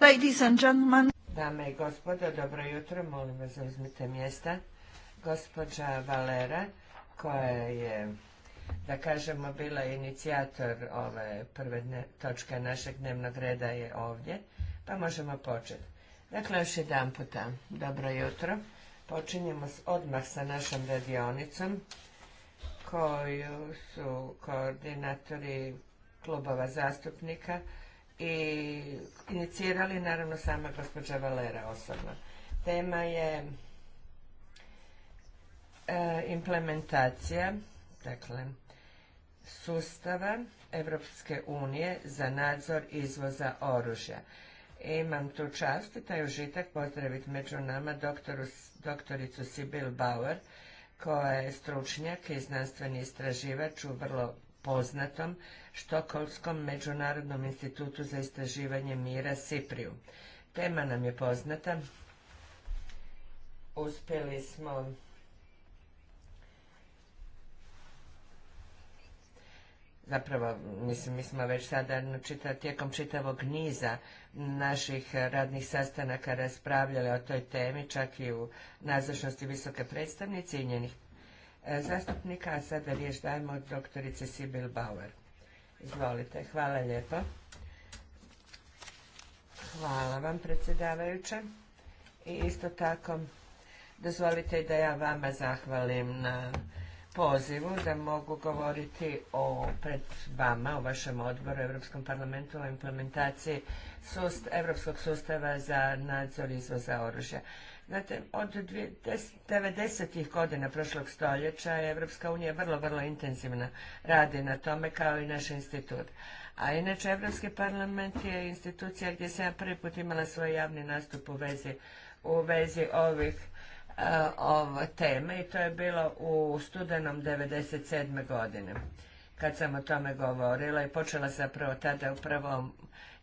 Ladies and gentlemen. Dame i gospodo, dobro jutro, molim vas uzmite mjesta. Gospođa Valera, koja je, da kažemo, bila inicijator ove prve točke našeg dnevnog reda je ovdje, pa možemo početi. Dakle, još jedan puta, dobro jutro. Počinjemo odmah sa našom radionicom koju su koordinatori klubova zastupnika i inicirali, naravno sama gospođa Valera osobno. Tema je e, implementacija, dakle, sustava Evropske unije za nadzor izvoza oružja. Imam tu čast i taj užitak pozdraviti među nama doktoricu Sibyl Bauer, koja je stručnjak i znanstveni istraživač u vrlo poznatom Štokolskom međunarodnom institutu za istraživanje mira Sipriju. Tema nam je poznata. Uspjeli smo zapravo mislim mi smo već sada tijekom čitavog niza naših radnih sastanaka raspravljali o toj temi čak i u nazočnosti visoke predstavnice i njenih E, zastupnika, a sada riješ dajmo od doktorice Sibyl Bauer. Izvolite, hvala lijepa. Hvala vam, predsjedavajuća. I isto tako, dozvolite da ja vama zahvalim na pozivu da mogu govoriti o pred vama, o vašem odboru, Europskom parlamentu, o implementaciji sust, Europskog sustava za nadzor izvoza oružja. Znate, od 90 godina prošlog stoljeća Evropska unija vrlo, vrlo intenzivno radi na tome kao i naš institut. A inače, Evropski parlament je institucija gdje sam ja prvi put imala svoj javni nastup u vezi, u vezi ovih e, ovo, teme i to je bilo u studenom 97. godine kad sam o tome govorila i počela zapravo tada upravo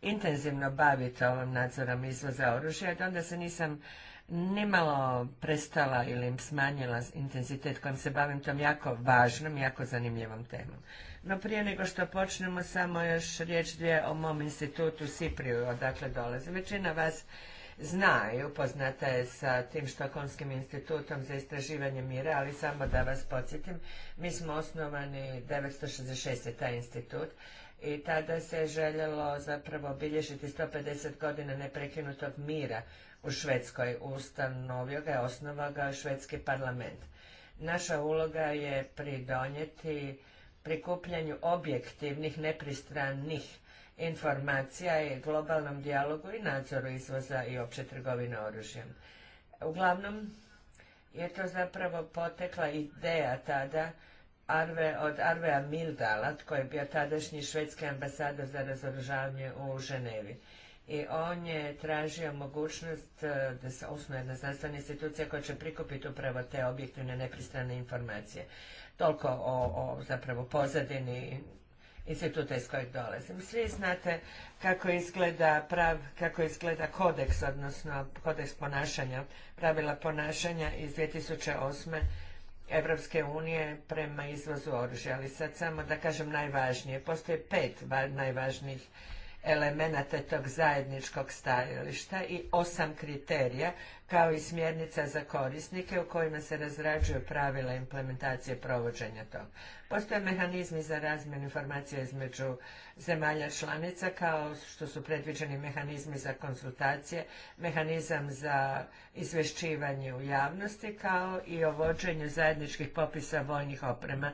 intenzivno baviti ovom nadzorom izvoza oružja, onda se nisam nimalo prestala ili im smanjila intenzitet kojim se bavim tom jako važnom, jako zanimljivom temom. No prije nego što počnemo, samo još riječ dvije o mom institutu Sipriju, odakle dolaze. Većina vas zna i upoznata je sa tim štokonskim institutom za istraživanje mira, ali samo da vas podsjetim, mi smo osnovani 966. je taj institut i tada se je željelo zapravo obilježiti 150 godina neprekinutog mira u Švedskoj. Ustanovio ga je, osnova ga Švedski parlament. Naša uloga je pridonijeti prikupljanju objektivnih, nepristranih informacija i globalnom dijalogu i nadzoru izvoza i opće trgovine oružjem. Uglavnom je to zapravo potekla ideja tada od Arvea Mildala, koji je bio tadašnji švedski ambasador za razoružavanje u Ženevi i on je tražio mogućnost e, da se osnuje jedna znanstvena institucija koja će prikupiti upravo te objektivne nepristrane informacije. Toliko o, zapravo pozadini instituta iz kojeg dolazim. Svi znate kako izgleda prav, kako izgleda kodeks, odnosno kodeks ponašanja, pravila ponašanja iz 2008. Evropske unije prema izvozu oružja. Ali sad samo da kažem najvažnije. Postoje pet najvažnijih elemenata tog zajedničkog stajališta i osam kriterija kao i smjernica za korisnike u kojima se razrađuju pravila implementacije provođenja tog. Postoje mehanizmi za razmjenu informacija između zemalja članica kao što su predviđeni mehanizmi za konsultacije, mehanizam za izvješćivanje u javnosti kao i o vođenju zajedničkih popisa vojnih oprema,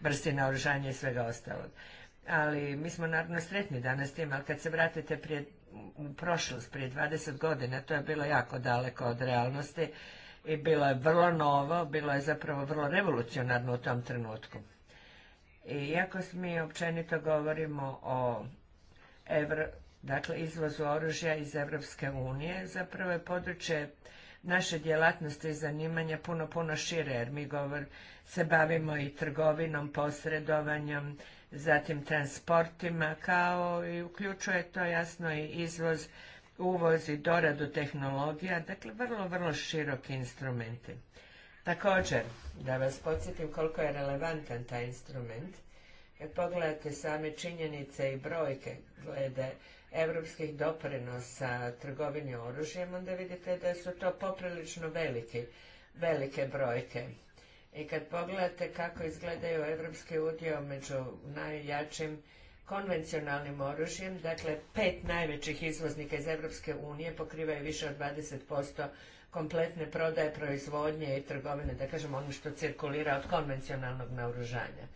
vrsti naoružanja i svega ostalog ali mi smo naravno sretni danas tim, ali kad se vratite prije, u prošlost, prije 20 godina, to je bilo jako daleko od realnosti i bilo je vrlo novo, bilo je zapravo vrlo revolucionarno u tom trenutku. I iako mi općenito govorimo o dakle izvozu oružja iz Evropske unije, zapravo je područje naše djelatnosti i zanimanja puno, puno šire, jer mi govor, se bavimo i trgovinom, posredovanjem, zatim transportima, kao i uključuje to jasno i izvoz, uvoz i doradu tehnologija, dakle vrlo, vrlo široki instrumenti. Također, da vas podsjetim koliko je relevantan taj instrument, kad pogledate same činjenice i brojke glede evropskih doprinosa trgovini oružjem, onda vidite da su to poprilično velike brojke. I kad pogledate kako izgledaju evropski udio među najjačim konvencionalnim oružjem, dakle pet najvećih izvoznika iz europske unije pokrivaju više od 20% kompletne prodaje, proizvodnje i trgovine, da kažem ono što cirkulira od konvencionalnog naoružanja.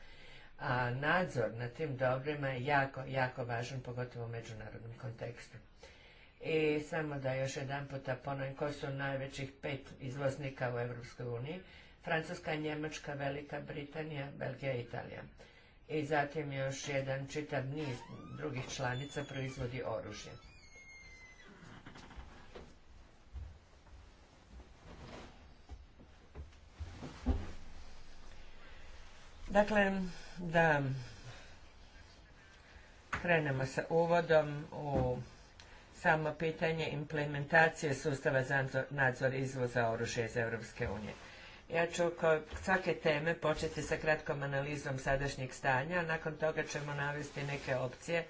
A nadzor na tim dobrima je jako, jako važan, pogotovo u međunarodnom kontekstu. I samo da još jedan puta ponovim, koji su najvećih pet izvoznika u Evropskoj uniji. Francuska, Njemačka, Velika Britanija, Belgija i Italija. I zatim još jedan čitav niz drugih članica proizvodi oružje. Dakle, da krenemo sa uvodom u samo pitanje implementacije sustava za nadzor izvoza oružja iz Europske unije. Ja ću kod svake teme početi sa kratkom analizom sadašnjeg stanja, a nakon toga ćemo navesti neke opcije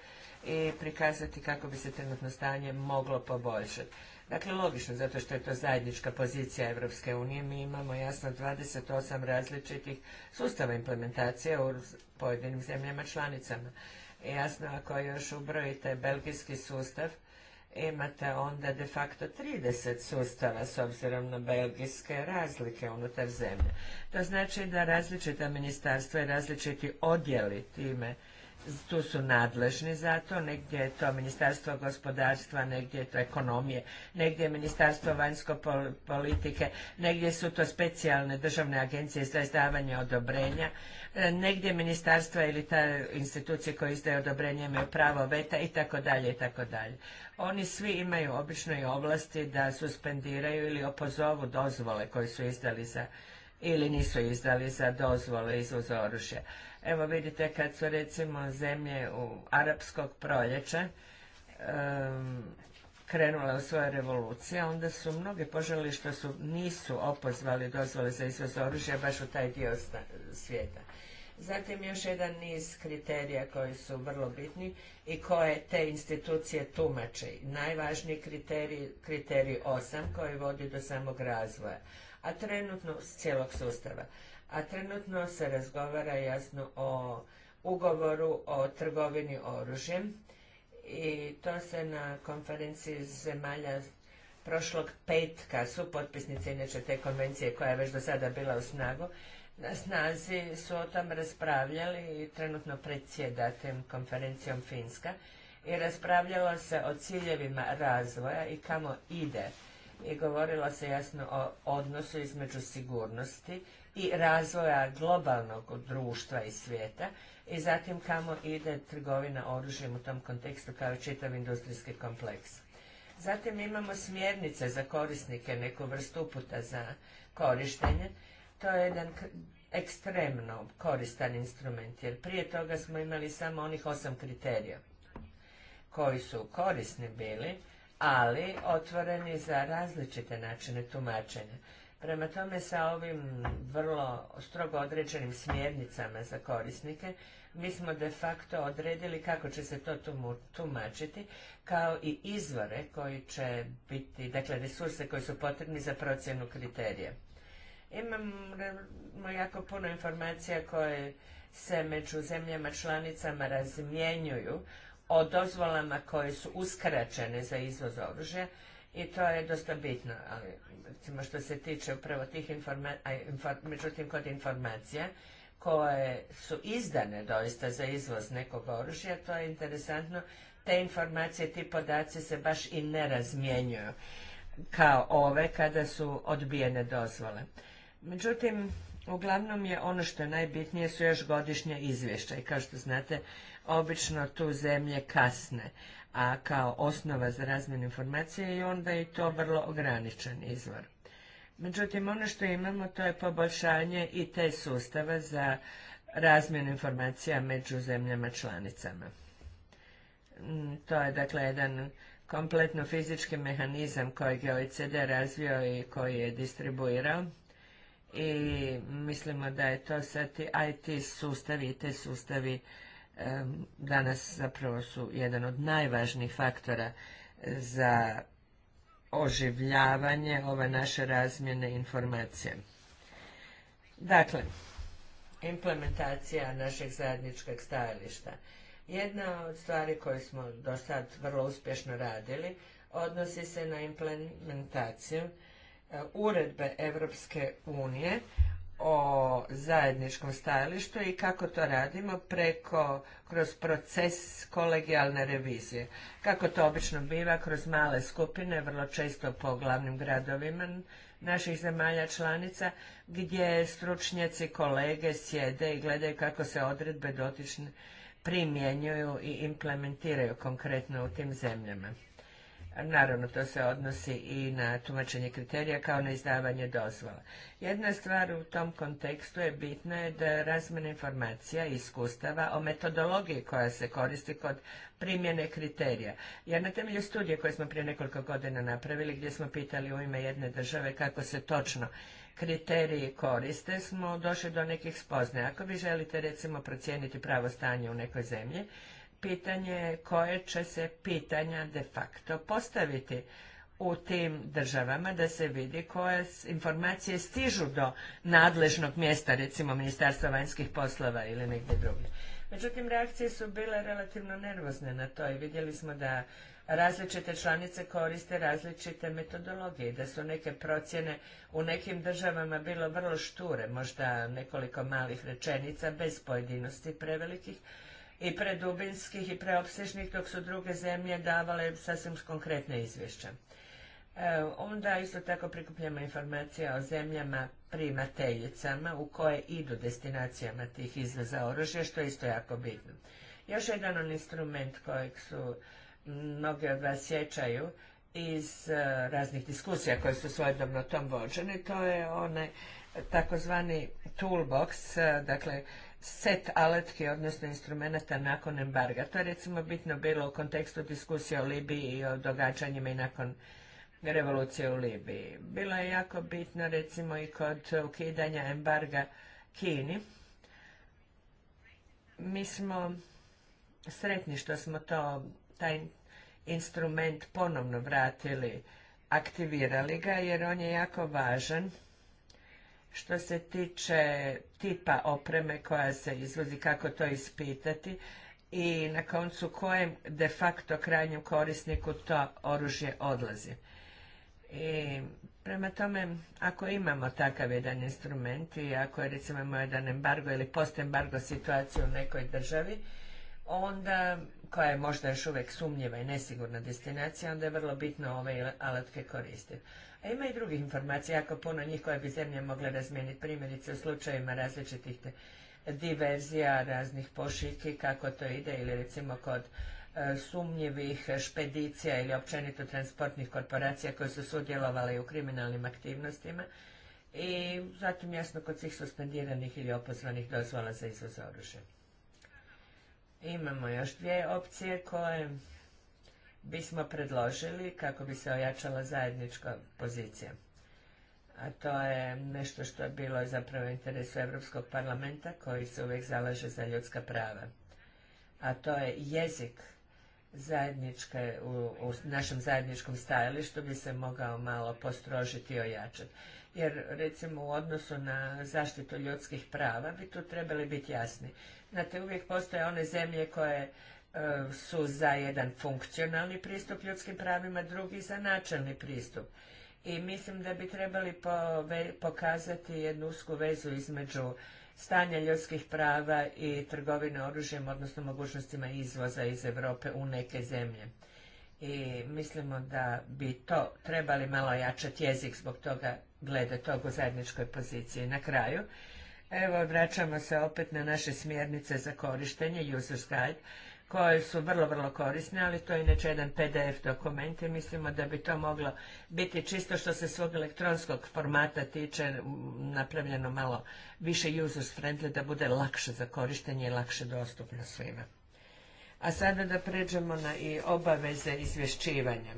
i prikazati kako bi se trenutno stanje moglo poboljšati. Dakle, logično, zato što je to zajednička pozicija Evropske unije, mi imamo jasno 28 različitih sustava implementacije u pojedinim zemljama članicama. Jasno, ako još ubrojite belgijski sustav, imate onda de facto 30 sustava s obzirom na belgijske razlike unutar zemlje. To znači da različita ministarstva i različiti odjeli time tu su nadležni za to, negdje je to Ministarstvo gospodarstva, negdje je to ekonomije, negdje je Ministarstvo vanjsko politike, negdje su to specijalne državne agencije za izdavanje odobrenja, e, negdje ministarstva ili ta institucije koje izdaje odobrenje imaju pravo veta i tako dalje i tako dalje. Oni svi imaju obično i ovlasti da suspendiraju ili opozovu dozvole koje su izdali za ili nisu izdali za dozvole izvoza oružja. Evo vidite kad su recimo zemlje u arapskog proljeća krenule u svoje revolucije, onda su mnogi poželjeli što su, nisu opozvali dozvole za izvoz oružja baš u taj dio svijeta. Zatim još jedan niz kriterija koji su vrlo bitni i koje te institucije tumače. Najvažniji kriterij, kriterij 8 koji vodi do samog razvoja, a trenutno s cijelog sustava a trenutno se razgovara jasno o ugovoru o trgovini oružjem i to se na konferenciji zemalja prošlog petka su potpisnice inače te konvencije koja je već do sada bila u snagu, na snazi su o tom raspravljali i trenutno predsjeda konferencijom Finska i raspravljalo se o ciljevima razvoja i kamo ide i govorilo se jasno o odnosu između sigurnosti i razvoja globalnog društva i svijeta i zatim kamo ide trgovina oružjem u tom kontekstu kao čitav industrijski kompleks. Zatim imamo smjernice za korisnike, neku vrstu uputa za korištenje. To je jedan ekstremno koristan instrument, jer prije toga smo imali samo onih osam kriterija koji su korisni bili, ali otvoreni za različite načine tumačenja. Prema tome, sa ovim vrlo strogo određenim smjernicama za korisnike, mi smo de facto odredili kako će se to tumačiti, kao i izvore koji će biti, dakle resurse koji su potrebni za procjenu kriterija. Imamo jako puno informacija koje se među zemljama članicama razmjenjuju o dozvolama koje su uskraćene za izvoz oružja i to je dosta bitno, ali recimo što se tiče upravo tih informacija, međutim kod informacija koje su izdane doista za izvoz nekog oružja, to je interesantno, te informacije, ti podaci se baš i ne razmjenjuju kao ove kada su odbijene dozvole. Međutim, uglavnom je ono što je najbitnije su još godišnje izvješća i kao što znate, obično tu zemlje kasne a kao osnova za razmjenu informacija i onda je to vrlo ograničen izvor. Međutim, ono što imamo to je poboljšanje i te sustava za razmjenu informacija među zemljama članicama. Mm, to je dakle jedan kompletno fizički mehanizam kojeg je OECD razvio i koji je distribuirao i mislimo da je to sad i IT sustavi i te sustavi danas zapravo su jedan od najvažnijih faktora za oživljavanje ove naše razmjene informacije. Dakle, implementacija našeg zajedničkog stajališta. Jedna od stvari koje smo do sad vrlo uspješno radili odnosi se na implementaciju e, uredbe Evropske unije o zajedničkom stajalištu i kako to radimo preko, kroz proces kolegijalne revizije. Kako to obično biva, kroz male skupine, vrlo često po glavnim gradovima naših zemalja članica, gdje stručnjaci, kolege sjede i gledaju kako se odredbe dotične primjenjuju i implementiraju konkretno u tim zemljama. Naravno, to se odnosi i na tumačenje kriterija kao na izdavanje dozvola. Jedna stvar u tom kontekstu je bitna je da razmjena informacija i iskustava o metodologiji koja se koristi kod primjene kriterija. Jer na temelju studije koje smo prije nekoliko godina napravili, gdje smo pitali u ime jedne države kako se točno kriteriji koriste, smo došli do nekih spoznaja. Ako vi želite recimo procijeniti pravo stanje u nekoj zemlji, pitanje je koje će se pitanja de facto postaviti u tim državama da se vidi koje informacije stižu do nadležnog mjesta, recimo Ministarstva vanjskih poslova ili negdje drugdje. Međutim, reakcije su bile relativno nervozne na to i vidjeli smo da različite članice koriste različite metodologije, da su neke procjene u nekim državama bilo vrlo šture, možda nekoliko malih rečenica bez pojedinosti prevelikih, i predubinskih i preopsežnih, dok su druge zemlje davale sasvim konkretne izvješća. E, onda isto tako prikupljamo informacije o zemljama primateljicama u koje idu destinacijama tih izveza oružja, što je isto jako bitno. Još jedan on instrument kojeg su mnogi od vas sjećaju iz e, raznih diskusija koje su svojedobno tom vođene, to je onaj takozvani toolbox, e, dakle set alatki, odnosno instrumenata nakon embarga. To je recimo bitno bilo u kontekstu diskusije o Libiji i o događanjima i nakon revolucije u Libiji. Bilo je jako bitno recimo i kod ukidanja embarga Kini. Mi smo sretni što smo to, taj instrument ponovno vratili, aktivirali ga jer on je jako važan što se tiče tipa opreme koja se izvozi, kako to ispitati i na koncu kojem de facto krajnjem korisniku to oružje odlazi. I prema tome, ako imamo takav jedan instrument i ako je recimo imamo jedan embargo ili embargo situaciju u nekoj državi, onda koja je možda još uvijek sumnjiva i nesigurna destinacija, onda je vrlo bitno ove ovaj alatke koristiti. A ima i drugih informacija, jako puno njih koje bi zemlje mogle razmijeniti, primjerice u slučajevima različitih diverzija, raznih pošiljki, kako to ide, ili recimo kod e, sumnjivih špedicija ili općenito transportnih korporacija koje su sudjelovale u kriminalnim aktivnostima i zatim jasno kod svih suspendiranih ili opozvanih dozvola za izvoz oružja. Imamo još dvije opcije koje bismo predložili kako bi se ojačala zajednička pozicija. A to je nešto što je bilo zapravo u interesu Europskog parlamenta koji se uvijek zalaže za ljudska prava. A to je jezik zajedničke, u, u našem zajedničkom stajalištu bi se mogao malo postrožiti i ojačati. Jer recimo u odnosu na zaštitu ljudskih prava bi tu trebali biti jasni. Znate, uvijek postoje one zemlje koje E, su za jedan funkcionalni pristup ljudskim pravima, drugi za načelni pristup. I mislim da bi trebali pokazati jednu usku vezu između stanja ljudskih prava i trgovine oružjem, odnosno mogućnostima izvoza iz Europe u neke zemlje. I mislimo da bi to trebali malo jačati jezik zbog toga glede tog u zajedničkoj poziciji. Na kraju, evo vraćamo se opet na naše smjernice za korištenje, users guide koje su vrlo, vrlo korisne, ali to je inače jedan PDF dokument i mislimo da bi to moglo biti čisto što se svog elektronskog formata tiče napravljeno malo više user friendly, da bude lakše za korištenje i lakše dostupno svima. A sada da pređemo na i obaveze izvješćivanja.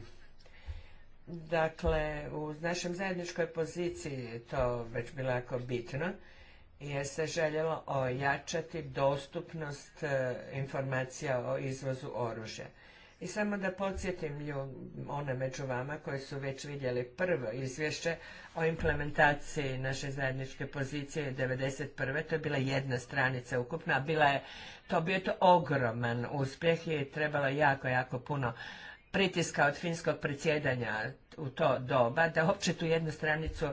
Dakle, u našem zajedničkoj poziciji je to već bilo jako bitno je se željelo ojačati dostupnost e, informacija o izvozu oružja. I samo da podsjetim one među vama koji su već vidjeli prvo izvješće o implementaciji naše zajedničke pozicije 1991. To je bila jedna stranica ukupna, a bila je, to bio to ogroman uspjeh i trebalo jako, jako puno pritiska od finskog predsjedanja u to doba da uopće tu jednu stranicu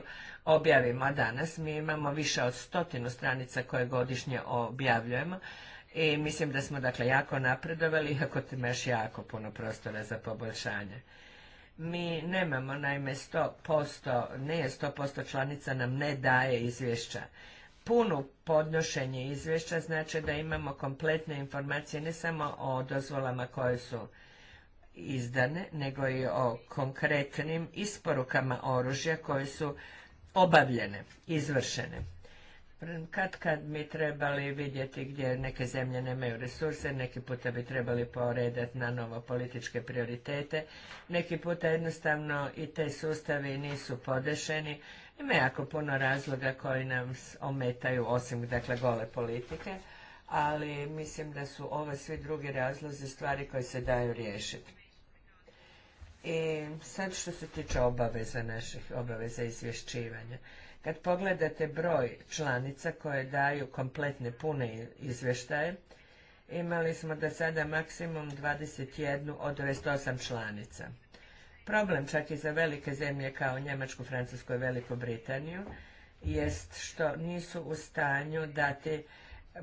objavimo danas. Mi imamo više od stotinu stranica koje godišnje objavljujemo i mislim da smo dakle jako napredovali, iako ti imaš jako puno prostora za poboljšanje. Mi nemamo, naime, 100%, nije 100% članica nam ne daje izvješća. Puno podnošenje izvješća znači da imamo kompletne informacije ne samo o dozvolama koje su izdane, nego i o konkretnim isporukama oružja koje su obavljene, izvršene. Kad kad mi trebali vidjeti gdje neke zemlje nemaju resurse, neki puta bi trebali poredati na novo političke prioritete, neki puta jednostavno i te sustavi nisu podešeni. Ima jako puno razloga koji nam ometaju, osim dakle gole politike, ali mislim da su ove svi drugi razlozi stvari koje se daju riješiti. I sad što se tiče obaveza naših, obaveza izvješćivanja. Kad pogledate broj članica koje daju kompletne pune izvještaje, imali smo do sada maksimum 21 od 28 članica. Problem čak i za velike zemlje kao Njemačku, Francusku i Veliku Britaniju jest što nisu u stanju dati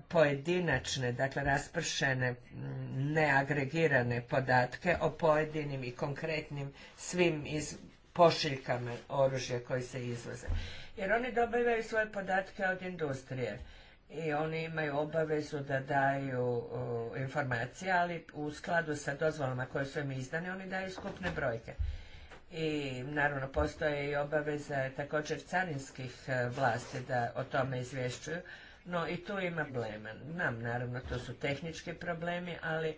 pojedinačne, dakle raspršene, mm, neagregirane podatke o pojedinim i konkretnim svim pošiljkama oružja koji se izvoze. Jer oni dobivaju svoje podatke od industrije i oni imaju obavezu da daju informacije, ali u skladu sa dozvolama koje su im izdane, oni daju skupne brojke. I naravno postoje i obaveza također carinskih e, vlasti da o tome izvješćuju, no i tu ima problema. Nam naravno to su tehnički problemi, ali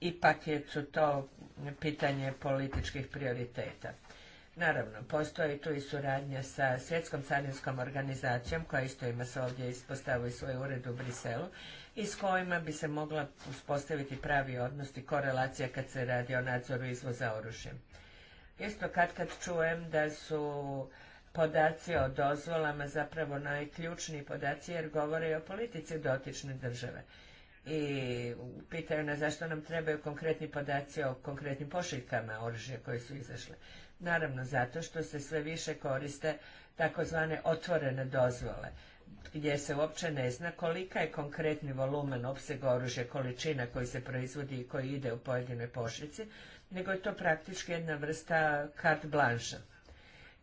ipak je, su to pitanje političkih prioriteta. Naravno, postoji tu i suradnja sa Svjetskom carinskom organizacijom, koja isto ima se ovdje i svoj ured u Briselu, i s kojima bi se mogla uspostaviti pravi odnos i korelacija kad se radi o nadzoru izvoza oružja. Isto kad kad čujem da su podaci o dozvolama zapravo najključniji podaci jer govore i o politici dotične države. I pitaju nas zašto nam trebaju konkretni podaci o konkretnim pošiljkama oružja koje su izašle. Naravno zato što se sve više koriste takozvane otvorene dozvole gdje se uopće ne zna kolika je konkretni volumen opsega oružja, količina koji se proizvodi i koji ide u pojedinoj pošiljci, nego je to praktički jedna vrsta kart blanša.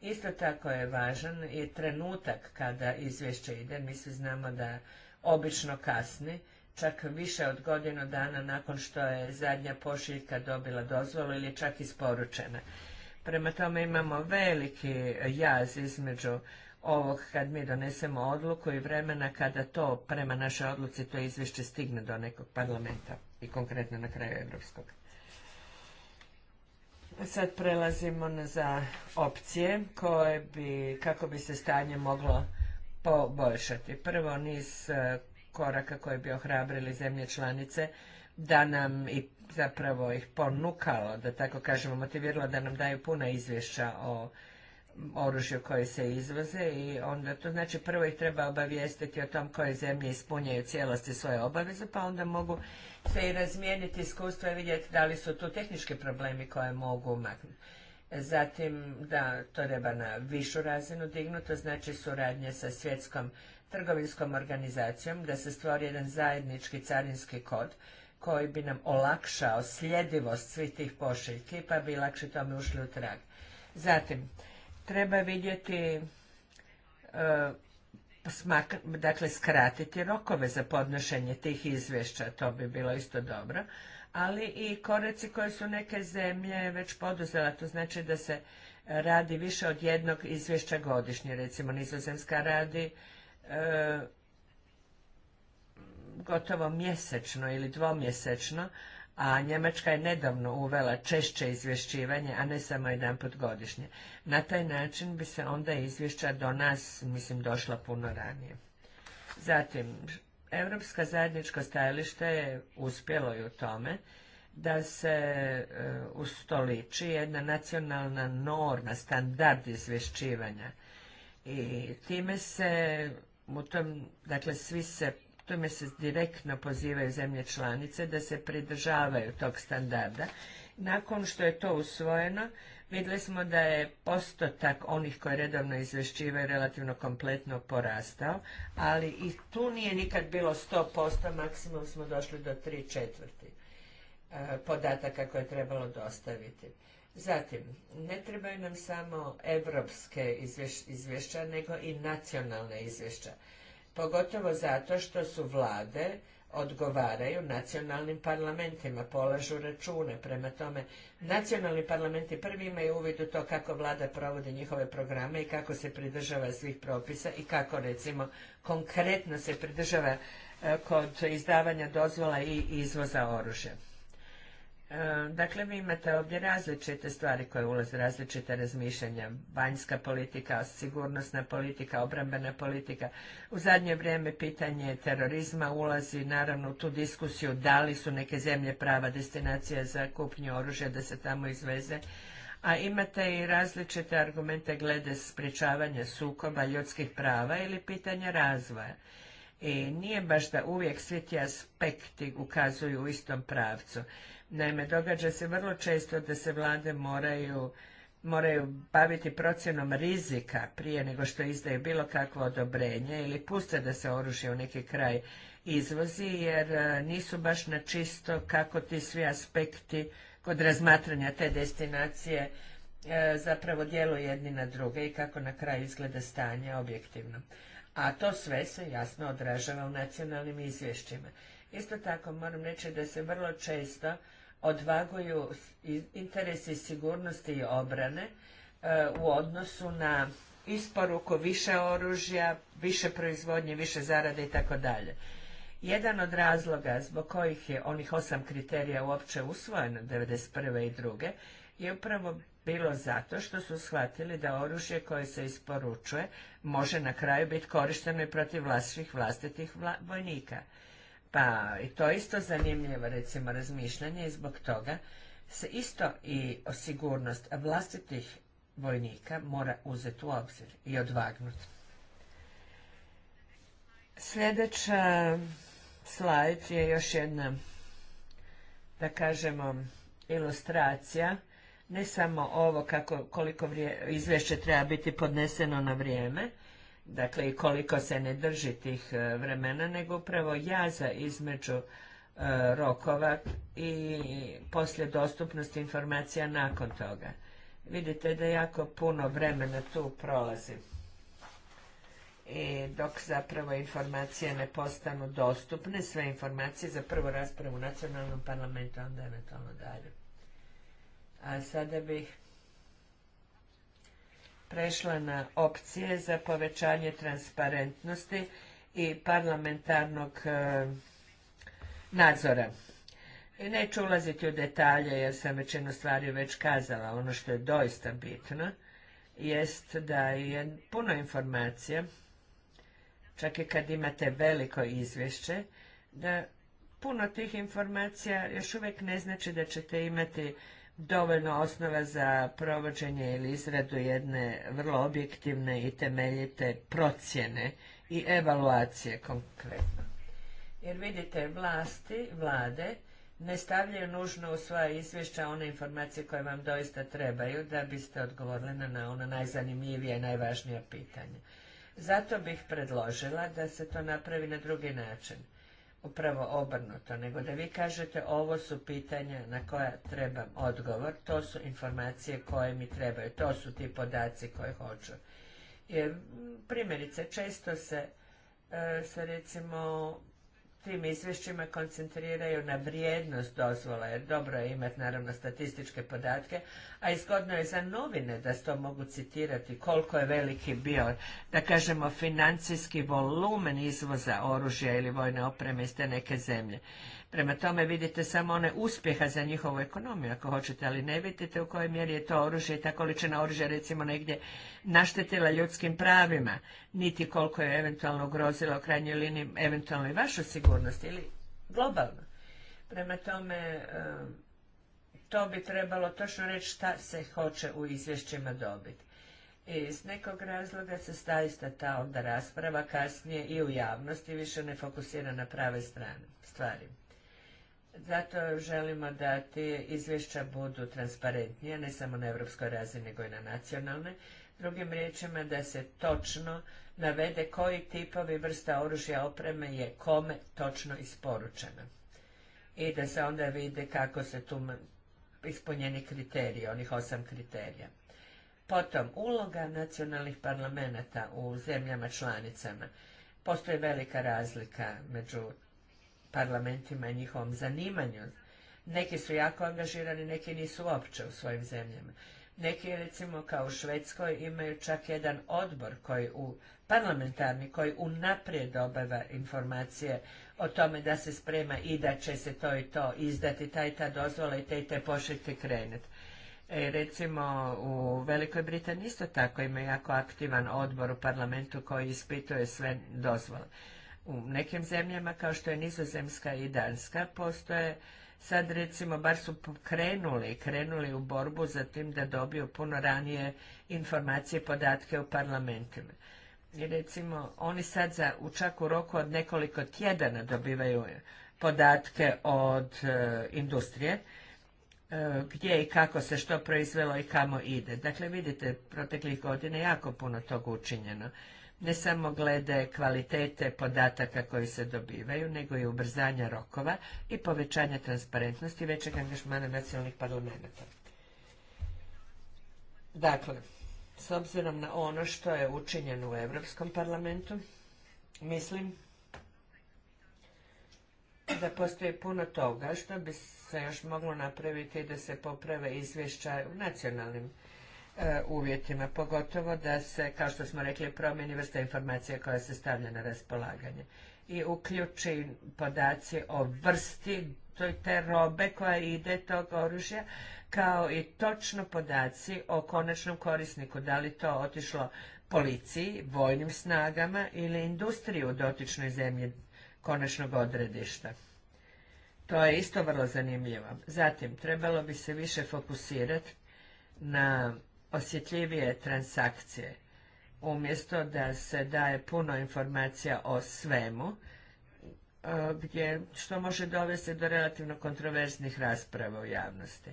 Isto tako je važan i trenutak kada izvješće ide. Mi svi znamo da obično kasni, čak više od godinu dana nakon što je zadnja pošiljka dobila dozvolu ili čak isporučena. Prema tome imamo veliki jaz između ovog kad mi donesemo odluku i vremena kada to prema našoj odluci to izvješće stigne do nekog parlamenta i konkretno na kraju Europskog. Sad prelazimo na za opcije koje bi, kako bi se stanje moglo poboljšati. Prvo niz e, koraka koje bi ohrabrili zemlje članice da nam i zapravo ih ponukalo, da tako kažemo, motiviralo da nam daju puna izvješća o oružju koje se izvoze i onda to znači prvo ih treba obavijestiti o tom koje zemlje ispunjaju cijelosti svoje obaveze pa onda mogu se i razmijeniti iskustva i vidjeti da li su tu tehnički problemi koje mogu maknuti. Zatim da to treba na višu razinu dignuti, to znači suradnje sa svjetskom trgovinskom organizacijom, da se stvori jedan zajednički carinski kod koji bi nam olakšao sljedivost svih tih pošiljki pa bi lakše tome ušli u trag. Zatim, treba vidjeti e, dakle skratiti rokove za podnošenje tih izvješća, to bi bilo isto dobro, ali i koreci koje su neke zemlje već poduzela, to znači da se radi više od jednog izvješća godišnje, recimo Nizozemska radi e, gotovo mjesečno ili dvomjesečno, a Njemačka je nedavno uvela češće izvješćivanje, a ne samo jedanput godišnje. Na taj način bi se onda izvješća do nas, mislim, došla puno ranije. Zatim, Europska zajedničko stajalište je uspjelo i u tome da se e, ustoliči jedna nacionalna norma, standard izvješćivanja. I time se u tom, dakle, svi se tome se direktno pozivaju zemlje članice da se pridržavaju tog standarda. Nakon što je to usvojeno, vidjeli smo da je postotak onih koji redovno izvješćivaju relativno kompletno porastao, ali i tu nije nikad bilo 100%, maksimum smo došli do 3 četvrti e, podataka koje je trebalo dostaviti. Zatim, ne trebaju nam samo evropske izvješća, nego i nacionalne izvješća pogotovo zato što su vlade odgovaraju nacionalnim parlamentima, polažu račune. Prema tome, nacionalni parlamenti prvi imaju uvid u to kako vlada provodi njihove programe i kako se pridržava svih propisa i kako recimo konkretno se pridržava eh, kod izdavanja dozvola i izvoza oružja. E, dakle, vi imate ovdje različite stvari koje ulaze, različite razmišljanja. Vanjska politika, sigurnosna politika, obrambena politika. U zadnje vrijeme pitanje terorizma ulazi naravno u tu diskusiju da li su neke zemlje prava destinacija za kupnju oružja da se tamo izveze. A imate i različite argumente glede sprječavanja sukoba ljudskih prava ili pitanja razvoja. I nije baš da uvijek svi ti aspekti ukazuju u istom pravcu. Naime, događa se vrlo često da se vlade moraju moraju baviti procjenom rizika prije nego što izdaju bilo kakvo odobrenje ili puste da se oružje u neki kraj izvozi jer e, nisu baš na čisto kako ti svi aspekti kod razmatranja te destinacije e, zapravo djeluju jedni na druge i kako na kraju izgleda stanje objektivno. A to sve se jasno odražava u nacionalnim izvješćima. Isto tako moram reći da se vrlo često odvaguju interesi sigurnosti i obrane e, u odnosu na isporuku više oružja, više proizvodnje, više zarade i tako dalje. Jedan od razloga zbog kojih je onih osam kriterija uopće usvojeno 1991. i druge je upravo bilo zato što su shvatili da oružje koje se isporučuje može na kraju biti korišteno i protiv vlastitih vlastitih vojnika. Pa i to isto zanimljivo recimo razmišljanje i zbog toga se isto i sigurnost vlastitih vojnika mora uzeti u obzir i odvagnuti. Sljedeća slajd je još jedna, da kažemo, ilustracija, ne samo ovo koliko izvješće treba biti podneseno na vrijeme, dakle i koliko se ne drži tih e, vremena, nego upravo jaza između e, rokova i poslije dostupnosti informacija nakon toga. Vidite da jako puno vremena tu prolazi. I dok zapravo informacije ne postanu dostupne, sve informacije za prvu raspravu u nacionalnom parlamentu, onda eventualno dalje. A sada bih prešla na opcije za povećanje transparentnosti i parlamentarnog e, nadzora. I neću ulaziti u detalje jer sam većinu stvari već kazala. Ono što je doista bitno jest da je puno informacija, čak i kad imate veliko izvješće, da puno tih informacija još uvijek ne znači da ćete imati dovoljno osnova za provođenje ili izradu jedne vrlo objektivne i temeljite procjene i evaluacije konkretno. Jer vidite, vlasti, vlade, ne stavljaju nužno u svoja izvješća one informacije koje vam doista trebaju da biste odgovorili na ona najzanimljivija i najvažnija pitanja. Zato bih predložila da se to napravi na drugi način upravo obrnuto, nego da vi kažete ovo su pitanja na koja trebam odgovor, to su informacije koje mi trebaju, to su ti podaci koje hoću. Jer, primjerice, često se, e, se recimo tim izvješćima koncentriraju na vrijednost dozvola, jer dobro je imati naravno statističke podatke, a izgodno je za novine da se to mogu citirati koliko je veliki bio, da kažemo, financijski volumen izvoza oružja ili vojne opreme iz te neke zemlje. Prema tome vidite samo one uspjeha za njihovu ekonomiju ako hoćete, ali ne vidite u kojoj mjeri je to oružje i ta količina oružja recimo negdje naštetila ljudskim pravima, niti koliko je eventualno ugrozila u krajnjoj liniji eventualno i vašu sigurnost ili globalno. Prema tome, eh, to bi trebalo točno reći šta se hoće u izvješćima dobiti. iz nekog razloga se staista ta onda rasprava kasnije i u javnosti više ne fokusira na prave strane stvari. Zato želimo da ti izvješća budu transparentnija, ne samo na europskoj razini, nego i na nacionalnoj. Drugim riječima da se točno navede koji tipovi vrsta oružja opreme je kome točno isporučena. I da se onda vide kako se tu ispunjeni kriteriji, onih osam kriterija. Potom, uloga nacionalnih parlamenta u zemljama članicama. Postoji velika razlika među parlamentima i njihovom zanimanju. Neki su jako angažirani, neki nisu uopće u svojim zemljama. Neki, recimo, kao u Švedskoj, imaju čak jedan odbor koji u parlamentarni koji unaprijed dobiva informacije o tome da se sprema i da će se to i to izdati, taj i ta dozvola i te i te pošiljke krenuti. E, recimo u Velikoj Britaniji isto tako ima jako aktivan odbor u parlamentu koji ispituje sve dozvole. U nekim zemljama, kao što je Nizozemska i Danska, postoje sad recimo, bar su krenuli, krenuli u borbu za tim da dobiju puno ranije informacije i podatke u parlamentima. I recimo, oni sad za, u čak u roku od nekoliko tjedana dobivaju podatke od e, industrije, e, gdje i kako se što proizvelo i kamo ide. Dakle, vidite, proteklih godina jako puno toga učinjeno ne samo glede kvalitete podataka koji se dobivaju, nego i ubrzanja rokova i povećanja transparentnosti većeg angažmana nacionalnih parlamenta. Dakle, s obzirom na ono što je učinjeno u Europskom parlamentu, mislim da postoji puno toga što bi se još moglo napraviti da se poprave izvješća u nacionalnim E, uvjetima, pogotovo da se, kao što smo rekli, promjeni vrsta informacija koja se stavlja na raspolaganje i uključi podaci o vrsti te robe koja ide tog oružja, kao i točno podaci o konačnom korisniku, da li to otišlo policiji, vojnim snagama ili industriji u dotičnoj zemlji konačnog odredišta. To je isto vrlo zanimljivo. Zatim, trebalo bi se više fokusirati na osjetljivije transakcije, umjesto da se daje puno informacija o svemu, e, gdje, što može dovesti do relativno kontroverznih rasprava u javnosti.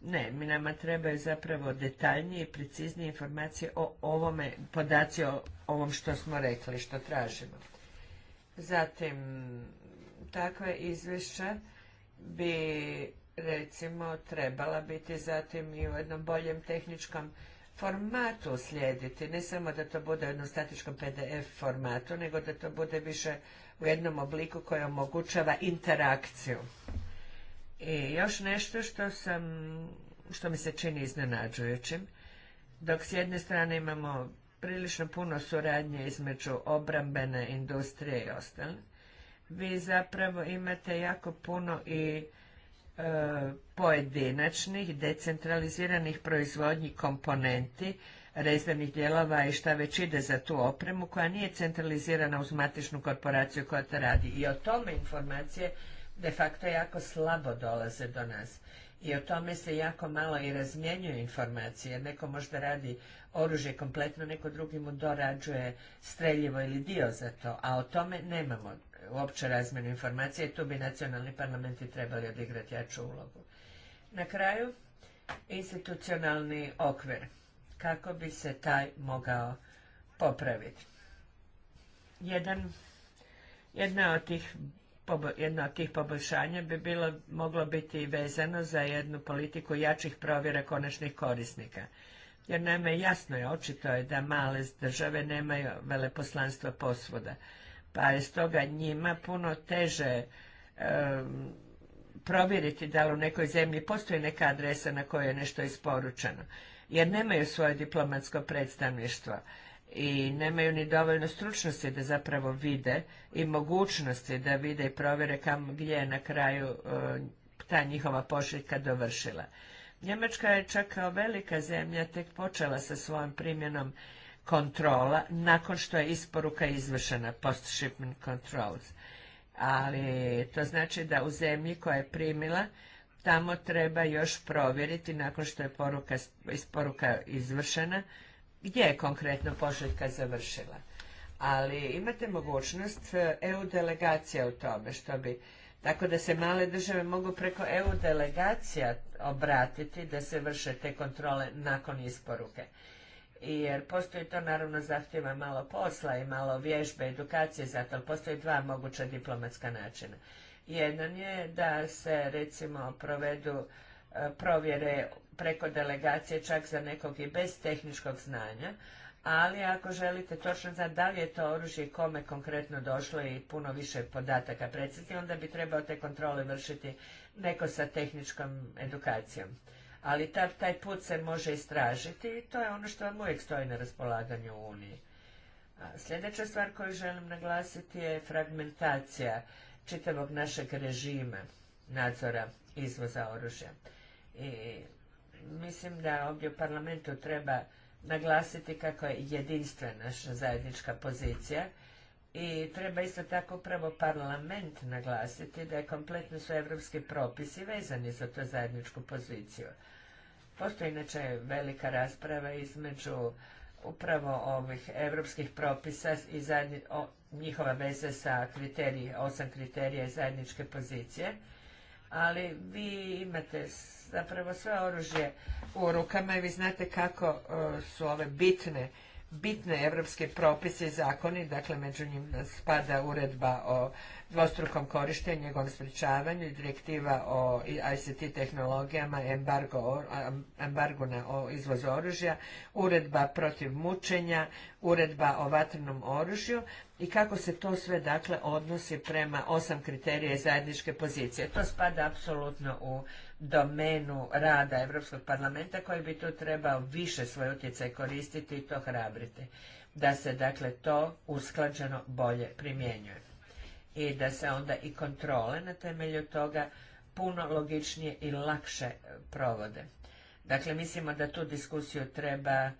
Ne, mi nama trebaju zapravo detaljnije i preciznije informacije o ovome, podaci o ovom što smo rekli, što tražimo. Zatim, takve izvješća bi recimo trebala biti zatim i u jednom boljem tehničkom formatu slijediti, ne samo da to bude u jednom statičkom PDF formatu, nego da to bude više u jednom obliku koji omogućava interakciju. I još nešto što sam, što mi se čini iznenađujućim, dok s jedne strane imamo prilično puno suradnje između obrambene industrije i ostale, vi zapravo imate jako puno i E, pojedinačnih, decentraliziranih proizvodnji komponenti, rezervnih dijelova i šta već ide za tu opremu koja nije centralizirana uz matičnu korporaciju koja to radi. I o tome informacije de facto jako slabo dolaze do nas. I o tome se jako malo i razmjenjuju informacije. Neko možda radi oružje kompletno, neko drugi mu dorađuje streljivo ili dio za to, a o tome nemamo uopće razmjenu informacija i tu bi nacionalni parlamenti trebali odigrati jaču ulogu. Na kraju, institucionalni okvir, kako bi se taj mogao popraviti. Jedan, jedna od tih jedno od tih poboljšanja bi bilo, moglo biti vezano za jednu politiku jačih provjera konačnih korisnika. Jer naime jasno je, očito je da male države nemaju veleposlanstva posvuda pa je stoga njima puno teže provjeriti da li u nekoj zemlji postoji neka adresa na kojoj je nešto isporučeno, jer nemaju svoje diplomatsko predstavništvo i nemaju ni dovoljno stručnosti da zapravo vide i mogućnosti da vide i provjere kam gdje je na kraju ta njihova pošiljka dovršila. Njemačka je čak kao velika zemlja tek počela sa svojom primjenom kontrola nakon što je isporuka izvršena, post-shipment controls. Ali to znači da u zemlji koja je primila, tamo treba još provjeriti nakon što je poruka, isporuka izvršena, gdje je konkretno pošiljka završila. Ali imate mogućnost e, EU delegacija u tome, što bi tako da se male države mogu preko EU delegacija obratiti da se vrše te kontrole nakon isporuke jer postoji to naravno zahtjeva malo posla i malo vježbe, edukacije zato to, postoji dva moguća diplomatska načina. Jedan je da se recimo provedu e, provjere preko delegacije čak za nekog i bez tehničkog znanja, ali ako želite točno znati da li je to oružje i kome konkretno došlo i puno više podataka precizni, onda bi trebao te kontrole vršiti neko sa tehničkom edukacijom ali taj put se može istražiti i to je ono što vam uvijek stoji na raspolaganju u Uniji. sljedeća stvar koju želim naglasiti je fragmentacija čitavog našeg režima nadzora izvoza oružja. I mislim da ovdje u parlamentu treba naglasiti kako je jedinstvena naša zajednička pozicija i treba isto tako upravo parlament naglasiti da je kompletno su evropski propisi vezani za tu zajedničku poziciju. Postoji inače velika rasprava između upravo ovih evropskih propisa i njihova veze sa osam kriterija zajedničke pozicije, ali vi imate zapravo sve oružje u rukama i vi znate kako e, su ove bitne bitne europske propise i zakoni, dakle među njima spada uredba o dvostrukom korištenju, njegovom sprečavanju, direktiva o ICT tehnologijama, embargo, na o oružja, uredba protiv mučenja, uredba o vatrenom oružju i kako se to sve dakle odnosi prema osam kriterija i zajedničke pozicije. To spada apsolutno u domenu rada Europskog parlamenta koji bi tu trebao više svoj utjecaj koristiti i to hrabriti da se dakle to usklađeno bolje primjenjuje i da se onda i kontrole na temelju toga puno logičnije i lakše e, provode. Dakle, mislimo da tu diskusiju treba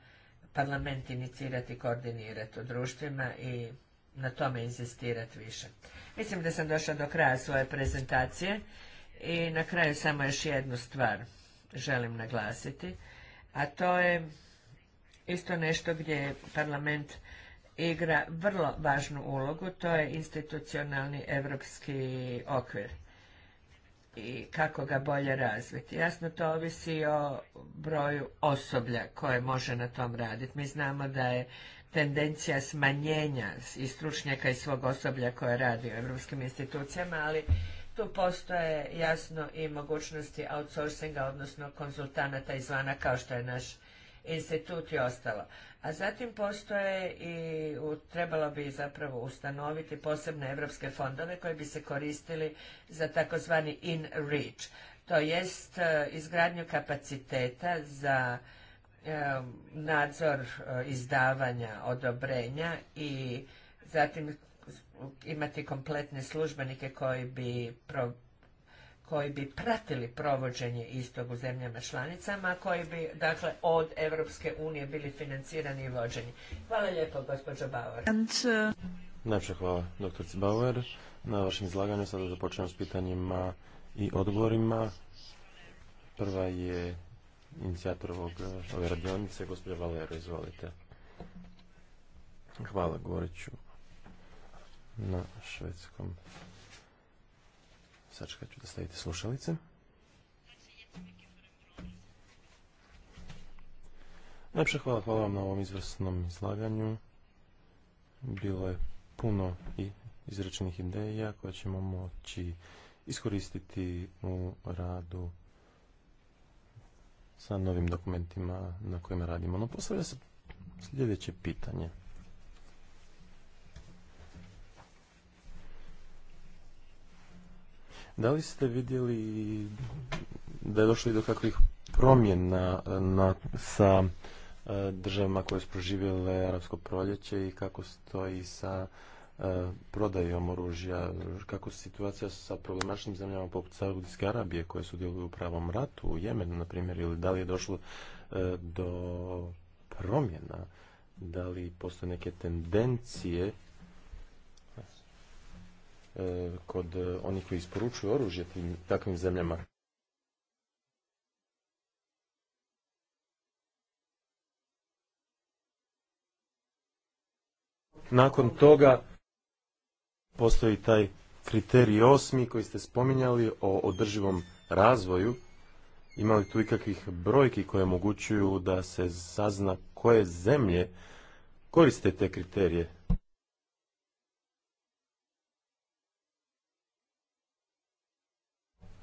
parlament inicirati i koordinirati u društvima i na tome inzistirati više. Mislim da sam došla do kraja svoje prezentacije i na kraju samo još jednu stvar želim naglasiti, a to je isto nešto gdje je parlament igra vrlo važnu ulogu, to je institucionalni evropski okvir i kako ga bolje razviti. Jasno, to ovisi o broju osoblja koje može na tom raditi. Mi znamo da je tendencija smanjenja i stručnjaka i svog osoblja koje radi u evropskim institucijama, ali tu postoje jasno i mogućnosti outsourcinga, odnosno konzultanata izvana kao što je naš institut i ostalo. A zatim postoje i trebalo bi zapravo ustanoviti posebne evropske fondove koji bi se koristili za takozvani in reach. To jest e, izgradnju kapaciteta za e, nadzor e, izdavanja odobrenja i zatim imati kompletne službenike koji bi koji bi pratili provođenje istog u zemljama članicama, koji bi, dakle, od europske unije bili financirani i vođeni. Hvala lijepo, gospođo Bauer. Uh, Najprej hvala, dr. Bauer. Na vašem izlaganju sada započnemo s pitanjima i odgovorima. Prva je inicijator ovog, ove radionice, gospođa Valero, izvolite. Hvala, govorit ću na švedskom Sačekat ću da stavite slušalice. Najpše hvala, hvala vam na ovom izvrsnom izlaganju. Bilo je puno i izrečenih ideja koje ćemo moći iskoristiti u radu sa novim dokumentima na kojima radimo. No, postavlja se sljedeće pitanje. Da li ste vidjeli da je došlo i do kakvih promjena e, na, sa e, državama koje su proživjele arapsko proljeće i kako stoji sa e, prodajom oružja, kako situacija sa problemačnim zemljama poput Saudijske Arabije koje su djeluju u pravom ratu u Jemenu, na primjer, ili da li je došlo do promjena, da li postoje neke tendencije E, kod e, onih koji isporučuju oružje tim takvim zemljama. Nakon toga postoji taj kriterij osmi koji ste spominjali o održivom razvoju. Imali tu ikakvih brojki koje omogućuju da se sazna koje zemlje koriste te kriterije?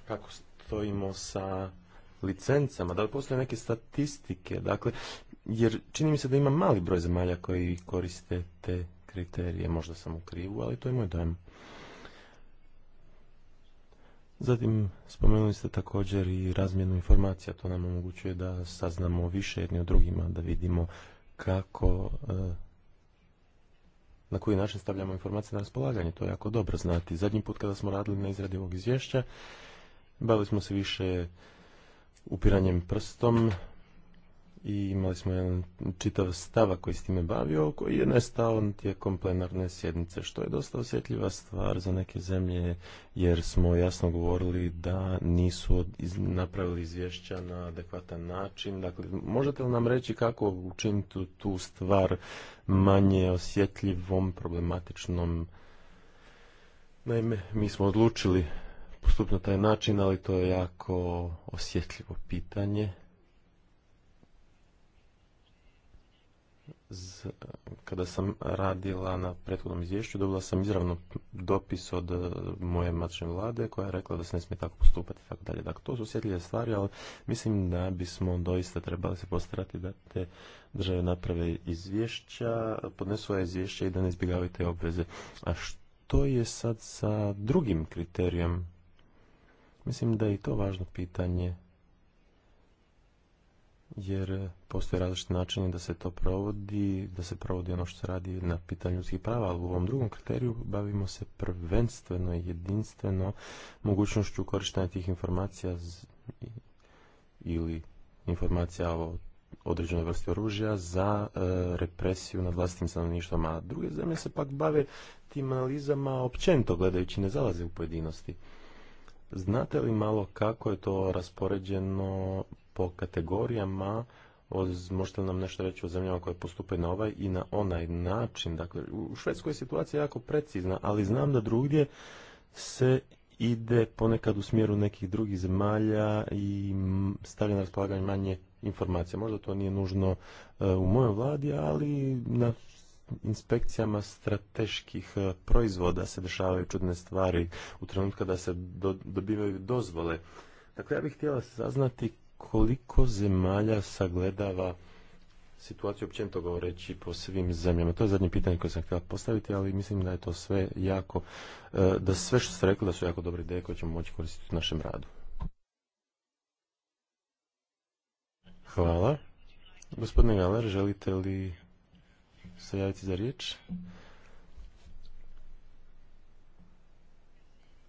kako stojimo sa licencama, da li postoje neke statistike, dakle, jer čini mi se da ima mali broj zemalja koji koriste te kriterije, možda sam u krivu, ali to je moj dojam. Zatim spomenuli ste također i razmjenu informacija, to nam omogućuje da saznamo više jedni o drugima, da vidimo kako, eh, na koji način stavljamo informacije na raspolaganje, to je jako dobro znati. Zadnji put kada smo radili na izradi ovog izvješća, Bavili smo se više upiranjem prstom i imali smo jedan čitav stava koji s time bavio, koji je nestao tijekom plenarne sjednice, što je dosta osjetljiva stvar za neke zemlje, jer smo jasno govorili da nisu napravili izvješća na adekvatan način. Dakle, možete li nam reći kako učiniti tu stvar manje osjetljivom, problematičnom? Naime, mi smo odlučili postupno na taj način, ali to je jako osjetljivo pitanje. Kada sam radila na prethodnom izvješću, dobila sam izravno dopis od e, moje matične vlade koja je rekla da se ne smije tako postupati i tako dalje. Dakle, to su osjetljive stvari, ali mislim da bismo doista trebali se postarati da te države naprave izvješća, podnesu svoje izvješća i da ne izbjegavaju te obveze. A što je sad sa drugim kriterijem Mislim da je i to važno pitanje, jer postoje različiti načini da se to provodi, da se provodi ono što se radi na pitanju ljudskih prava, ali u ovom drugom kriteriju bavimo se prvenstveno i jedinstveno mogućnošću korištenja tih informacija ili informacija o određenoj vrsti oružja za e, represiju nad vlastitim stanovništvom, a druge zemlje se pak bave tim analizama općenito gledajući ne zalaze u pojedinosti. Znate li malo kako je to raspoređeno po kategorijama? Možete li nam nešto reći o zemljama koje postupe na ovaj i na onaj način? Dakle, u Švedskoj je situacija jako precizna, ali znam da drugdje se ide ponekad u smjeru nekih drugih zemalja i stavlja na raspolaganje manje informacija. Možda to nije nužno e, u mojoj vladi, ali na inspekcijama strateških e, proizvoda se dešavaju čudne stvari u trenutku kada se dobivaju dozvole. Dakle, ja bih htjela saznati koliko zemalja sagledava situaciju općenito govoreći po svim zemljama. To je zadnje pitanje koje sam htjela postaviti, ali mislim da je to sve jako, e, da sve što ste rekli da su jako dobre ideje koje ćemo moći koristiti u našem radu. Hvala. Gospodine Galer, želite li se javiti za riječ?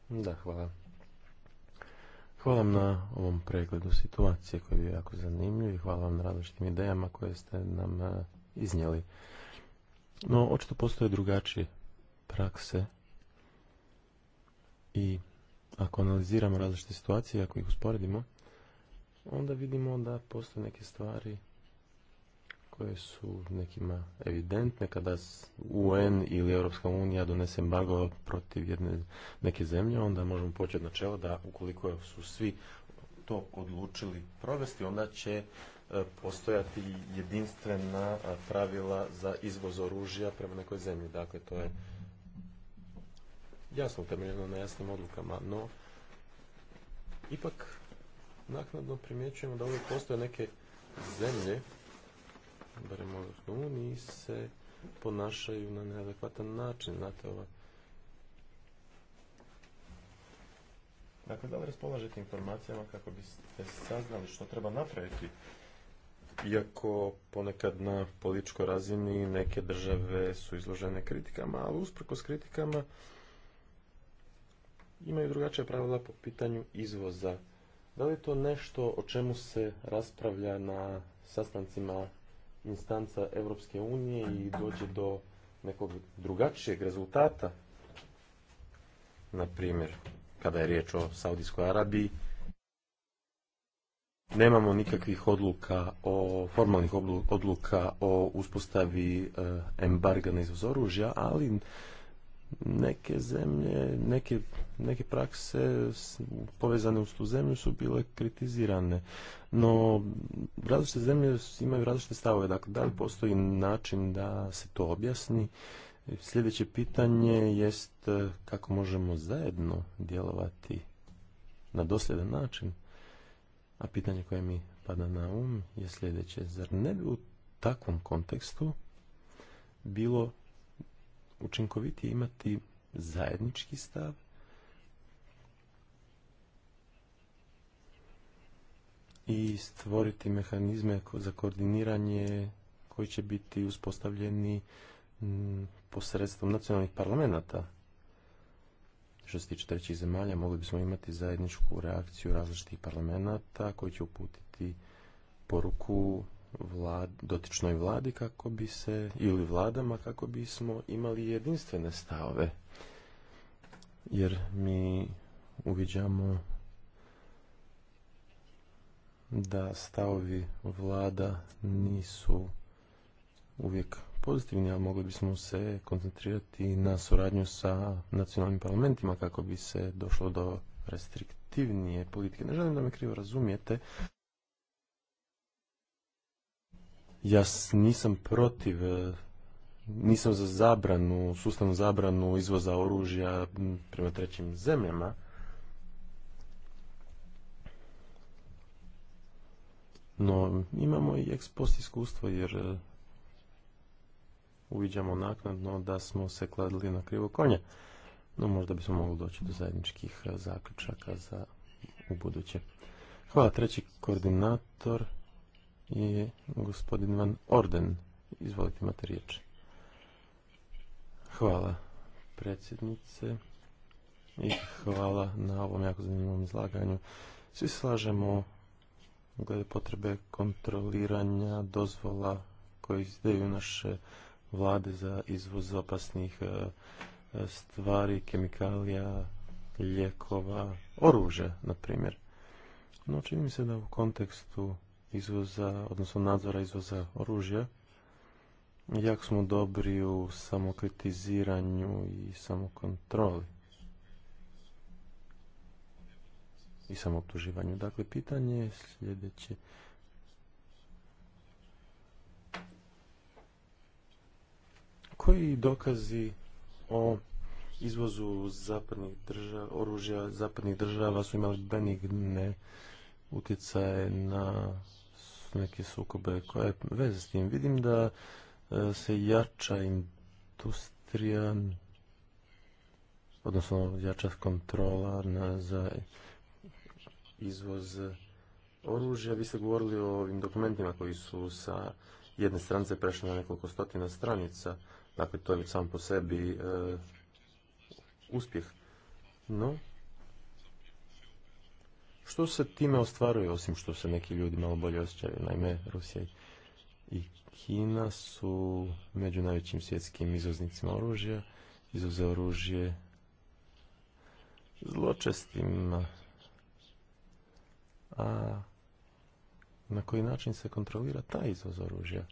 Da, hvala. Hvala vam na ovom pregledu situacije koji je jako zanimljiv i hvala vam na različitim idejama koje ste nam e, iznijeli. No, očito postoje drugačije prakse i ako analiziramo različite situacije, ako ih usporedimo, onda vidimo da postoje neke stvari koje su nekima evidentne kada UN ili Europska unija donese embargo protiv jedne neke zemlje, onda možemo početi načelo da ukoliko su svi to odlučili provesti, onda će e, postojati jedinstvena pravila za izvoz oružja prema nekoj zemlji. Dakle, to je jasno utemeljeno na jasnim odlukama, no ipak naknadno primjećujemo da uvijek postoje neke zemlje barem u Europskoj uniji, se ponašaju na neadekvatan način, znate ova. Dakle, da li raspolažete informacijama kako biste saznali što treba napraviti? Iako ponekad na političkoj razini neke države su izložene kritikama, ali usprkos kritikama imaju drugačija pravila po pitanju izvoza. Da li je to nešto o čemu se raspravlja na sastancima instanca Europske unije i dođe do nekog drugačijeg rezultata. Na primjer, kada je riječ o Saudijskoj Arabiji, nemamo nikakvih odluka o formalnih odluka o uspostavi eh, embarga na izvoz oružja, ali neke zemlje, neke, neke prakse povezane uz tu zemlju su bile kritizirane. No, različite zemlje imaju različite stavove. Dakle, da li postoji način da se to objasni? Sljedeće pitanje jest e, kako možemo zajedno djelovati na dosljedan način. A pitanje koje mi pada na um je sljedeće. Zar ne bi u takvom kontekstu bilo učinkovitije imati zajednički stav i stvoriti mehanizme za koordiniranje koji će biti uspostavljeni mm, posredstvom nacionalnih parlamenta. Što se tiče trećih zemalja, mogli bismo imati zajedničku reakciju različitih parlamenta koji će uputiti poruku vlad, dotičnoj vladi kako bi se, ili vladama kako bismo imali jedinstvene stavove. Jer mi uviđamo da stavovi vlada nisu uvijek pozitivni, a mogli bismo se koncentrirati na suradnju sa nacionalnim parlamentima kako bi se došlo do restriktivnije politike. Ne želim da me krivo razumijete, ja nisam protiv, e, nisam za zabranu, sustavnu zabranu izvoza oružja prema trećim zemljama. No, imamo i ex post iskustvo jer e, uviđamo naknadno da smo se kladili na krivo konje. No, možda bismo mogli doći do zajedničkih e, zaključaka za u buduće. Hvala, treći koordinator i gospodin Van Orden. Izvolite, imate riječ. Hvala predsjednice i hvala na ovom jako zanimljivom izlaganju. Svi slažemo glede potrebe kontroliranja dozvola koje izdaju naše vlade za izvoz opasnih e, e, stvari, kemikalija, lijekova, oružja, na primjer. No, čini mi se da u kontekstu izvoza, odnosno nadzora izvoza oružja. jak smo dobri u samokritiziranju i samokontroli i samoptuživanju? Dakle, pitanje je sljedeće. Koji dokazi o izvozu zapadnih država, oružja zapadnih država su imali benigne utjecaje na neke sukobe. koje veze s tim? Vidim da e, se jača industrija, odnosno jača kontrola za izvoz oružja. Vi ste govorili o ovim dokumentima koji su sa jedne stranice prešli na nekoliko stotina stranica. Dakle, to je sam po sebi e, uspjeh. No, što se time ostvaruje, osim što se neki ljudi malo bolje osjećaju? Naime, Rusija i Kina su među najvećim svjetskim izvoznicima oružja, izvoze oružje zločestima. A na koji način se kontrolira ta izvoz oružja?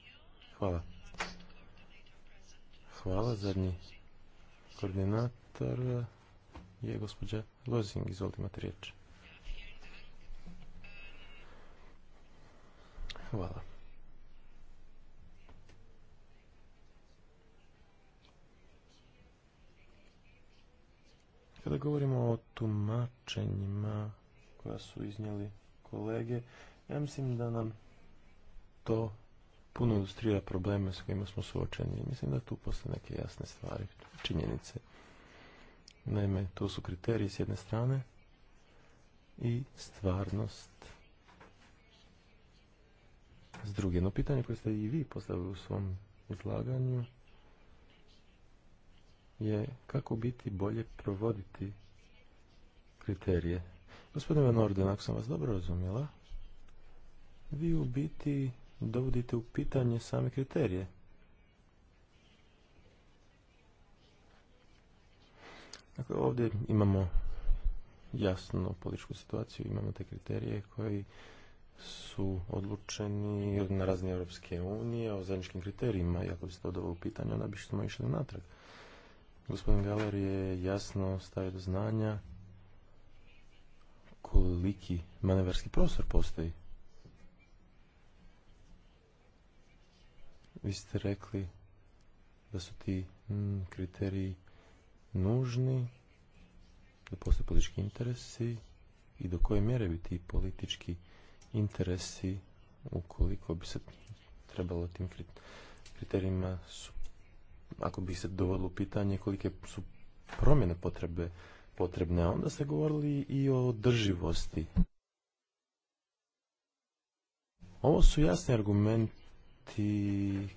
Hvala. Hvala, zadnji koordinator je gospođa Lozing, izvolite imate riječ. Hvala. Kada govorimo o tumačenjima koja su iznijeli kolege, ja mislim da nam to puno ilustrira probleme s kojima smo suočeni. Mislim da tu postoje neke jasne stvari, činjenice. Naime, to su kriteriji s jedne strane i stvarnost s drugim No pitanje koje ste i vi postavili u svom izlaganju je kako biti bolje provoditi kriterije. Gospodine Van Orden, ako sam vas dobro razumjela, vi u biti dovodite u pitanje same kriterije. Dakle, ovdje imamo jasnu političku situaciju, imamo te kriterije koji su odlučeni na razini Europske unije o zajedničkim kriterijima i ako bi se to dovolj u pitanje, onda bi smo išli natrag. Gospodin Galer je jasno stavio do znanja koliki manevarski prostor postoji. Vi ste rekli da su ti mm, kriteriji nužni, da postoje politički interesi i do koje mjere bi ti politički interesi ukoliko bi se trebalo tim kriterijima su, ako bi se dovodilo pitanje kolike su promjene potrebe potrebne, a onda ste govorili i o drživosti. Ovo su jasni argumenti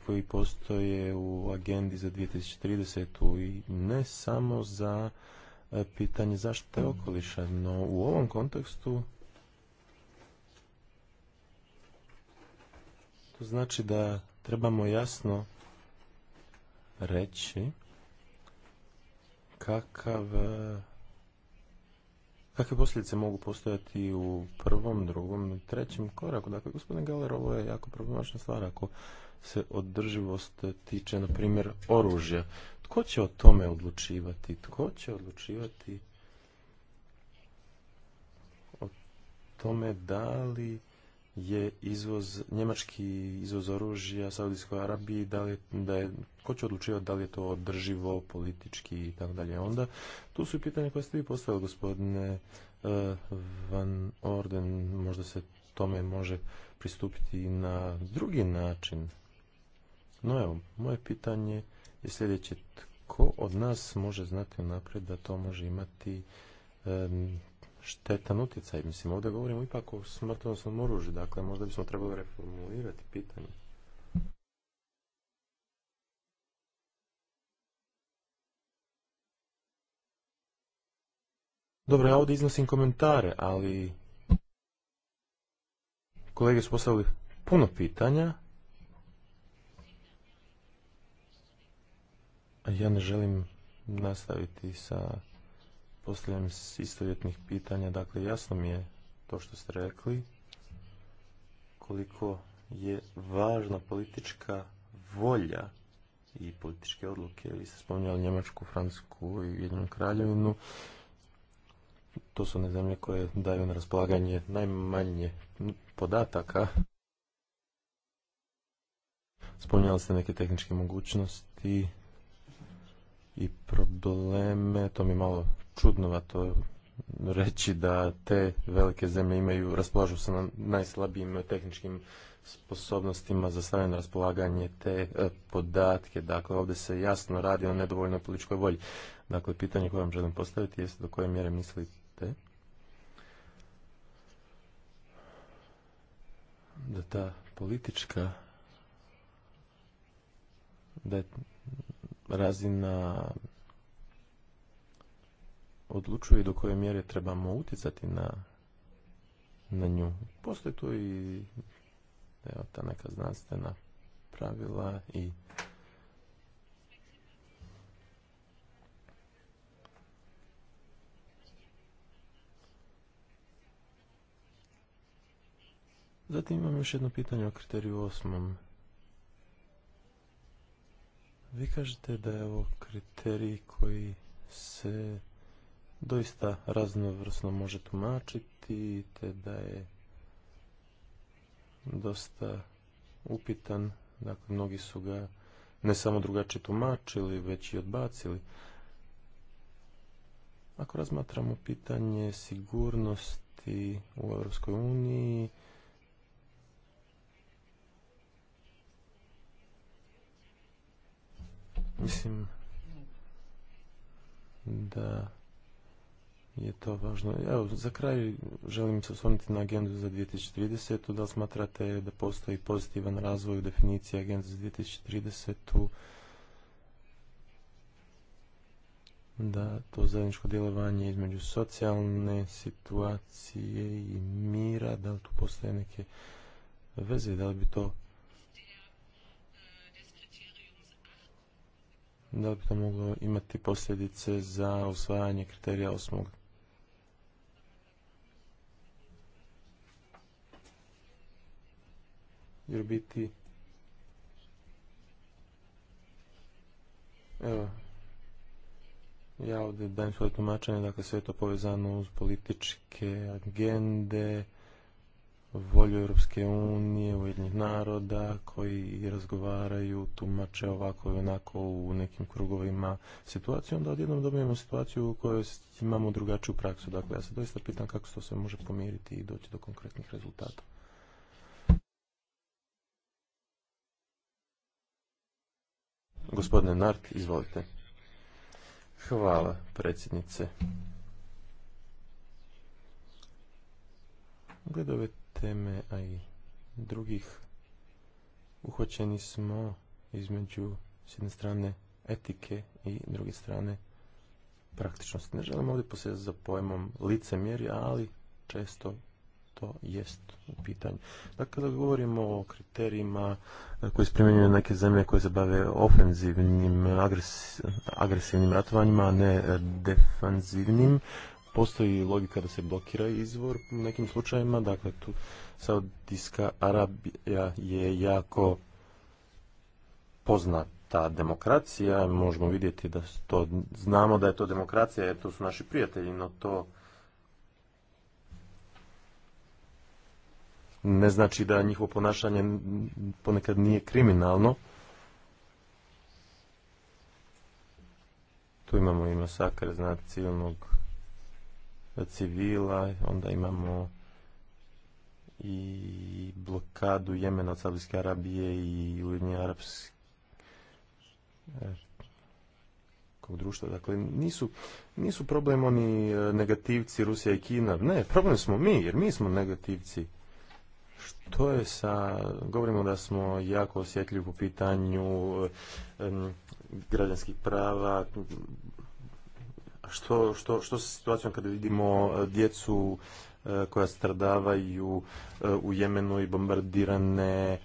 koji postoje u agendi za 2030. i ne samo za e, pitanje zaštite okoliša, no u ovom kontekstu To znači da trebamo jasno reći kakav kakve posljedice mogu postojati u prvom, drugom i trećem koraku. Dakle, gospodine Galer, ovo je jako problematična stvar ako se održivost tiče, na primjer, oružja. Tko će o tome odlučivati? Tko će odlučivati o tome da li je izvoz, njemački izvoz oružja Saudijskoj Arabiji, da li, da je, ko će odlučivati da li je to održivo, politički i tako dalje. Onda tu su i pitanje koje ste vi postavili, gospodine eh, Van Orden, možda se tome može pristupiti na drugi način. No evo, moje pitanje je sljedeće. Tko od nas može znati unaprijed da to može imati štetan utjecaj. Mislim, ovdje govorimo ipak o smrtonosnom oružju, dakle možda bismo trebali reformulirati pitanje. Dobro, ja ovdje iznosim komentare, ali kolege su postavili puno pitanja. Ja ne želim nastaviti sa s istovjetnih pitanja. Dakle, jasno mi je to što ste rekli, koliko je važna politička volja i političke odluke. Vi ste spominjali Njemačku, Francusku i Ujedinjenu kraljevinu. To su one zemlje koje daju na raspolaganje najmanje podataka. Spominjali ste neke tehničke mogućnosti i probleme. To mi malo čudnovato reći da te velike zemlje imaju, raspolažu se na najslabijim tehničkim sposobnostima za stavljeno raspolaganje te e, podatke. Dakle, ovdje se jasno radi o nedovoljnoj političkoj volji. Dakle, pitanje koje vam želim postaviti jeste do koje mjere mislite da ta politička da je razina odlučuje do koje mjere trebamo utjecati na, na nju. Postoje tu i evo, ta neka znanstvena pravila i Zatim imam još jedno pitanje o kriteriju osmom. Vi kažete da je ovo kriterij koji se doista raznovrsno može tumačiti, te da je dosta upitan, dakle mnogi su ga ne samo drugačije tumačili, već i odbacili. Ako razmatramo pitanje sigurnosti u Europskoj uniji, mislim da je to važno. Evo, za kraj želim se osvrnuti na agendu za 2030. Da li smatrate da postoji pozitivan razvoj u definiciji agendu za 2030. Da to zajedničko djelovanje između socijalne situacije i mira, da li tu postoje neke veze, da li bi to da li bi to moglo imati posljedice za osvajanje kriterija osmog jer biti evo ja ovdje dajem svoje tumačenje dakle sve je to povezano uz političke agende volju Europske unije, Ujedinjenih naroda koji razgovaraju, tumače ovako i onako u nekim krugovima situaciju, onda odjednom dobijemo situaciju u kojoj imamo drugačiju praksu. Dakle, ja se doista pitam kako se to sve može pomiriti i doći do konkretnih rezultata. Gospodine Nart, izvolite. Hvala, predsjednice. Gled ove teme, a i drugih, uhoćeni smo između s jedne strane etike i druge strane praktičnosti. Ne želim ovdje posjeti za pojmom licemjerja, ali često što jest u pitanju. Dakle, kada govorimo o kriterijima e, koji se primjenjuju neke zemlje koje se bave ofenzivnim, agresivnim ratovanjima, a ne defanzivnim, postoji logika da se blokira izvor u nekim slučajevima, dakle tu Saudijska Arabija je jako poznata demokracija, možemo vidjeti da to, znamo da je to demokracija jer to su naši prijatelji, no to ne znači da njihovo ponašanje ponekad nije kriminalno. Tu imamo i masakre, znači civilnog civila, onda imamo i blokadu Jemena od Saudijske Arabije i Ujedinje Arapskog e, društva. Dakle, nisu, nisu problem oni e, negativci Rusija i Kina. Ne, problem smo mi, jer mi smo negativci što je sa, govorimo da smo jako osjetljivi po pitanju građanskih prava, što, što, što sa situacijom kada vidimo e, djecu e, koja stradavaju e, u Jemenu i bombardirane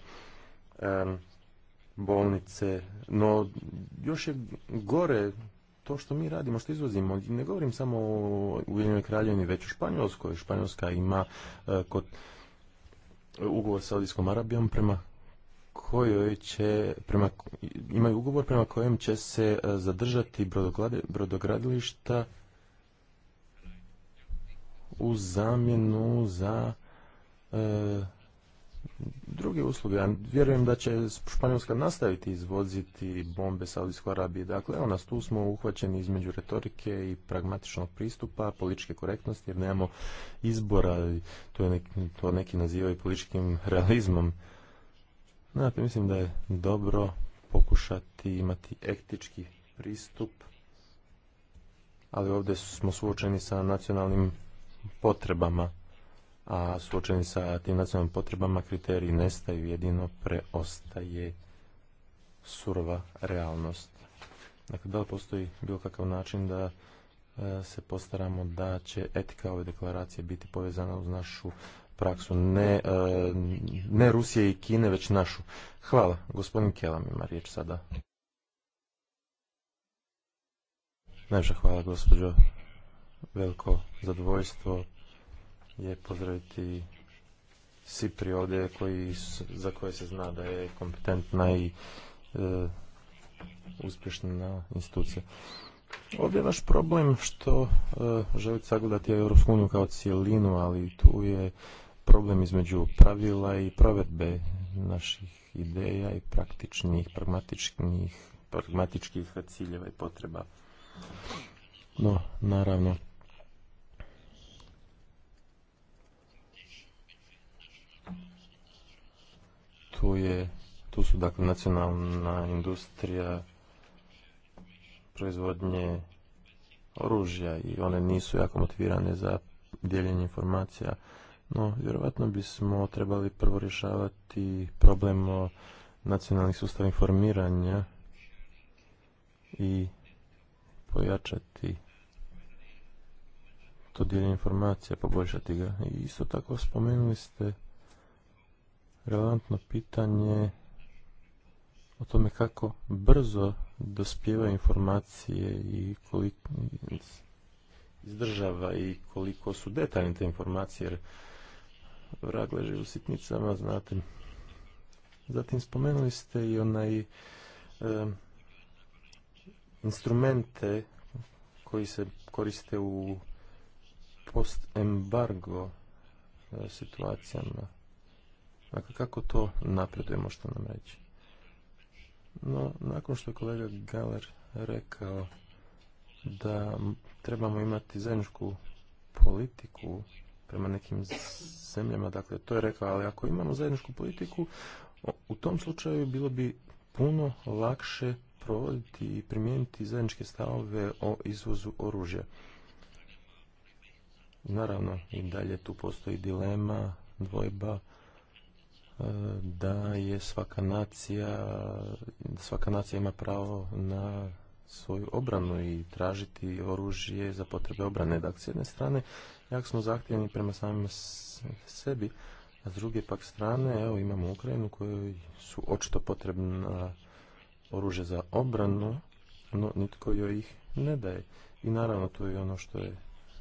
bolnice, no još je gore to što mi radimo, što izvozimo, ne govorim samo u Ujedinjenoj kraljevini, već u Španjolskoj. Španjolska ima kod ugovor sa Saudijskom Arabijom prema kojoj će, prema, imaju ugovor prema kojem će se e, zadržati brodogradilišta u zamjenu za e, druge usluge. Ja vjerujem da će Španjolska nastaviti izvoziti bombe Saudijskoj Arabije. Dakle, evo nas tu smo uhvaćeni između retorike i pragmatičnog pristupa, političke korektnosti, jer nemamo izbora. To, je to neki nazivaju političkim realizmom. Znate, mislim da je dobro pokušati imati etički pristup, ali ovdje smo suočeni sa nacionalnim potrebama a suočeni sa tim nacionalnim potrebama kriteriji nestaju, jedino preostaje surova realnost. Dakle, da li postoji bilo kakav način da e, se postaramo da će etika ove deklaracije biti povezana uz našu praksu, ne, e, ne Rusije i Kine, već našu. Hvala. Gospodin Kelam ima riječ sada. Najviše hvala, gospođo. Veliko zadovoljstvo je pozdraviti Sipri ovdje koji, za koje se zna da je kompetentna i e, uspješna institucija. Ovdje je naš problem što e, želite sagledati Europsku uniju kao cijelinu, ali tu je problem između pravila i provedbe naših ideja i praktičnih, pragmatičnih, pragmatičkih ciljeva i potreba. No, naravno, tu je tu su dakle nacionalna industrija proizvodnje oružja i one nisu jako motivirane za dijeljenje informacija. No, vjerojatno bismo trebali prvo rješavati problem nacionalnih sustava informiranja i pojačati to dijeljenje informacija, poboljšati ga. I isto tako spomenuli ste relevantno pitanje o tome kako brzo dospjeva informacije i koliko izdržava i koliko su detaljne te informacije jer vrag leži u sitnicama, znate. Zatim spomenuli ste i onaj e, instrumente koji se koriste u post-embargo e, situacijama. Dakle, kako to napreduje, možete nam reći? No, nakon što je kolega Galer rekao da trebamo imati zajedničku politiku prema nekim zemljama, dakle, to je rekao, ali ako imamo zajedničku politiku, u tom slučaju bilo bi puno lakše provoditi i primijeniti zajedničke stavove o izvozu oružja. Naravno, i dalje tu postoji dilema, dvojba, da je svaka nacija, svaka nacija ima pravo na svoju obranu i tražiti oružje za potrebe obrane. Dakle, s jedne strane, jako smo zahtjevni prema samima sebi, a s druge pak strane, evo imamo Ukrajinu kojoj su očito potrebna oružje za obranu, no nitko joj ih ne daje. I naravno to je ono što je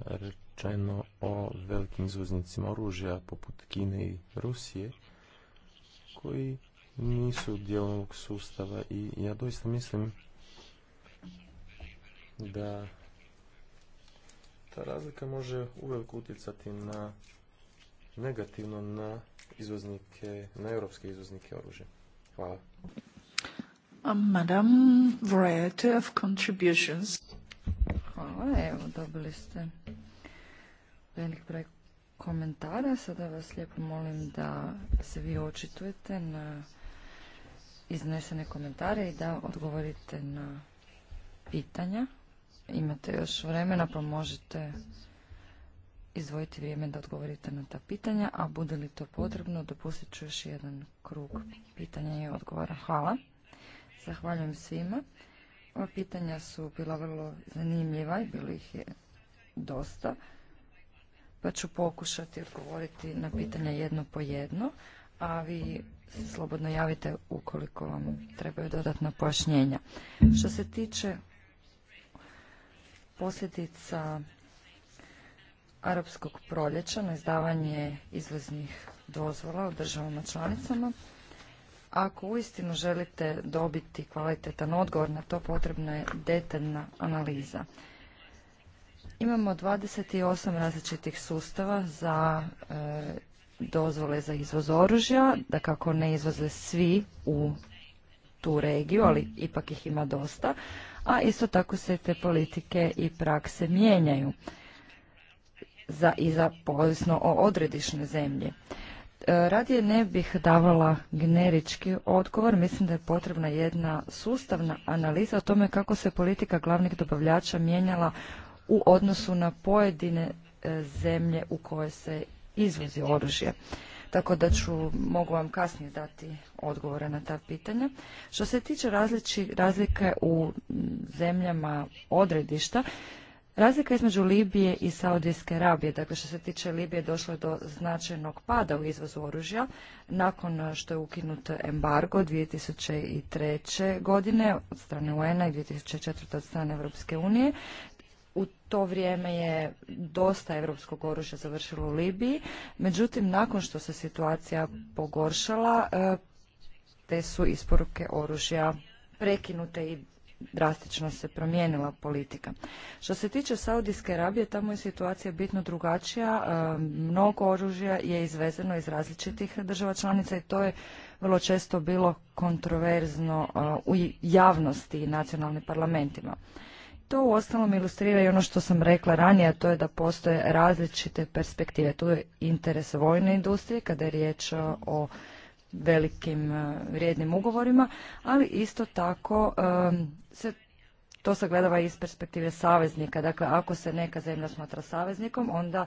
rečeno o velikim izvoznicima oružja poput Kine i Rusije koji nisu dijelom ovog sustava i ja doista mislim da ta razlika može uveliko utjecati na negativno na izvoznike, na europske izvoznike oružja. Hvala. Madam, variety of contributions. Hvala, evo, dobili ste velik komentara. Sada vas lijepo molim da se vi očitujete na iznesene komentare i da odgovorite na pitanja. Imate još vremena pa možete izvojiti vrijeme da odgovorite na ta pitanja, a bude li to potrebno, dopustit ću još jedan krug pitanja i odgovora. Hvala. Zahvaljujem svima. Ova pitanja su bila vrlo zanimljiva i bilo ih je dosta pa ću pokušati odgovoriti na pitanja jedno po jedno, a vi slobodno javite ukoliko vam trebaju dodatna pojašnjenja. Što se tiče posljedica arapskog proljeća na izdavanje izvoznih dozvola u državama članicama, ako uistinu želite dobiti kvalitetan odgovor na to, potrebna je detaljna analiza. Imamo 28 različitih sustava za e, dozvole za izvoz oružja, da kako ne izvoze svi u tu regiju, ali ipak ih ima dosta, a isto tako se te politike i prakse mijenjaju za i za povisno o odredišnoj zemlji. E, radije ne bih davala generički odgovor, mislim da je potrebna jedna sustavna analiza o tome kako se politika glavnih dobavljača mijenjala u odnosu na pojedine e, zemlje u koje se izvozi oružje. Tako da ću, mogu vam kasnije dati odgovore na ta pitanja. Što se tiče različi, razlike u zemljama odredišta, Razlika između Libije i Saudijske Arabije, dakle što se tiče Libije došlo je do značajnog pada u izvozu oružja nakon što je ukinut embargo 2003. godine od strane UN-a i 2004. od strane Europske unije u to vrijeme je dosta evropskog oružja završilo u Libiji. Međutim, nakon što se situacija pogoršala, e, te su isporuke oružja prekinute i drastično se promijenila politika. Što se tiče Saudijske Arabije, tamo je situacija bitno drugačija. E, mnogo oružja je izvezeno iz različitih država članica i to je vrlo često bilo kontroverzno e, u javnosti i nacionalnim parlamentima. To uostalom ilustrira i ono što sam rekla ranije, a to je da postoje različite perspektive. Tu je interes vojne industrije kada je riječ o velikim e, vrijednim ugovorima, ali isto tako e, se to sagledava iz perspektive saveznika. Dakle, ako se neka zemlja smatra saveznikom, onda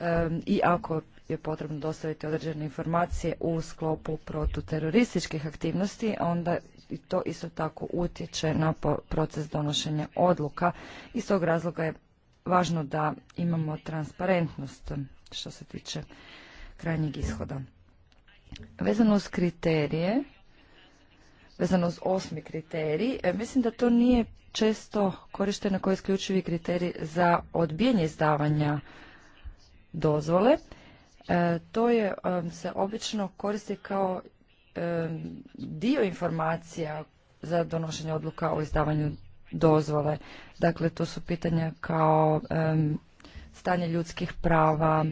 e, i ako je potrebno dostaviti određene informacije u sklopu protuterorističkih aktivnosti, onda i to isto tako utječe na proces donošenja odluka. Iz tog razloga je važno da imamo transparentnost što se tiče krajnjeg ishoda. Vezano uz kriterije, vezano uz osmi kriterij, e, mislim da to nije često korišteno kao isključivi kriterij za odbijanje izdavanja dozvole. E, to je, se obično koristi kao dio informacija za donošenje odluka o izdavanju dozvole. Dakle, to su pitanja kao stanje ljudskih prava,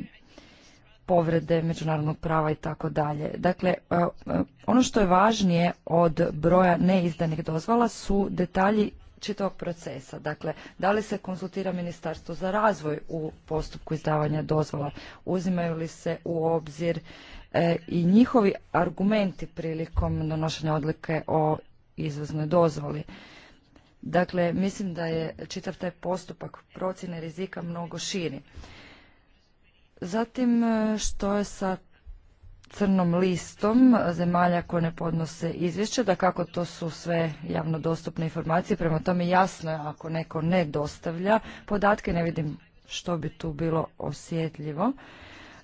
povrede međunarodnog prava i tako dalje. Dakle, e, e, ono što je važnije od broja neizdanih dozvola su detalji čitavog procesa. Dakle, da li se konsultira Ministarstvo za razvoj u postupku izdavanja dozvola? Uzimaju li se u obzir E, i njihovi argumenti prilikom donošenja odlike o izvoznoj dozvoli. Dakle, mislim da je čitav taj postupak procjene rizika mnogo širi. Zatim, e, što je sa crnom listom zemalja koje ne podnose izvješće, da kako to su sve javno dostupne informacije, prema tome jasno je ako neko ne dostavlja podatke, ne vidim što bi tu bilo osjetljivo.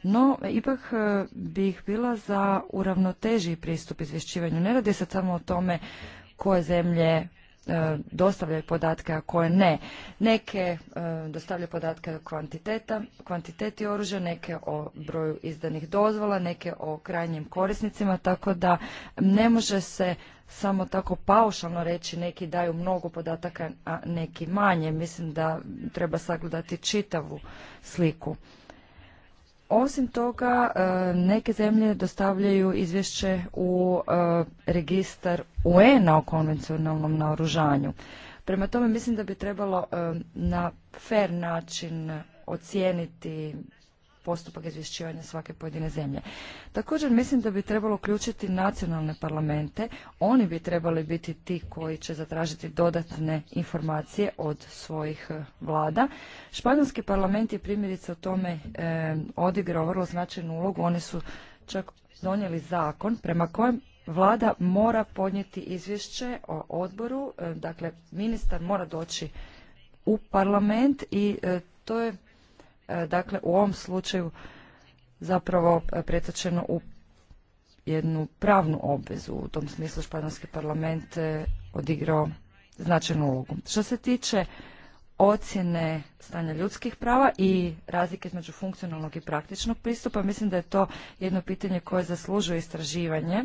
No, ipak e, bih bila za uravnotežiji pristup izvješćivanju. Ne radi se samo o tome koje zemlje e, dostavljaju podatke, a koje ne. Neke e, dostavljaju podatke o kvantiteta, kvantiteti oružja, neke o broju izdanih dozvola, neke o krajnjim korisnicima, tako da ne može se samo tako paušalno reći neki daju mnogo podataka, a neki manje. Mislim da treba sagledati čitavu sliku. Osim toga, e, neke zemlje dostavljaju izvješće u e, registar UN-a o konvencionalnom naoružanju. Prema tome mislim da bi trebalo e, na fer način ocijeniti postupak izvješćivanja svake pojedine zemlje. Također mislim da bi trebalo uključiti nacionalne parlamente. Oni bi trebali biti ti koji će zatražiti dodatne informacije od svojih eh, vlada. Španjolski parlament je primjerice o tome eh, odigrao vrlo značajnu ulogu. Oni su čak donijeli zakon prema kojem Vlada mora podnijeti izvješće o odboru, eh, dakle ministar mora doći u parlament i to je E, dakle u ovom slučaju zapravo e, pretočeno u jednu pravnu obvezu. U tom smislu španjolski parlament e, odigrao značajnu ulogu. Što se tiče ocjene stanja ljudskih prava i razlike između funkcionalnog i praktičnog pristupa, mislim da je to jedno pitanje koje zaslužuje istraživanje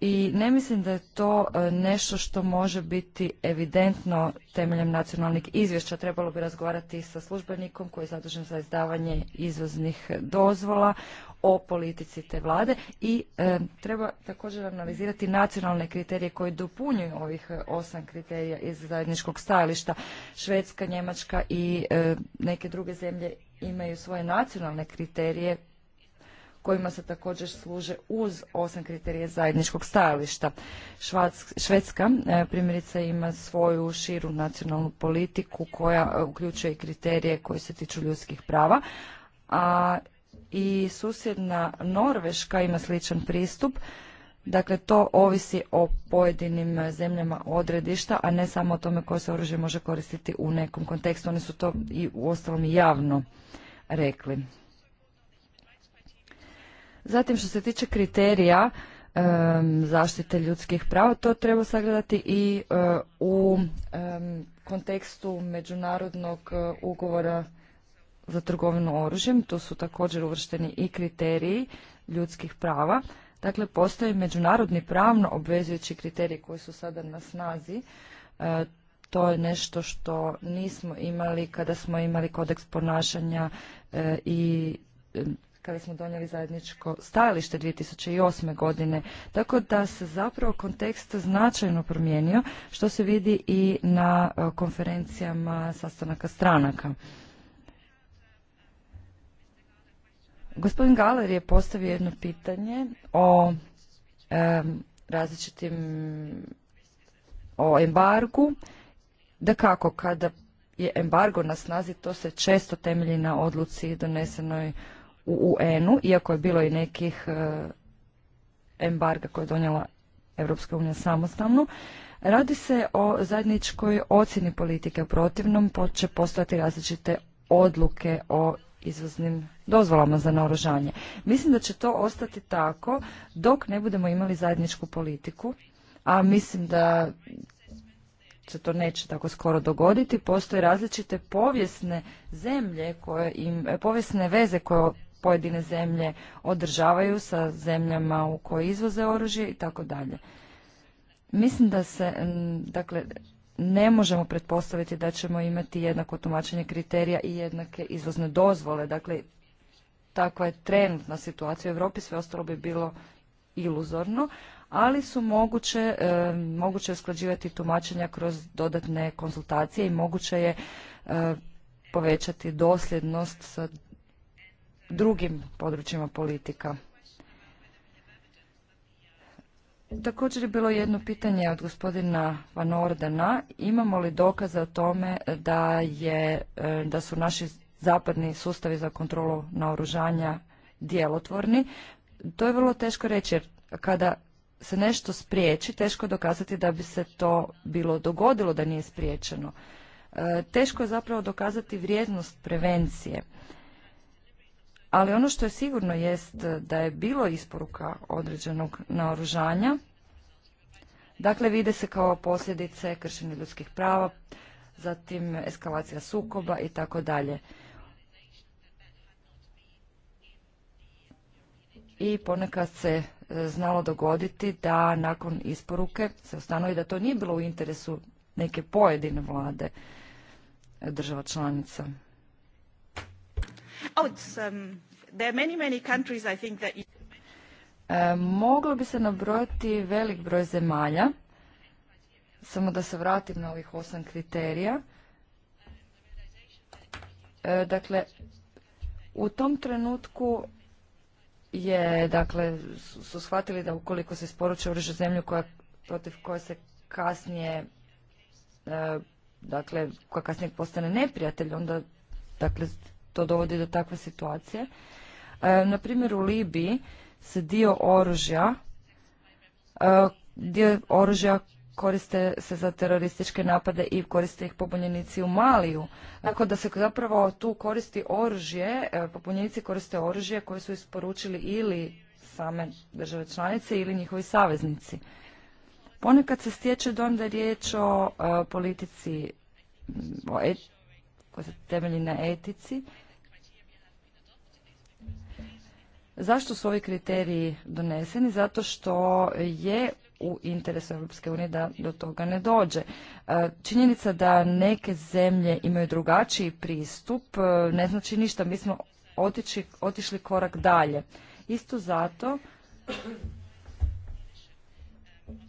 i ne mislim da je to e, nešto što može biti evidentno temeljem nacionalnih izvješća. Trebalo bi razgovarati sa službenikom koji je zadužen za izdavanje izvoznih dozvola o politici te vlade i e, treba također analizirati nacionalne kriterije koji dopunjuju ovih e, osam kriterija iz zajedničkog stajališta. Švedska, Njemačka i neke druge zemlje imaju svoje nacionalne kriterije kojima se također služe uz osam kriterija zajedničkog stajališta. Švedska e, primjerice ima svoju širu nacionalnu politiku koja e, uključuje i kriterije koji se tiču ljudskih prava, a i susjedna Norveška ima sličan pristup. Dakle, to ovisi o pojedinim zemljama odredišta, a ne samo o tome koje se oružje može koristiti u nekom kontekstu. Oni su to i u ostalom javno rekli. Zatim što se tiče kriterija zaštite ljudskih prava, to treba sagledati i eh, u kontekstu međunarodnog eh, ugovora za trgovinu oružjem. Tu su također uvršteni i kriteriji ljudskih prava. Dakle, postoje međunarodni pravno obvezujući kriteriji koji su sada na snazi. Eh, to je nešto što nismo imali kada smo imali kodeks ponašanja i kada smo donijeli zajedničko stajalište 2008. godine. Tako da se zapravo kontekst značajno promijenio, što se vidi i na e, konferencijama sastanaka stranaka. Gospodin Galer je postavio jedno pitanje o e, različitim o embargu. Da kako, kada je embargo na snazi, to se često temelji na odluci donesenoj u UN-u, iako je bilo i nekih e, embarga koje je donijela Europska unija samostalno. Radi se o zajedničkoj ocjeni politike. U protivnom će postojati različite odluke o izvoznim dozvolama za naoružanje. Mislim da će to ostati tako dok ne budemo imali zajedničku politiku, a mislim da se to neće tako skoro dogoditi. Postoje različite povijesne zemlje, koje im, povijesne veze koje pojedine zemlje održavaju sa zemljama u koje izvoze oružje i tako dalje. Mislim da se, dakle, ne možemo pretpostaviti da ćemo imati jednako tumačenje kriterija i jednake izvozne dozvole. Dakle, takva je trenutna situacija u Europi, sve ostalo bi bilo iluzorno, ali su moguće, e, moguće usklađivati tumačenja kroz dodatne konsultacije i moguće je e, povećati dosljednost sa drugim područjima politika. Također je bilo jedno pitanje od gospodina Van Ordena. Imamo li dokaza o tome da, je, e, da su naši zapadni sustavi za kontrolu naoružanja djelotvorni? To je vrlo teško reći jer kada se nešto spriječi, teško je dokazati da bi se to bilo dogodilo da nije spriječeno. E, teško je zapravo dokazati vrijednost prevencije. Ali ono što je sigurno jest da je bilo isporuka određenog naoružanja. Dakle, vide se kao posljedice kršenja ljudskih prava, zatim eskalacija sukoba i tako dalje. I ponekad se e, znalo dogoditi da nakon isporuke se ustanovi da to nije bilo u interesu neke pojedine vlade e, država članica. Oh, it's, um, there many, many countries I think that... E, moglo bi se nabrojati velik broj zemalja, samo da se vratim na ovih osam kriterija. E, dakle, u tom trenutku je, dakle, su shvatili da ukoliko se isporuče oružje zemlju koja, protiv koje se kasnije, e, dakle, koja kasnije postane neprijatelj, onda, dakle, to dovodi do takve situacije. E, na primjer u Libiji se dio oružja e, dio oružja koriste se za terorističke napade i koriste ih pobunjenici u Maliju. Tako da se zapravo tu koristi oružje, e, pobunjenici koriste oružje koje su isporučili ili same države članice ili njihovi saveznici. Ponekad se stječe dojam da je riječ o e, politici o koja se temelji na etici Zašto su ovi kriteriji doneseni? Zato što je u interesu Europske unije da do toga ne dođe. E, činjenica da neke zemlje imaju drugačiji pristup e, ne znači ništa. Mi smo otišli korak dalje. Isto zato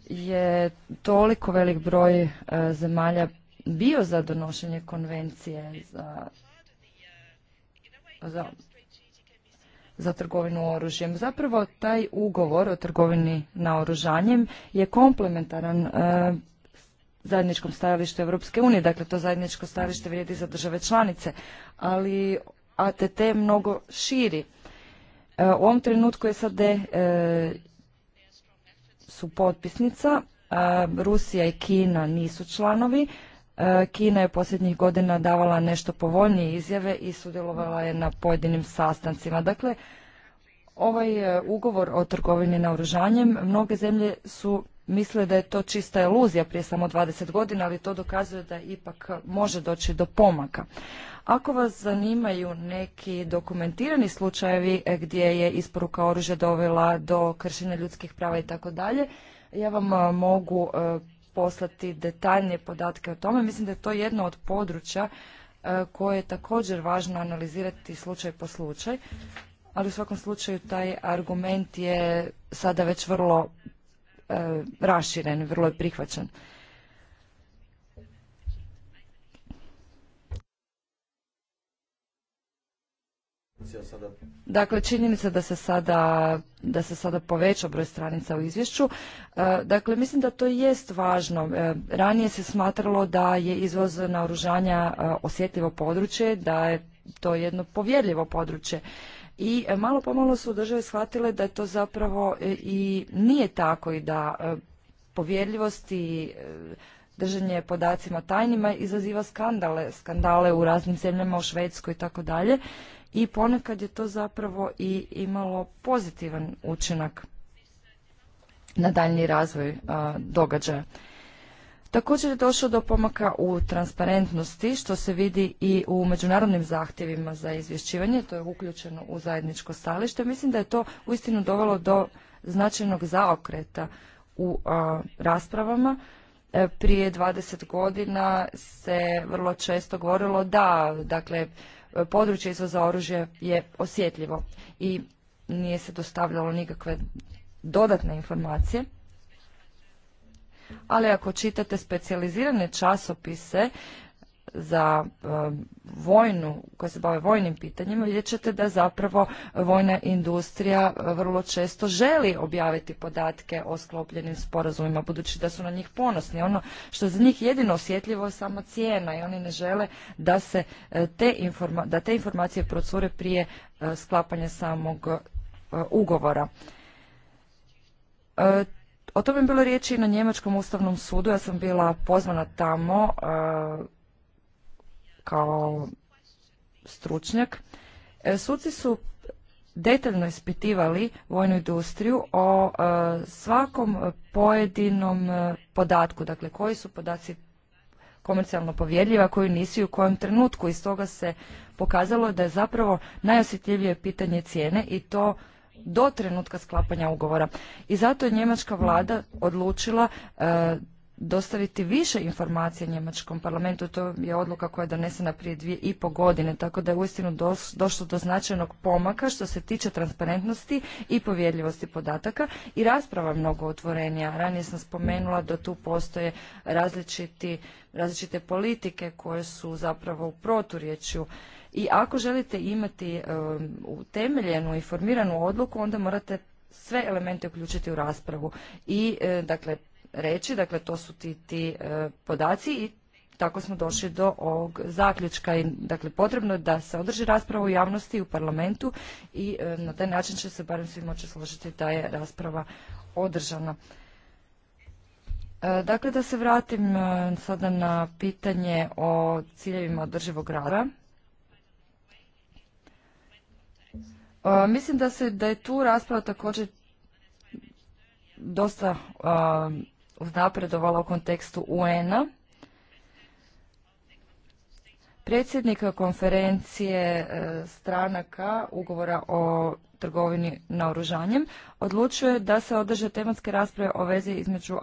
je toliko velik broj e, zemalja bio za donošenje konvencije za za trgovinu oružjem. Zapravo taj ugovor o trgovini na oružanjem je komplementaran e, zajedničkom stajalištu Europske unije, dakle to zajedničko stajalište vrijedi za države članice, ali ATT mnogo širi. E, u ovom trenutku SAD e, su potpisnica, e, Rusija i Kina nisu članovi, E, Kina je posljednjih godina davala nešto povoljnije izjave i sudjelovala je na pojedinim sastancima. Dakle, ovaj e, ugovor o trgovini oružanjem, mnoge zemlje su misle da je to čista iluzija prije samo 20 godina, ali to dokazuje da ipak može doći do pomaka. Ako vas zanimaju neki dokumentirani slučajevi e, gdje je isporuka oružja dovela do kršenja ljudskih prava i tako dalje, ja vam mogu poslati detaljnije podatke o tome. Mislim da je to jedno od područja e, koje je također važno analizirati slučaj po slučaj, ali u svakom slučaju taj argument je sada već vrlo e, raširen, vrlo je prihvaćen. Dakle, činjenica da se sada da se sada poveća broj stranica u izvješću. E, dakle, mislim da to jest važno. E, ranije se smatralo da je izvoz naoružanja e, osjetljivo područje, da je to jedno povjerljivo područje. I malo pomalo su države shvatile da to zapravo i nije tako i da povjerljivost i držanje podacima tajnima izaziva skandale, skandale u raznim zemljama, u Švedskoj i tako dalje i ponekad je to zapravo i imalo pozitivan učinak na daljnji razvoj događaja. Također je došlo do pomaka u transparentnosti, što se vidi i u međunarodnim zahtjevima za izvješćivanje, to je uključeno u zajedničko stalište. Mislim da je to uistinu dovelo do značajnog zaokreta u raspravama. E, prije 20 godina se vrlo često govorilo da, dakle, područje izvoza oružja je osjetljivo i nije se dostavljalo nikakve dodatne informacije. Ali ako čitate specijalizirane časopise za e, vojnu, koje se bave vojnim pitanjima, vidjet ćete da zapravo vojna industrija e, vrlo često želi objaviti podatke o sklopljenim sporazumima, budući da su na njih ponosni. Ono što za njih jedino osjetljivo je samo cijena i oni ne žele da se e, te, da te informacije procure prije sklapanja samog ugovora. O tome je bilo riječi i na Njemačkom ustavnom sudu. Ja sam bila pozvana tamo kao stručnjak. E, suci su detaljno ispitivali vojnu industriju o e, svakom pojedinom e, podatku, dakle koji su podaci komercijalno povjedljiva, koju nisu i u kojem trenutku. I toga se pokazalo da je zapravo najosjetljivije pitanje cijene i to do trenutka sklapanja ugovora. I zato je njemačka vlada odlučila dostaviti više informacija njemačkom parlamentu. To je odluka koja je donesena prije dvije i po godine, tako da je uistinu došlo do značajnog pomaka što se tiče transparentnosti i povjerljivosti podataka i rasprava mnogo otvorenija. Ranije sam spomenula da tu postoje različite politike koje su zapravo u proturječju i ako želite imati um, utemeljenu, informiranu odluku, onda morate sve elemente uključiti u raspravu i e, dakle reći, dakle to su ti, ti e, podaci i tako smo došli do ovog zaključka i dakle potrebno je da se održi rasprava u javnosti i u parlamentu i e, na taj način će se barem svi moći složiti da je rasprava održana. E, dakle, da se vratim sada na pitanje o ciljevima održivog rada. Mislim da, se, da je tu rasprava također dosta uznapredovala u kontekstu UN-a. Predsjednik konferencije e, stranaka ugovora o trgovini naoružanjem odlučuje da se održe tematske rasprave o vezi između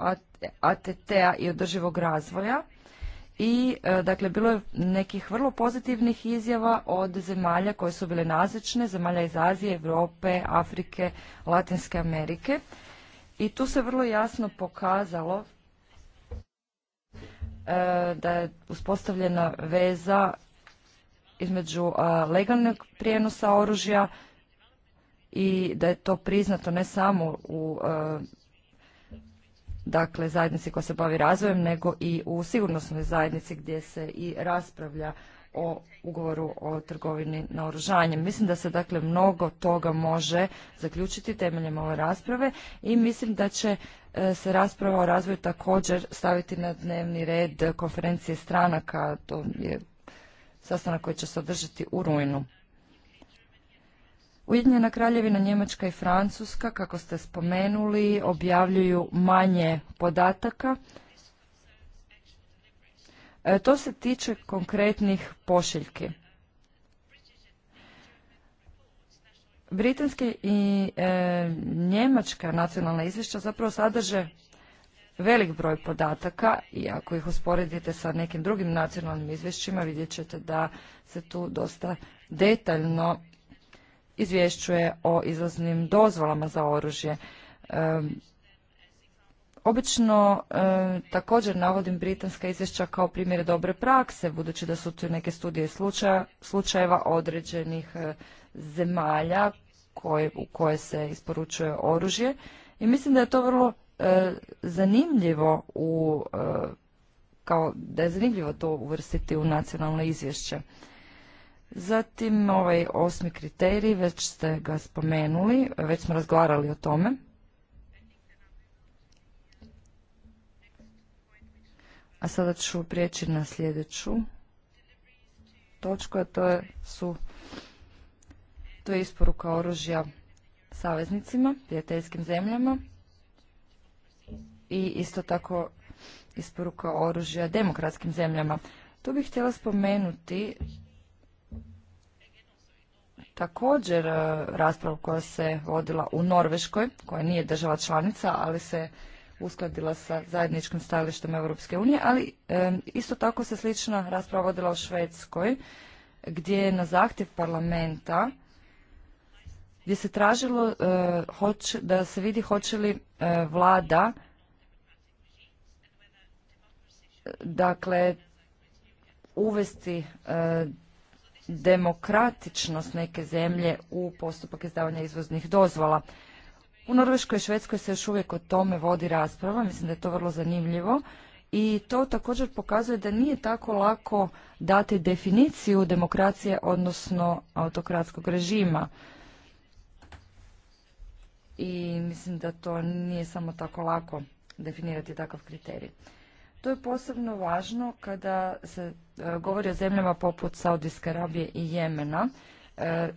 ATT-a i održivog razvoja. I, e, dakle, bilo je nekih vrlo pozitivnih izjava od zemalja koje su bile nazočne, zemalja iz Azije, Europe, Afrike, Latinske Amerike. I tu se vrlo jasno pokazalo e, da je uspostavljena veza između legalnog prijenosa oružja i da je to priznato ne samo u e, dakle zajednici koja se bavi razvojem nego i u sigurnosnoj zajednici gdje se i raspravlja o ugovoru o trgovini na naoružanjem. Mislim da se dakle mnogo toga može zaključiti temeljem ove rasprave i mislim da će e, se rasprava o razvoju također staviti na dnevni red konferencije stranaka, to je sastanak koji će se održati u rujnu. Ujedinjena kraljevina Njemačka i Francuska, kako ste spomenuli, objavljuju manje podataka E, to se tiče konkretnih pošiljki. Britanske i e, njemačka nacionalna izvješća zapravo sadrže velik broj podataka i ako ih usporedite sa nekim drugim nacionalnim izvješćima vidjet ćete da se tu dosta detaljno izvješćuje o izlaznim dozvolama za oružje. E, Obično e, također navodim britanska izvješća kao primjere dobre prakse, budući da su tu neke studije slučaja, slučajeva određenih e, zemalja koje, u koje se isporučuje oružje. I mislim da je to vrlo e, zanimljivo u, kao da je zanimljivo to uvrstiti u nacionalno izvješće. Zatim ovaj osmi kriterij, već ste ga spomenuli, već smo razgovarali o tome. A sada ću prijeći na sljedeću točku, a to je, su, to je isporuka oružja saveznicima, prijateljskim zemljama i isto tako isporuka oružja demokratskim zemljama. Tu bih htjela spomenuti također e, raspravu koja se vodila u Norveškoj, koja nije država članica, ali se uskladila sa zajedničkim stajalištem Europske unije, ali isto tako se slična rasprava vodila u Švedskoj, gdje je na zahtjev parlamenta gdje se tražilo e, hoć, da se vidi hoće li e, vlada dakle uvesti e, demokratičnost neke zemlje u postupak izdavanja izvoznih dozvola. U Norveškoj i Švedskoj se još uvijek o tome vodi rasprava, mislim da je to vrlo zanimljivo i to također pokazuje da nije tako lako dati definiciju demokracije, odnosno autokratskog režima. I mislim da to nije samo tako lako definirati takav kriterij. To je posebno važno kada se e, govori o zemljama poput Saudijske Arabije i Jemena, e,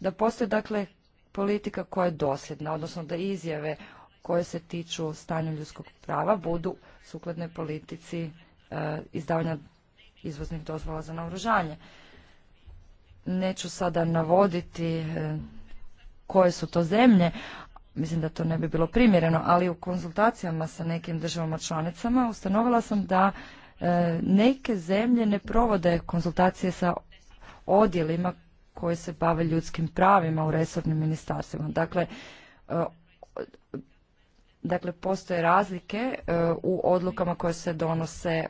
da postoje dakle politika koja je dosljedna, odnosno da izjave koje se tiču stanja ljudskog prava budu sukladne politici e, izdavanja izvoznih dozvola za naoružanje. Neću sada navoditi e, koje su to zemlje, mislim da to ne bi bilo primjereno, ali u konzultacijama sa nekim državama članicama ustanovila sam da e, neke zemlje ne provode konzultacije sa odjelima koje se bave ljudskim pravima u resornim ministarstvima. Dakle, e, dakle postoje razlike e, u odlukama koje se donose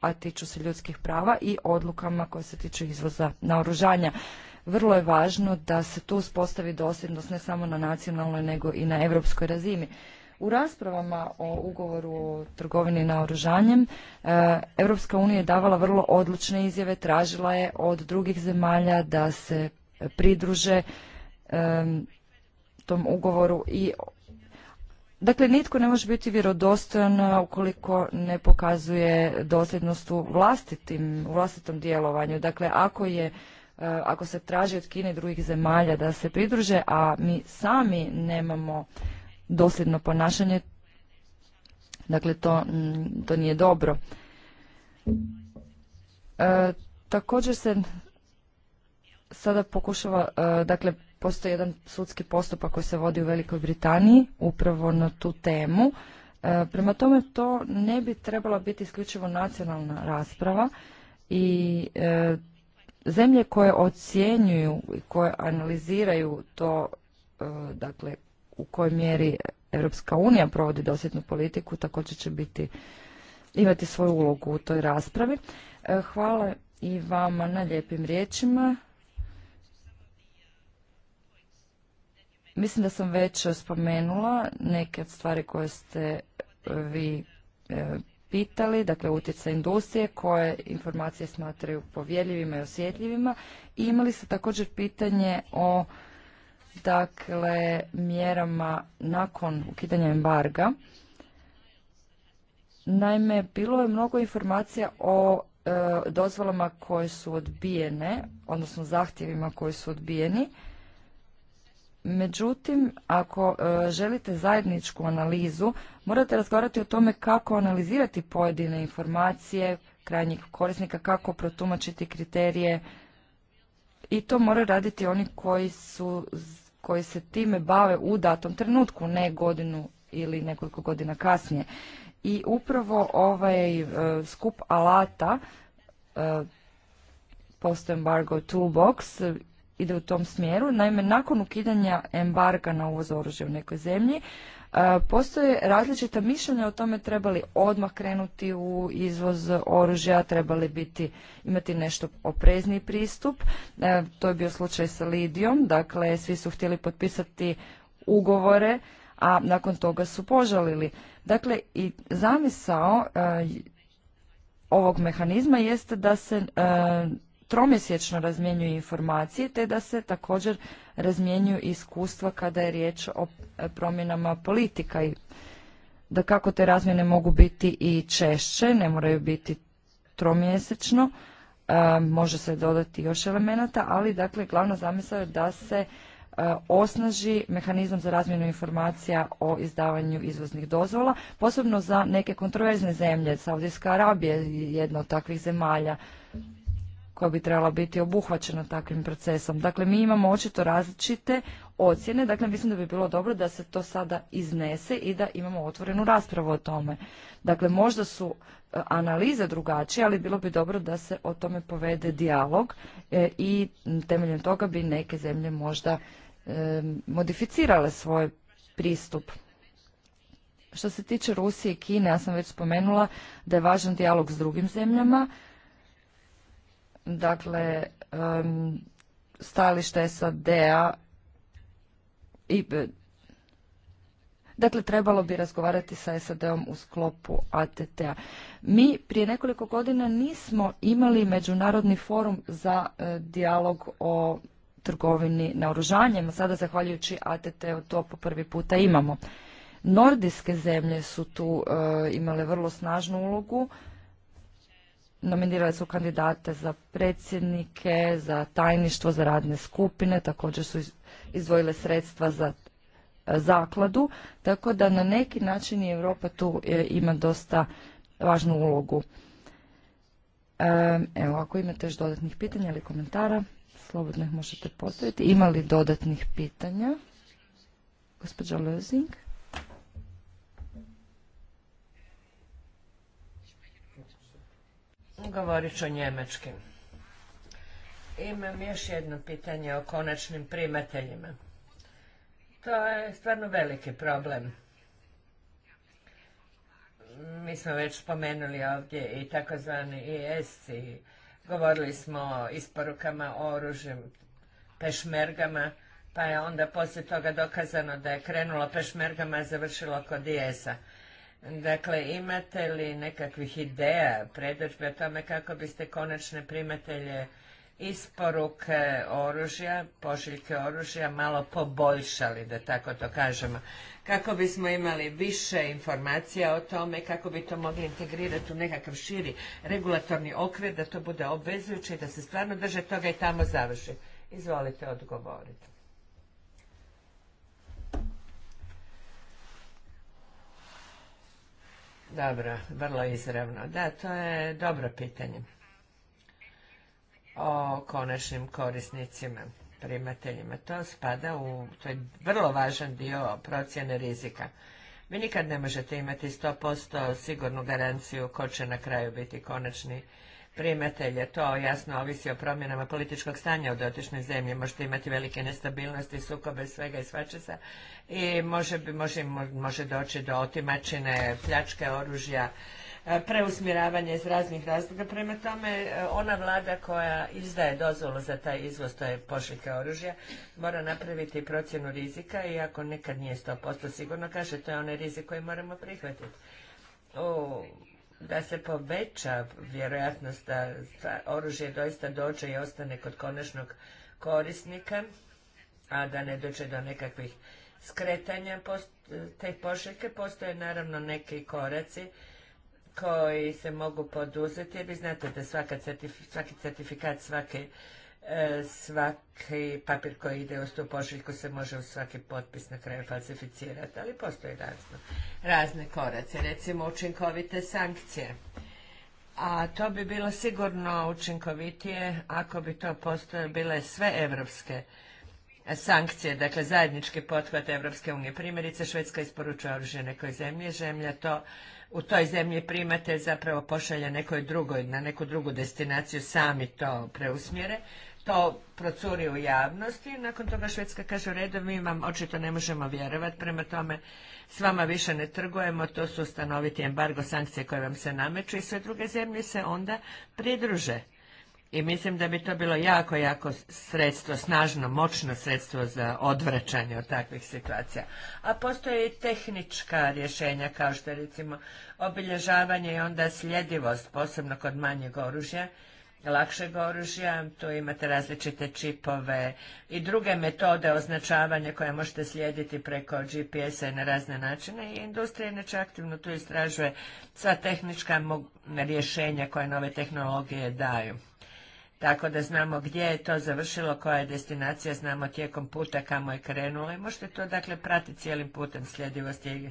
a tiču se ljudskih prava i odlukama koje se tiču izvoza naoružanja. Vrlo je važno da se tu uspostavi dosljednost ne samo na nacionalnoj nego i na europskoj razini. U raspravama o ugovoru o trgovini oružanjem Europska unija je davala vrlo odlučne izjave, tražila je od drugih zemalja da se pridruže e, tom ugovoru i Dakle, nitko ne može biti vjerodostojan ukoliko ne pokazuje dosljednost u, vlastitim, u vlastitom djelovanju. Dakle, ako je e, ako se traži od Kine i drugih zemalja da se pridruže, a mi sami nemamo dosljedno ponašanje. Dakle, to, mm, to nije dobro. E, također se sada pokušava, e, dakle, postoji jedan sudski postupak koji se vodi u Velikoj Britaniji upravo na tu temu. E, prema tome to ne bi trebala biti isključivo nacionalna rasprava i zemlje koje ocjenjuju i koje analiziraju to dakle u kojoj mjeri Europska unija provodi dosjetnu politiku također će biti imati svoju ulogu u toj raspravi. E, hvala i vama na lijepim riječima. Mislim da sam već spomenula neke od stvari koje ste e, vi e, pitali, dakle utjeca industrije, koje informacije smatraju povjeljivima i osjetljivima. I imali ste također pitanje o dakle mjerama nakon ukidanja embarga. Naime, bilo je mnogo informacija o e, dozvolama koje su odbijene, odnosno zahtjevima koji su odbijeni. Međutim, ako e, želite zajedničku analizu, morate razgovarati o tome kako analizirati pojedine informacije krajnjih korisnika, kako protumačiti kriterije i to moraju raditi oni koji su koji se time bave u datom trenutku, ne godinu ili nekoliko godina kasnije. I upravo ovaj e, skup alata, e, post embargo toolbox, e, ide u tom smjeru. Naime, nakon ukidanja embarga na uvoz oružja u nekoj zemlji, E, postoje različita mišljenja o tome trebali odmah krenuti u izvoz oružja, trebali biti imati nešto oprezniji pristup. E, to je bio slučaj sa Lidijom, dakle svi su htjeli potpisati ugovore, a nakon toga su požalili. Dakle, i zamisao e, ovog mehanizma jeste da se tromjesečno razmjenjuju informacije, te da se također razmjenjuju iskustva kada je riječ o e, promjenama politika i da kako te razmjene mogu biti i češće, ne moraju biti tromjesečno, e, može se dodati još elemenata, ali dakle glavna zamisla je da se e, osnaži mehanizam za razmjenu informacija o izdavanju izvoznih dozvola, posebno za neke kontroverzne zemlje. Saudijska Arabija je jedna od takvih zemalja koja bi trebala biti obuhvaćena takvim procesom. Dakle, mi imamo očito različite ocjene, dakle mislim da bi bilo dobro da se to sada iznese i da imamo otvorenu raspravu o tome. Dakle, možda su e, analize drugačije, ali bilo bi dobro da se o tome povede dijalog e, i temeljem toga bi neke zemlje možda e, modificirale svoj pristup. Što se tiče Rusije i Kine, ja sam već spomenula da je važan dijalog s drugim zemljama, Dakle, stalište SAD-a i Dakle, trebalo bi razgovarati sa SAD-om u sklopu ATT-a. Mi prije nekoliko godina nismo imali međunarodni forum za e, dijalog o trgovini naoružanjem. Sada, zahvaljujući ATT-u, to po prvi puta imamo. Nordijske zemlje su tu e, imale vrlo snažnu ulogu nominirale su kandidate za predsjednike, za tajništvo, za radne skupine, također su izdvojile sredstva za e, zakladu, tako da na neki način i Europa tu e, ima dosta važnu ulogu. E, evo, ako imate još dodatnih pitanja ili komentara, slobodno ih možete postaviti. Ima li dodatnih pitanja? Gospođa Lozing? Govorit ću njemačkim. Imam još jedno pitanje o konačnim primateljima. To je stvarno veliki problem. Mi smo već spomenuli ovdje i takozvani IS e i govorili smo o isporukama oružjem, pešmergama, pa je onda poslije toga dokazano da je krenulo pešmergama, i završilo kod IS-a. E Dakle, imate li nekakvih ideja, predođbe o tome kako biste konačne primatelje isporuke oružja, pošiljke oružja malo poboljšali, da tako to kažemo, kako bismo imali više informacija o tome, kako bi to mogli integrirati u nekakav širi regulatorni okvir, da to bude obvezujuće i da se stvarno drže toga i tamo završi. Izvolite odgovoriti. Dobro, vrlo izravno. Da, to je dobro pitanje o konačnim korisnicima, primateljima. To spada u, to je vrlo važan dio procjene rizika. Vi nikad ne možete imati 100% sigurnu garanciju ko će na kraju biti konačni primatelje. To jasno ovisi o promjenama političkog stanja u dotičnoj zemlji. Možete imati velike nestabilnosti, sukobe, svega i svačesa i može, može, može doći do otimačine, pljačke oružja, e, preusmjeravanje iz raznih razloga. Prema tome, e, ona vlada koja izdaje dozvolu za taj izvoz, to je pošiljka oružja, mora napraviti procjenu rizika i ako nekad nije 100% sigurno, kaže, to je onaj rizik koji moramo prihvatiti. U da se poveća vjerojatnost da oružje doista dođe i ostane kod konačnog korisnika, a da ne dođe do nekakvih skretanja te pošiljke. Postoje naravno neki koraci koji se mogu poduzeti, jer vi znate da svaka svaki certifikat, svake E, svaki papir koji ide uz tu pošiljku se može u svaki potpis na kraju falsificirati, ali postoje razno, razne korace, recimo učinkovite sankcije. A to bi bilo sigurno učinkovitije ako bi to postoje bile sve evropske sankcije, dakle zajednički pothvat Evropske unije. Primjerice, Švedska isporučuje oružje nekoj zemlji, zemlja to u toj zemlji primate zapravo pošalje nekoj drugoj, na neku drugu destinaciju, sami to preusmjere, to procuri u javnosti. Nakon toga Švedska kaže u redu, mi vam očito ne možemo vjerovati, prema tome s vama više ne trgujemo, to su ustanoviti embargo sankcije koje vam se nameću i sve druge zemlje se onda pridruže. I mislim da bi to bilo jako, jako sredstvo, snažno, moćno sredstvo za odvraćanje od takvih situacija. A postoje i tehnička rješenja, kao što je recimo obilježavanje i onda sljedivost, posebno kod manjeg oružja, lakšeg oružja, tu imate različite čipove i druge metode označavanja koje možete slijediti preko GPS-a i na razne načine i industrija inače aktivno tu istražuje sva tehnička rješenja koje nove tehnologije daju. Tako da znamo gdje je to završilo, koja je destinacija, znamo tijekom puta kamo je krenulo i možete to dakle pratiti cijelim putem, sljedivost je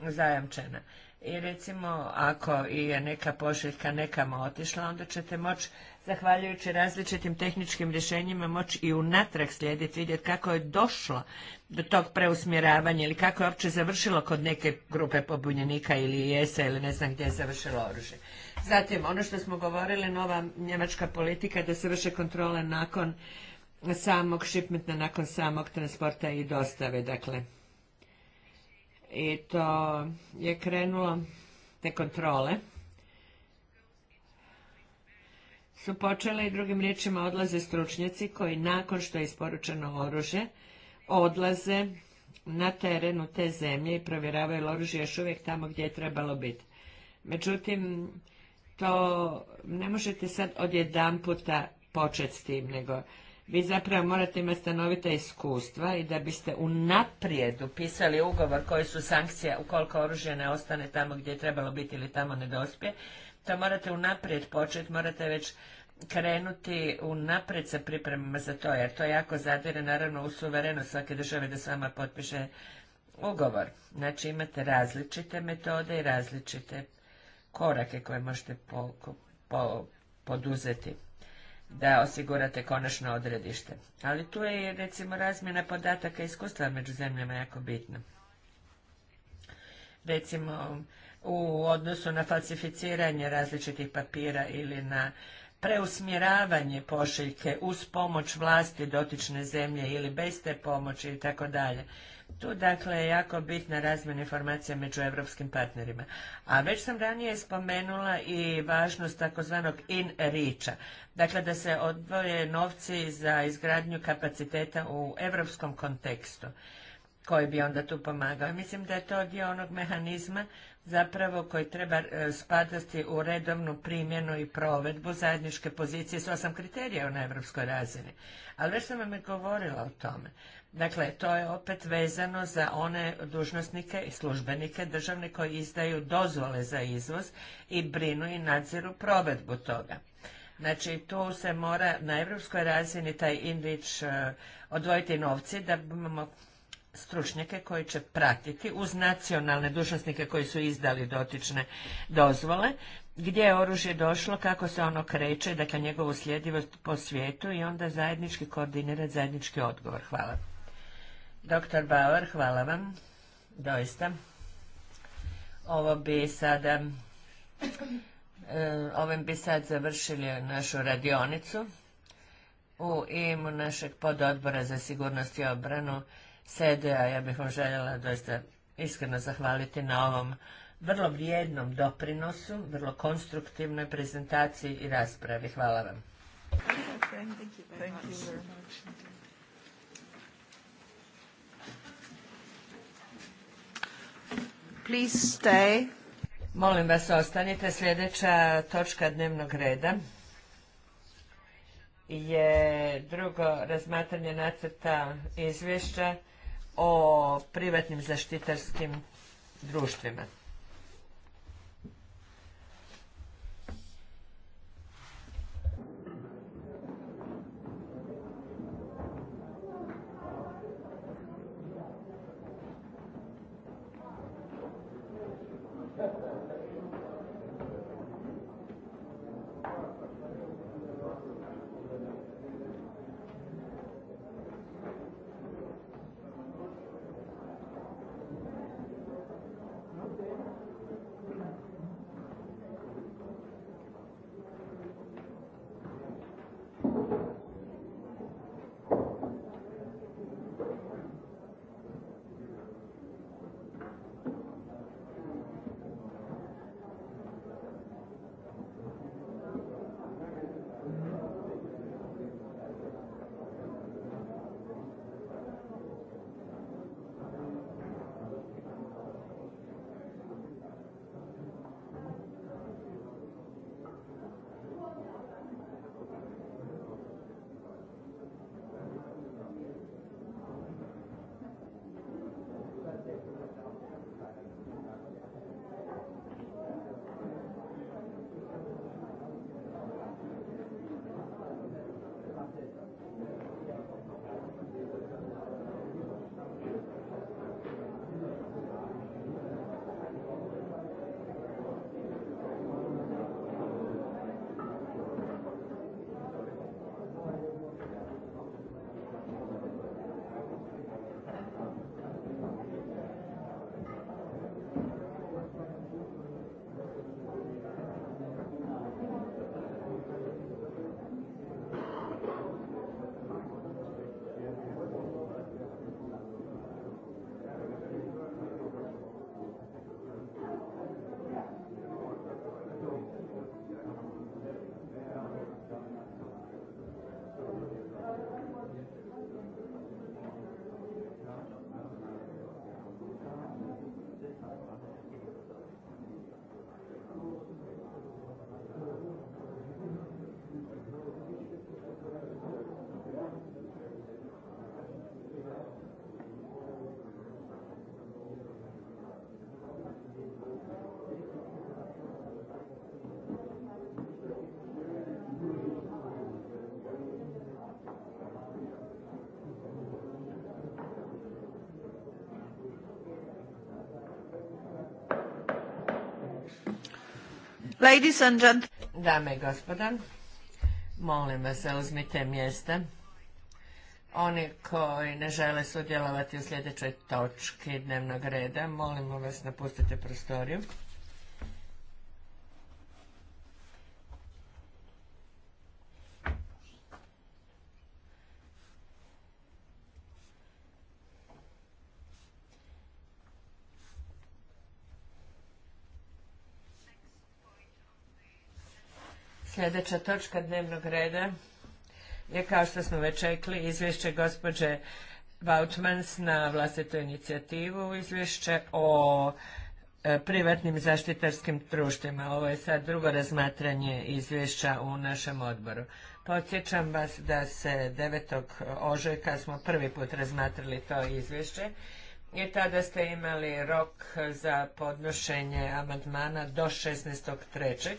zajamčena i recimo ako je neka pošiljka nekamo otišla, onda ćete moći, zahvaljujući različitim tehničkim rješenjima, moći i unatrag slijediti, vidjeti kako je došlo do tog preusmjeravanja ili kako je uopće završilo kod neke grupe pobunjenika ili jesa ili ne znam gdje je završilo oružje. Zatim, ono što smo govorili, nova njemačka politika da se vrše kontrole nakon samog shipmenta, nakon samog transporta i dostave, dakle i to je krenulo te kontrole su počele i drugim riječima odlaze stručnjaci koji nakon što je isporučeno oružje odlaze na terenu te zemlje i provjeravaju oružje još uvijek tamo gdje je trebalo biti. Međutim, to ne možete sad odjedan puta početi s tim, nego vi zapravo morate imati stanovita iskustva i da biste u naprijedu pisali ugovor koji su sankcije, ukoliko oružje ne ostane tamo gdje je trebalo biti ili tamo ne dospije, to morate u naprijed početi, morate već krenuti u naprijed sa pripremama za to, jer to jako zadire naravno u suverenost svake države da s vama potpiše ugovor. Znači imate različite metode i različite korake koje možete po, poduzeti da osigurate konačno odredište. Ali tu je recimo razmjena podataka i iskustva među zemljama jako bitna. Recimo u odnosu na falsificiranje različitih papira ili na preusmjeravanje pošiljke uz pomoć vlasti dotične zemlje ili bez te pomoći i tako dalje. Tu dakle je jako bitna razmjena informacija među evropskim partnerima. A već sam ranije spomenula i važnost takozvanog in reacha, Dakle da se odvoje novci za izgradnju kapaciteta u evropskom kontekstu koji bi onda tu pomagao. mislim da je to dio onog mehanizma zapravo koji treba e, spadati u redovnu primjenu i provedbu zajedničke pozicije s osam kriterija na evropskoj razini. Ali već sam vam i govorila o tome. Dakle, to je opet vezano za one dužnosnike i službenike državne koji izdaju dozvole za izvoz i brinu i nadziru provedbu toga. Znači, tu se mora na evropskoj razini taj indič e, odvojiti novci da imamo stručnjake koji će pratiti uz nacionalne dužnosnike koji su izdali dotične dozvole, gdje je oružje došlo, kako se ono kreće, dakle njegovu sljedivost po svijetu i onda zajednički koordinirati zajednički odgovor. Hvala. Doktor Bauer, hvala vam. Doista. Ovo bi sada, eh, ovim bi sad završili našu radionicu. U imu našeg pododbora za sigurnost i obranu a ja bih vam željela doista iskreno zahvaliti na ovom vrlo vrijednom doprinosu, vrlo konstruktivnoj prezentaciji i raspravi. Hvala vam. Please Molim vas, ostanite. Sljedeća točka dnevnog reda je drugo razmatranje nacrta izvješća o privatnim zaštitarskim društvima. Ladies and gentlemen. Dame i gospoda, molim vas, uzmite mjesta. Oni koji ne žele sudjelovati u sljedećoj točki dnevnog reda, molimo vas napustite prostoriju. Sljedeća točka dnevnog reda je, kao što smo već rekli, izvješće gospođe Vautmans na vlastitu inicijativu, izvješće o e, privatnim zaštitarskim društvima. Ovo je sad drugo razmatranje izvješća u našem odboru. Podsjećam vas da se 9. ožujka smo prvi put razmatrali to izvješće i tada ste imali rok za podnošenje amandmana do 16.3.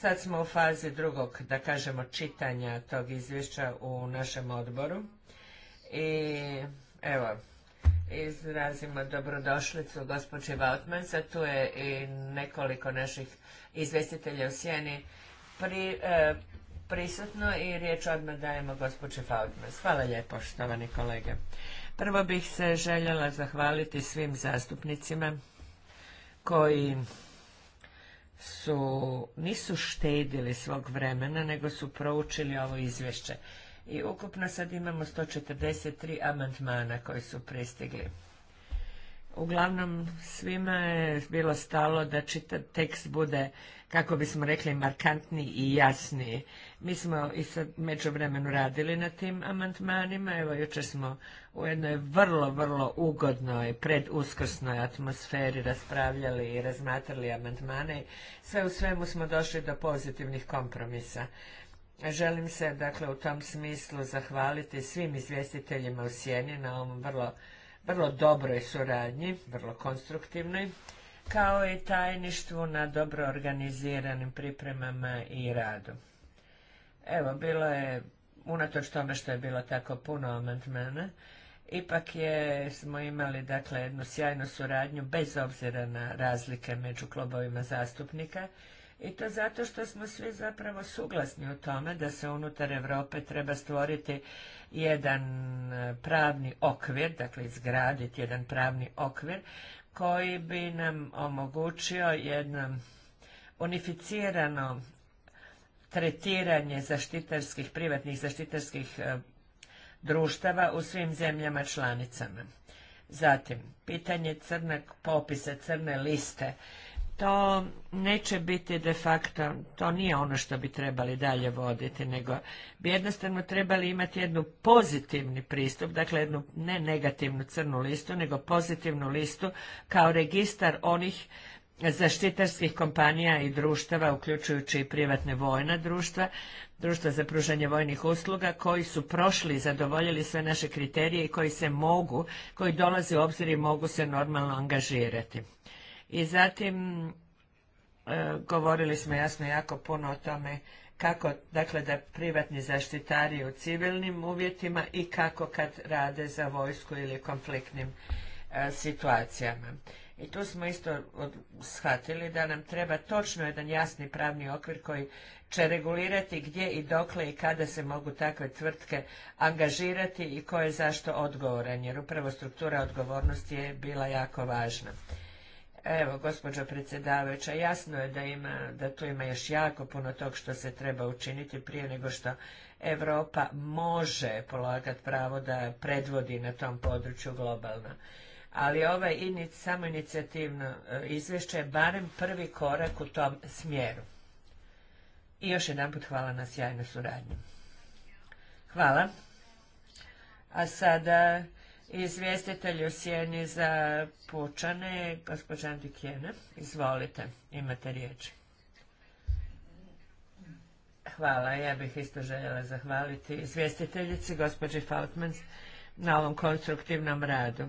Sad smo u fazi drugog, da kažemo, čitanja tog izvješća u našem odboru. I evo, izrazimo dobrodošlicu gospođe a Tu je i nekoliko naših izvjestitelja u sjeni e, prisutno i riječ odmah dajemo gospođe Vautmans. Hvala lijepo, štovani kolege. Prvo bih se željela zahvaliti svim zastupnicima koji su, nisu štedili svog vremena, nego su proučili ovo izvješće. I ukupno sad imamo 143 amandmana koji su pristigli. Uglavnom, svima je bilo stalo da čitav tekst bude kako bismo rekli, markantni i jasniji. Mi smo i sad međuvremenu radili na tim amandmanima, evo jučer smo u jednoj vrlo, vrlo ugodnoj, preduskrsnoj atmosferi raspravljali i razmatrali amandmane. Sve u svemu smo došli do pozitivnih kompromisa. Želim se, dakle, u tom smislu zahvaliti svim izvjestiteljima u Sjeni na ovom vrlo, vrlo dobroj suradnji, vrlo konstruktivnoj kao i tajništvu na dobro organiziranim pripremama i radu. Evo, bilo je, unatoč tome što je bilo tako puno amandmana, ipak je, smo imali dakle jednu sjajnu suradnju bez obzira na razlike među klubovima zastupnika i to zato što smo svi zapravo suglasni u tome da se unutar Europe treba stvoriti jedan eh, pravni okvir, dakle izgraditi jedan pravni okvir koji bi nam omogućio jedno unificirano tretiranje zaštitarskih, privatnih zaštitarskih e, društava u svim zemljama članicama. Zatim, pitanje crne popisa, crne liste to neće biti de facto, to nije ono što bi trebali dalje voditi, nego bi jednostavno trebali imati jednu pozitivni pristup, dakle jednu ne negativnu crnu listu, nego pozitivnu listu kao registar onih zaštitarskih kompanija i društava, uključujući i privatne vojna društva, društva za pružanje vojnih usluga, koji su prošli i zadovoljili sve naše kriterije i koji se mogu, koji dolaze u obzir i mogu se normalno angažirati. I zatim e, govorili smo jasno jako puno o tome kako dakle da privatni zaštitari u civilnim uvjetima i kako kad rade za vojsku ili konfliktnim e, situacijama. I tu smo isto shvatili da nam treba točno jedan jasni pravni okvir koji će regulirati gdje i dokle i kada se mogu takve tvrtke angažirati i ko je zašto odgovoran, jer upravo struktura odgovornosti je bila jako važna. Evo, gospođo predsjedavajuća, jasno je da, ima, da tu ima još jako puno tog što se treba učiniti prije nego što Europa može polagati pravo da predvodi na tom području globalno. Ali ovaj inic, samo inicijativno e, izvješće je barem prvi korak u tom smjeru. I još jedanput hvala na sjajnu suradnju. Hvala. A sada izvjestitelj u sjeni za pučane, gospođa Andikjena. Izvolite, imate riječ. Hvala, ja bih isto željela zahvaliti izvjestiteljici, gospođi Faltmans, na ovom konstruktivnom radu.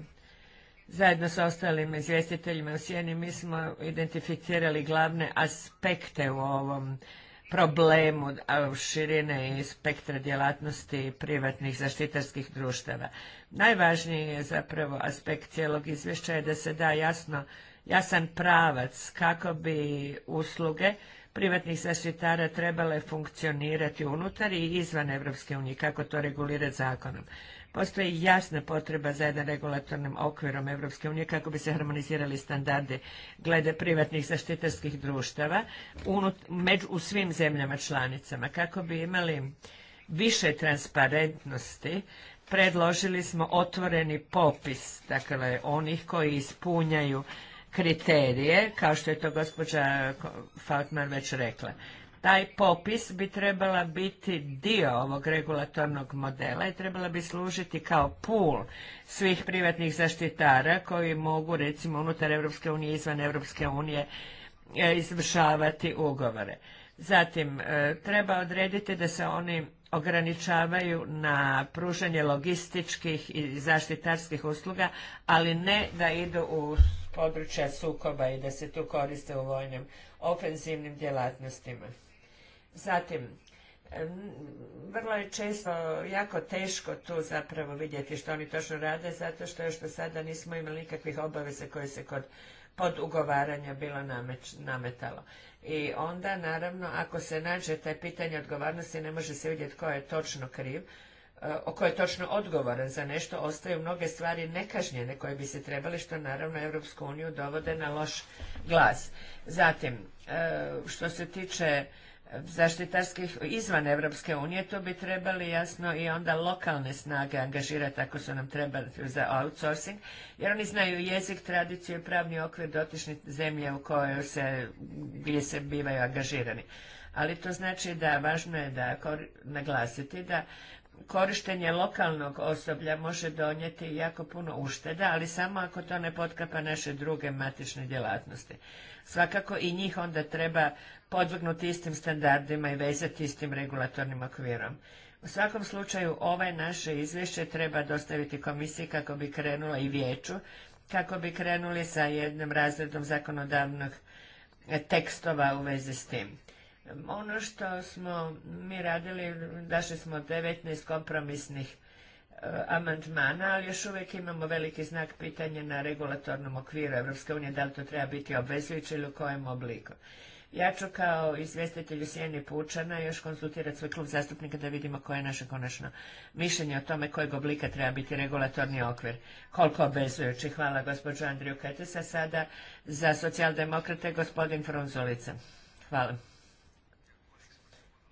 Zajedno s ostalim izvjestiteljima u sjeni mi smo identificirali glavne aspekte u ovom problemu širine i spektra djelatnosti privatnih zaštitarskih društava. Najvažniji je zapravo aspekt cijelog izvješća je da se da jasno, jasan pravac kako bi usluge privatnih zaštitara trebale funkcionirati unutar i izvan Evropske unije, kako to regulirati zakonom. Postoji jasna potreba za jedan regulatornim okvirom EU unije kako bi se harmonizirali standardi glede privatnih zaštitarskih društava među, u svim zemljama članicama. Kako bi imali više transparentnosti, predložili smo otvoreni popis dakle, onih koji ispunjaju kriterije, kao što je to gospođa Fautman već rekla taj popis bi trebala biti dio ovog regulatornog modela i trebala bi služiti kao pool svih privatnih zaštitara koji mogu recimo unutar Europske unije i izvan Europske unije e, izvršavati ugovore. Zatim, e, treba odrediti da se oni ograničavaju na pružanje logističkih i zaštitarskih usluga, ali ne da idu u područja sukoba i da se tu koriste u vojnim ofenzivnim djelatnostima. Zatim, vrlo je često jako teško tu zapravo vidjeti što oni točno rade, zato što još do sada nismo imali nikakvih obaveza koje se kod podugovaranja bilo nametalo. I onda, naravno, ako se nađe taj pitanje odgovornosti, ne može se vidjeti ko je točno kriv, e, ko je točno odgovoran za nešto, ostaju mnoge stvari nekažnjene koje bi se trebali, što naravno Europsku uniju dovode na loš glas. Zatim, e, što se tiče zaštitarskih izvan Evropske unije, to bi trebali jasno i onda lokalne snage angažirati ako su nam trebali za outsourcing, jer oni znaju jezik, tradiciju i pravni okvir dotične zemlje u kojoj se, gdje se bivaju angažirani. Ali to znači da važno je da naglasiti da korištenje lokalnog osoblja može donijeti jako puno ušteda, ali samo ako to ne potkapa naše druge matične djelatnosti. Svakako i njih onda treba podvrgnuti istim standardima i vezati istim regulatornim okvirom. U svakom slučaju ovaj naše izvješće treba dostaviti komisiji kako bi krenula i vijeću, kako bi krenuli sa jednim razredom zakonodavnog tekstova u vezi s tim. Ono što smo mi radili, dašli smo 19 kompromisnih e, amandmana, ali još uvijek imamo veliki znak pitanja na regulatornom okviru EU, da li to treba biti obvezujuće ili u kojem obliku. Ja ću kao izvjestitelj u Sjeni Pučana još konzultirati svoj klub zastupnika da vidimo koje je naše konačno mišljenje o tome kojeg oblika treba biti regulatorni okvir. Koliko obvezujući. Hvala gospođo Andriju Ketesa. Sada za socijaldemokrate gospodin Frunzulica. Hvala.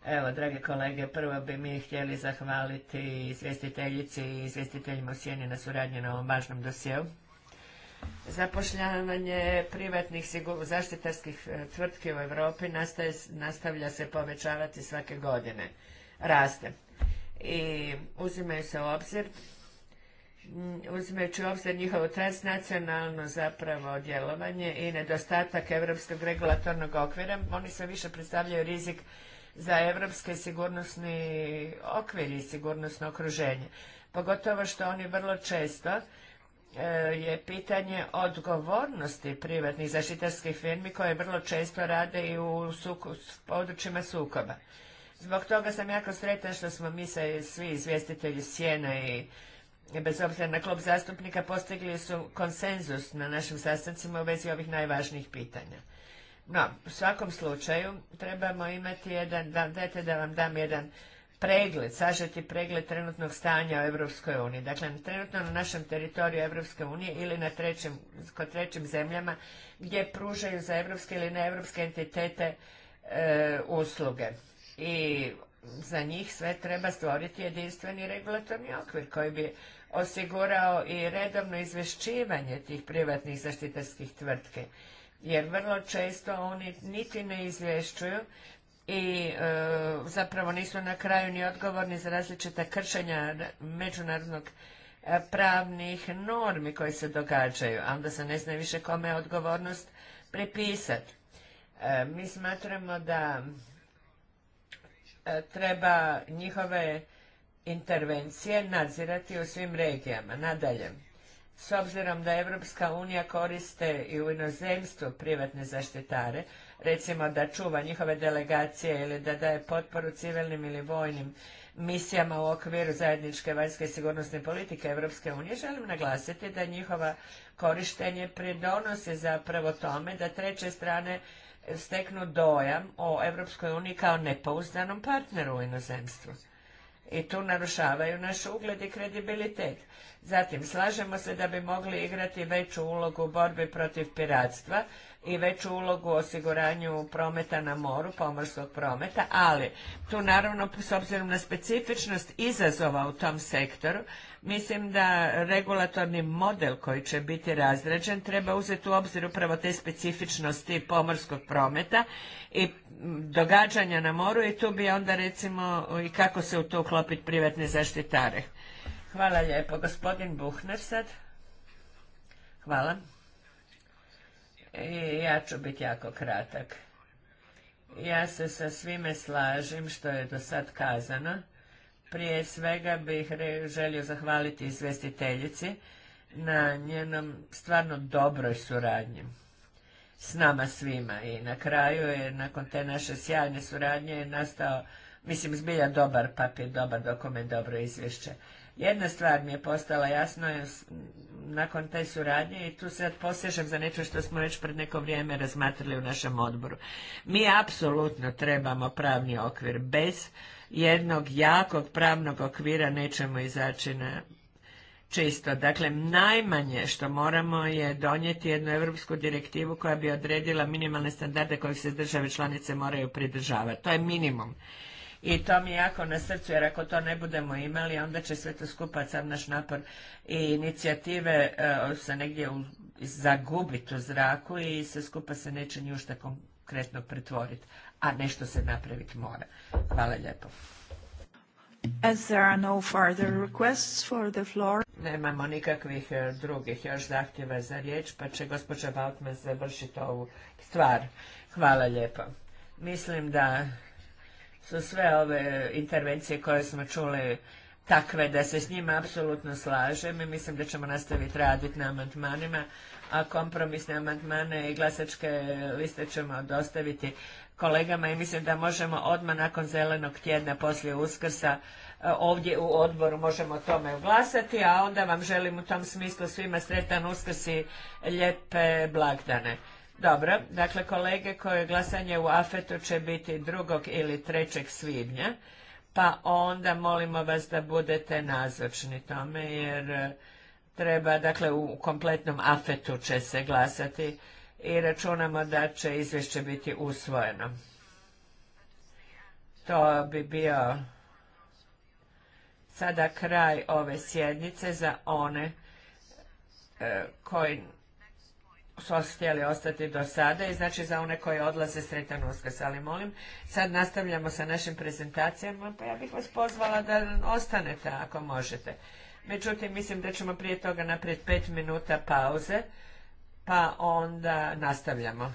Evo, drage kolege, prvo bi mi htjeli zahvaliti izvjestiteljici i izvjestiteljima u Sjeni na suradnji na ovom važnom dosjeu Zapošljavanje privatnih zaštitarskih e, tvrtki u Europi nastavlja se povećavati svake godine, raste. I uzimaju se u obzir, uzimajući u obzir njihovo transnacionalno zapravo djelovanje i nedostatak europskog regulatornog okvira, oni se više predstavljaju rizik za europski sigurnosni okvir i sigurnosno okruženje. Pogotovo što oni vrlo često E, je pitanje odgovornosti privatnih zaštitarskih firmi koje vrlo često rade i u područjima sukoba. Zbog toga sam jako sretan što smo mi svi izvjestitelji Sjena i bez obzira na klub zastupnika postigli su konsenzus na našim sastancima u vezi ovih najvažnijih pitanja. No, u svakom slučaju trebamo imati jedan, da, dajte da vam dam jedan pregled, sažeti pregled trenutnog stanja u Evropskoj uniji. Dakle, trenutno na našem teritoriju Evropske unije ili na trećim, kod trećim zemljama gdje pružaju za europske ili neevropske entitete e, usluge. I za njih sve treba stvoriti jedinstveni regulatorni okvir koji bi osigurao i redovno izvješćivanje tih privatnih zaštitarskih tvrtke. Jer vrlo često oni niti ne izvješćuju, i e, zapravo nisu na kraju ni odgovorni za različita kršenja međunarodnog e, pravnih normi koje se događaju, a onda se ne zna više kome je odgovornost prepisati. E, mi smatramo da treba njihove intervencije nadzirati u svim regijama. Nadalje, s obzirom da Evropska unija koriste i u inozemstvu privatne zaštitare, recimo da čuva njihove delegacije ili da daje potporu civilnim ili vojnim misijama u okviru zajedničke vanjske sigurnosne politike Europske unije, želim naglasiti da njihova korištenje pridonosi zapravo tome da treće strane steknu dojam o Europskoj uniji kao nepouzdanom partneru u inozemstvu. I tu narušavaju naš ugled i kredibilitet. Zatim, slažemo se da bi mogli igrati veću ulogu u borbi protiv piratstva, i veću ulogu u osiguranju prometa na moru, pomorskog prometa, ali tu naravno s obzirom na specifičnost izazova u tom sektoru, mislim da regulatorni model koji će biti razređen treba uzeti u obzir upravo te specifičnosti pomorskog prometa i događanja na moru i tu bi onda recimo i kako se u to uklopiti privatne zaštitare. Hvala lijepo. Gospodin Buhner sad. Hvala. I e, ja ću biti jako kratak. Ja se sa svime slažem što je do sad kazano. Prije svega bih želio zahvaliti izvestiteljici na njenom stvarno dobroj suradnji s nama svima i na kraju je nakon te naše sjajne suradnje nastao, mislim, zbilja dobar papir, dobar dokument, dobro izvješće. Jedna stvar mi je postala jasno nakon te suradnje i tu sad posežem za nečem što smo već pred neko vrijeme razmatrali u našem odboru. Mi apsolutno trebamo pravni okvir. Bez jednog jakog pravnog okvira nećemo izaći na čisto. Dakle, najmanje što moramo je donijeti jednu europsku direktivu koja bi odredila minimalne standarde kojih se države članice moraju pridržavati. To je minimum. I to mi je jako na srcu, jer ako to ne budemo imali, onda će sve to skupa sam naš napor i inicijative e, se negdje zagubiti u zraku i sve skupa se neće ni ušta konkretno pretvoriti. A nešto se napraviti mora. Hvala lijepo. As there are no further requests for the floor. Nemamo nikakvih e, drugih još zahtjeva za riječ, pa će gospođa Bautman završiti ovu stvar. Hvala lijepo. Mislim da su sve ove intervencije koje smo čuli takve da se s njima apsolutno slažem i mislim da ćemo nastaviti raditi na amandmanima, a kompromisne amandmane i glasačke liste ćemo dostaviti kolegama i mislim da možemo odmah nakon zelenog tjedna poslije uskrsa e, ovdje u odboru možemo tome glasati, a onda vam želim u tom smislu svima sretan uskrs i lijepe blagdane. Dobro, dakle kolege koje glasanje u afetu će biti 2. ili 3. svibnja, pa onda molimo vas da budete nazočni tome jer e, treba, dakle u kompletnom afetu će se glasati i računamo da će izvješće biti usvojeno. To bi bio sada kraj ove sjednice za one e, koji htjeli ostati do sada i znači za one koje odlaze sretan uskas, Ali molim, sad nastavljamo sa našim prezentacijama, pa ja bih vas pozvala da ostanete ako možete. Međutim, mislim da ćemo prije toga naprijed pet minuta pauze, pa onda nastavljamo.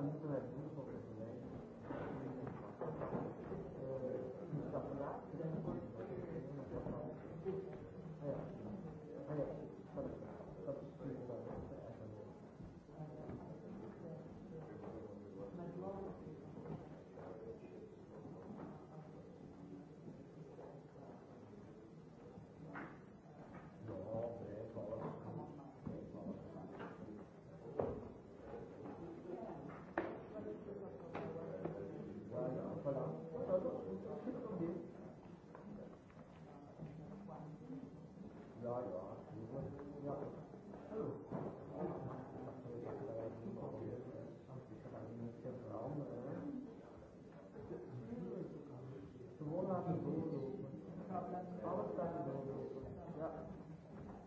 commitment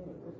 Thank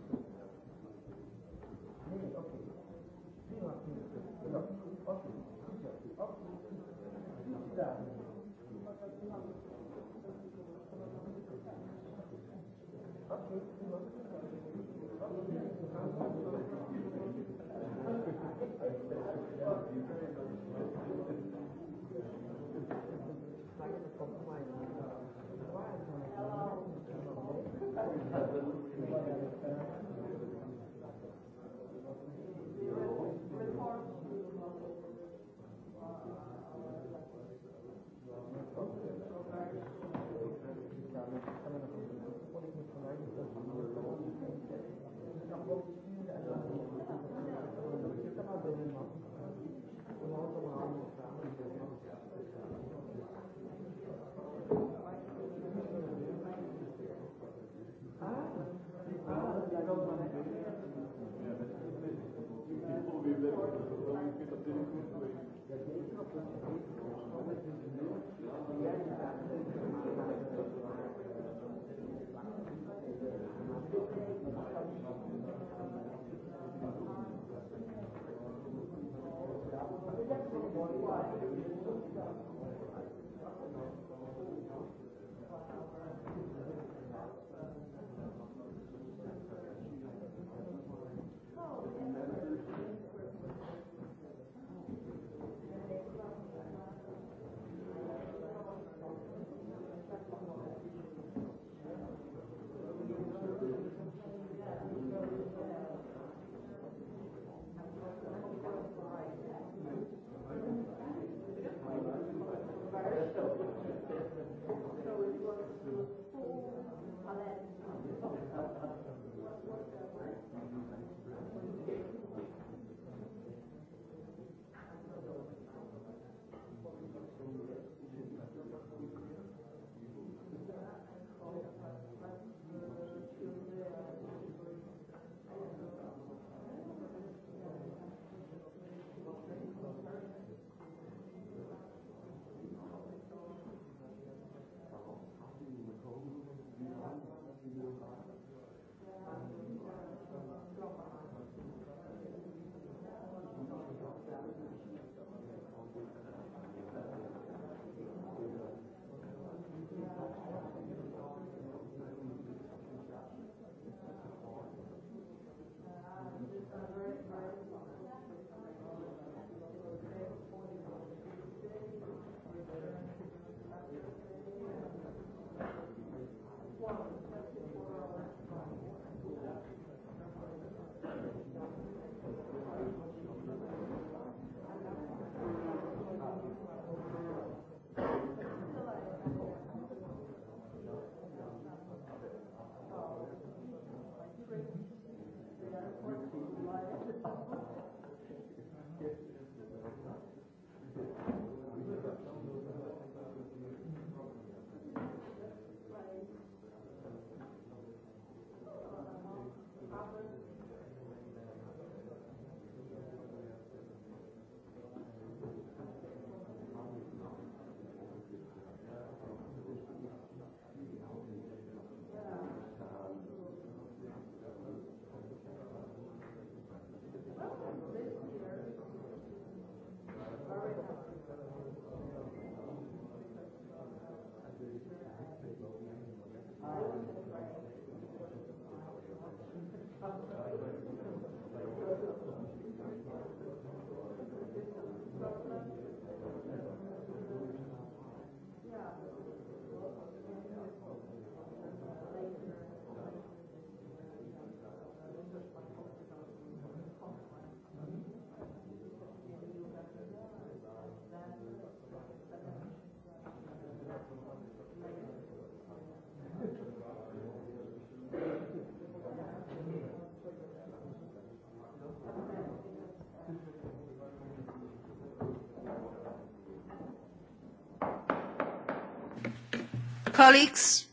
Colleagues,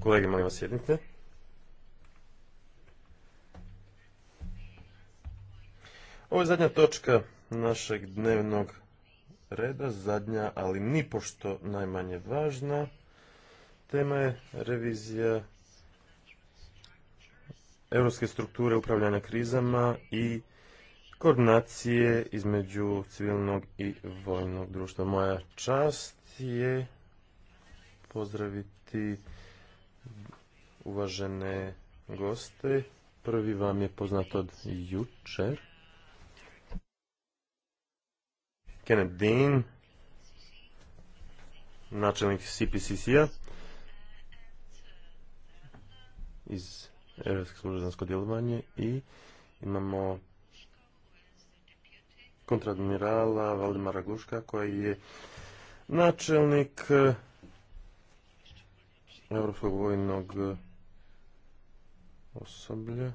Kolege, molim vas sjednite. Ovo je zadnja točka našeg dnevnog reda, zadnja, ali nipošto najmanje važna. Tema je revizija europske strukture upravljanja krizama i koordinacije između civilnog i vojnog društva. Moja čast je pozdraviti uvažene goste. Prvi vam je poznat od jučer. Kenneth Dean, načelnik CPCC-a iz Europske službe djelovanje i imamo kontradmirala Valdimara Guška koji je načelnik e, Europskog vojnog e, osoblja.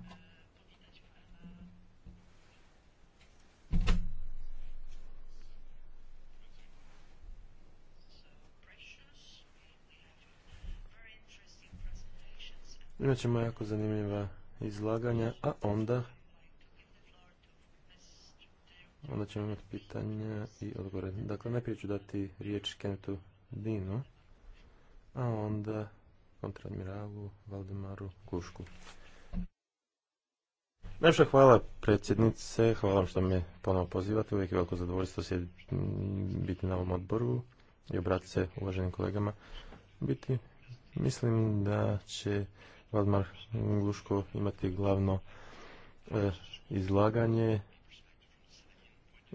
Imat ćemo jako zanimljiva izlaganja, a onda onda ćemo imati pitanja i odgovore. Dakle, najprije ću dati riječ Kentu Dinu, a onda kontradmiralu Valdemaru Kušku. Najviše hvala predsjednice, hvala što me ponovo pozivate, uvijek je veliko zadovoljstvo biti na ovom odboru i obratiti se uvaženim kolegama. Biti, mislim da će Valdemar Gluško imati glavno e, izlaganje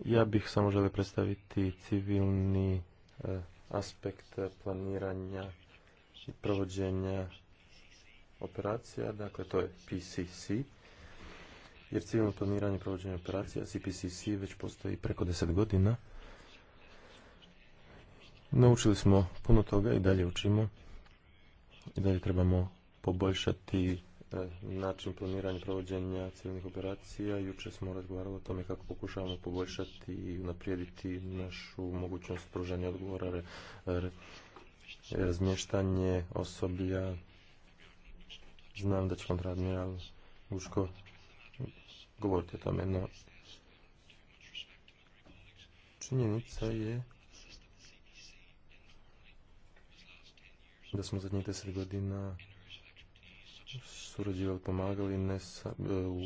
ja bih samo želio predstaviti civilni e, aspekt planiranja i provođenja operacija, dakle to je PCC, jer civilno planiranje i provođenje operacija, CPCC, već postoji preko deset godina. Naučili smo puno toga i dalje učimo i dalje trebamo poboljšati način planiranja provođenja civilnih operacija. Juče smo razgovarali o tome kako pokušavamo poboljšati i unaprijediti našu mogućnost pružanja odgovora, razmještanje osoblja. Znam da će kontradmiral Guško govoriti o tome, no činjenica je da smo zadnjih deset godina surađivali, pomagali ne e, u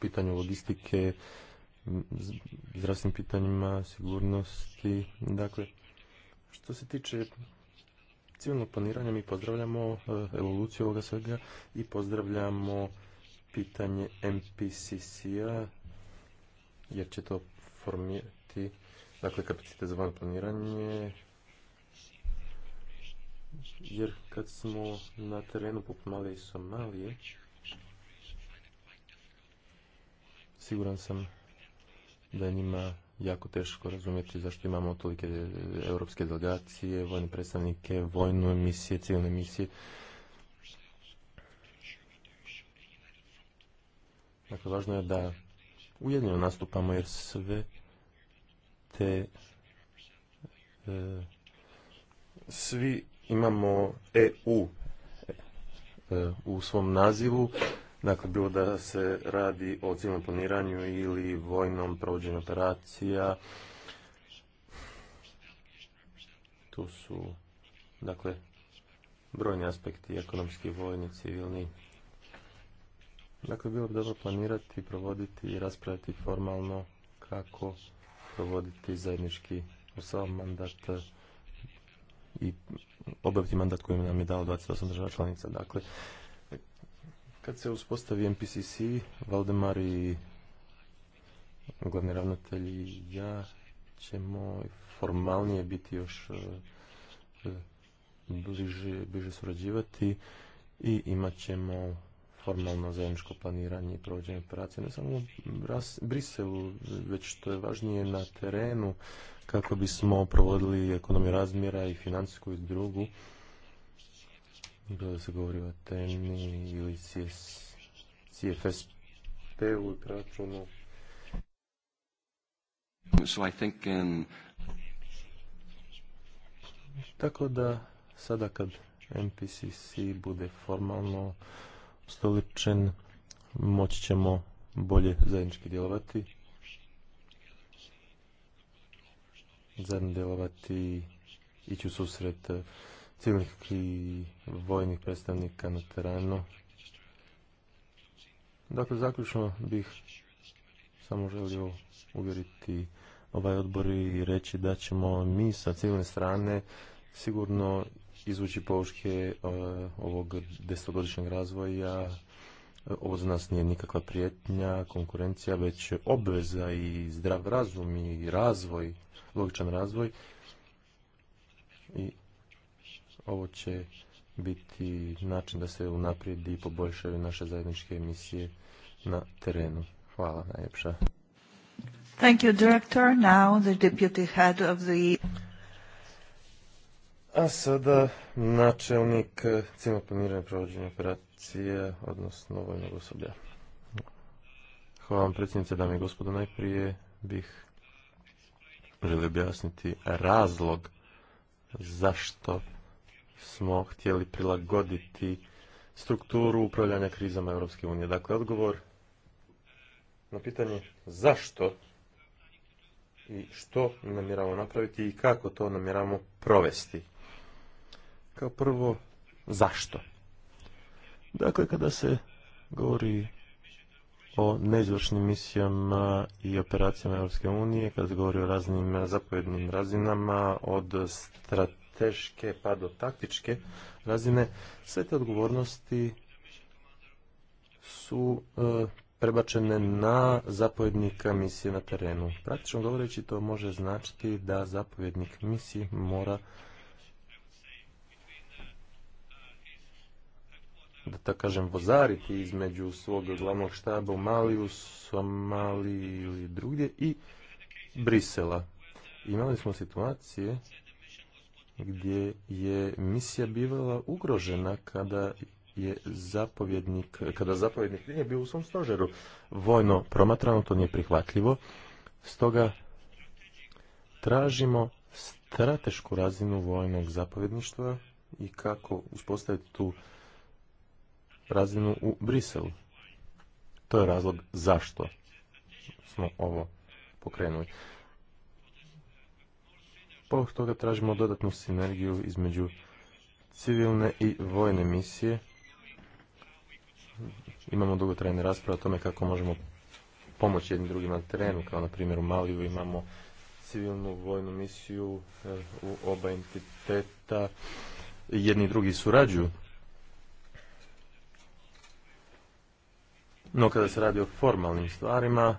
pitanju logistike, zdravstvenim pitanjima, sigurnosti. Dakle, što se tiče civilnog planiranja, mi pozdravljamo e, evoluciju ovoga svega i pozdravljamo pitanje MPCC-a, jer će to formirati dakle, kapacitet za van planiranje, jer kad smo na terenu poput Malije i Somalije, siguran sam da je njima jako teško razumjeti zašto imamo tolike europske delegacije, vojne predstavnike, vojnu emisije, civilne emisije. Dakle, važno je da ujedno nastupamo jer sve te e, svi imamo EU e, u svom nazivu, dakle bilo da se radi o civilnom planiranju ili vojnom provođenju operacija, tu su dakle brojni aspekti ekonomski, vojni, civilni. Dakle, bilo bi dobro planirati, provoditi i raspraviti formalno kako provoditi zajednički svom mandat i obaviti mandat koji nam je dao 28 država članica. Dakle, kad se uspostavi MPCC, Valdemar i glavni ravnatelj ja ćemo formalnije biti još e, e, bliže, bliže surađivati i imat ćemo formalno zajedničko planiranje i provođenje operacije ne samo u Briselu, već što je važnije na terenu kako bismo provodili ekonomiju razmjera i financijsku i drugu. Bilo da se govori o temi CFSP-u i proračunu. Um, Tako da sada kad MPCC bude formalno stoličen, moći ćemo bolje zajednički djelovati zajedno djelovati, ići u susret eh, civilnih i vojnih predstavnika na terenu. Dakle, zaključno bih samo želio uvjeriti ovaj odbor i reći da ćemo mi sa civilne strane sigurno izvući pouške eh, ovog desetogodišnjeg razvoja ovo nas nije nikakva prijetnja, konkurencija, već obveza i zdrav razum i razvoj, logičan razvoj. I ovo će biti način da se unaprijedi i poboljšaju naše zajedničke emisije na terenu. Hvala najljepša. Thank you, director. Now the deputy head of the... A sada načelnik civilnog planiranja provođenja policije, odnosno vojnog osoblja. Hvala vam predsjednice, dame i gospodo. Najprije bih želio objasniti razlog zašto smo htjeli prilagoditi strukturu upravljanja krizama Europske unije. Dakle, odgovor na pitanje zašto i što namjeramo napraviti i kako to namjeramo provesti. Kao prvo, zašto? Dakle, kada se govori o neizvršnim misijama i operacijama Europske unije, kada se govori o raznim zapovjednim razinama, od strateške pa do taktičke razine, sve te odgovornosti su e, prebačene na zapovjednika misije na terenu. Praktično govoreći, to može značiti da zapovjednik misije mora da tako kažem, vozariti između svog glavnog štaba u Maliju, Somaliji ili drugdje i Brisela. Imali smo situacije gdje je misija bivala ugrožena kada je zapovjednik, kada zapovjednik nije bio u svom stožeru. Vojno promatrano to nije prihvatljivo, stoga tražimo stratešku razinu vojnog zapovjedništva i kako uspostaviti tu razinu u Briselu. To je razlog zašto smo ovo pokrenuli. Povog toga tražimo dodatnu sinergiju između civilne i vojne misije. Imamo dugotrajne rasprave o tome kako možemo pomoći jednim drugim na terenu, kao na primjer u Maliju imamo civilnu vojnu misiju e, u oba entiteta. Jedni i drugi surađuju No kada se radi o formalnim stvarima,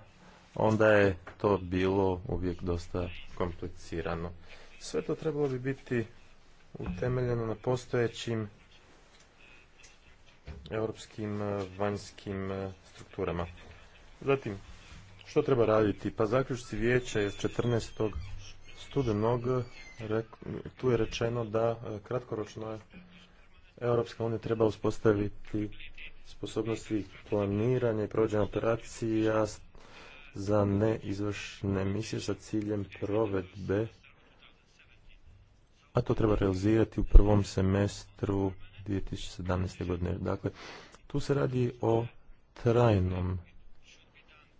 onda je to bilo uvijek dosta komplicirano. Sve to trebalo bi biti utemeljeno na postojećim europskim eh, vanjskim eh, strukturama. Zatim, što treba raditi? Pa zaključci vijeća iz 14. studenog tu je rečeno da eh, kratkoročno Europska unija treba uspostaviti sposobnosti planiranja i provođenja operacija za neizvršne misije sa ciljem provedbe, a to treba realizirati u prvom semestru 2017. godine. Dakle, tu se radi o trajnom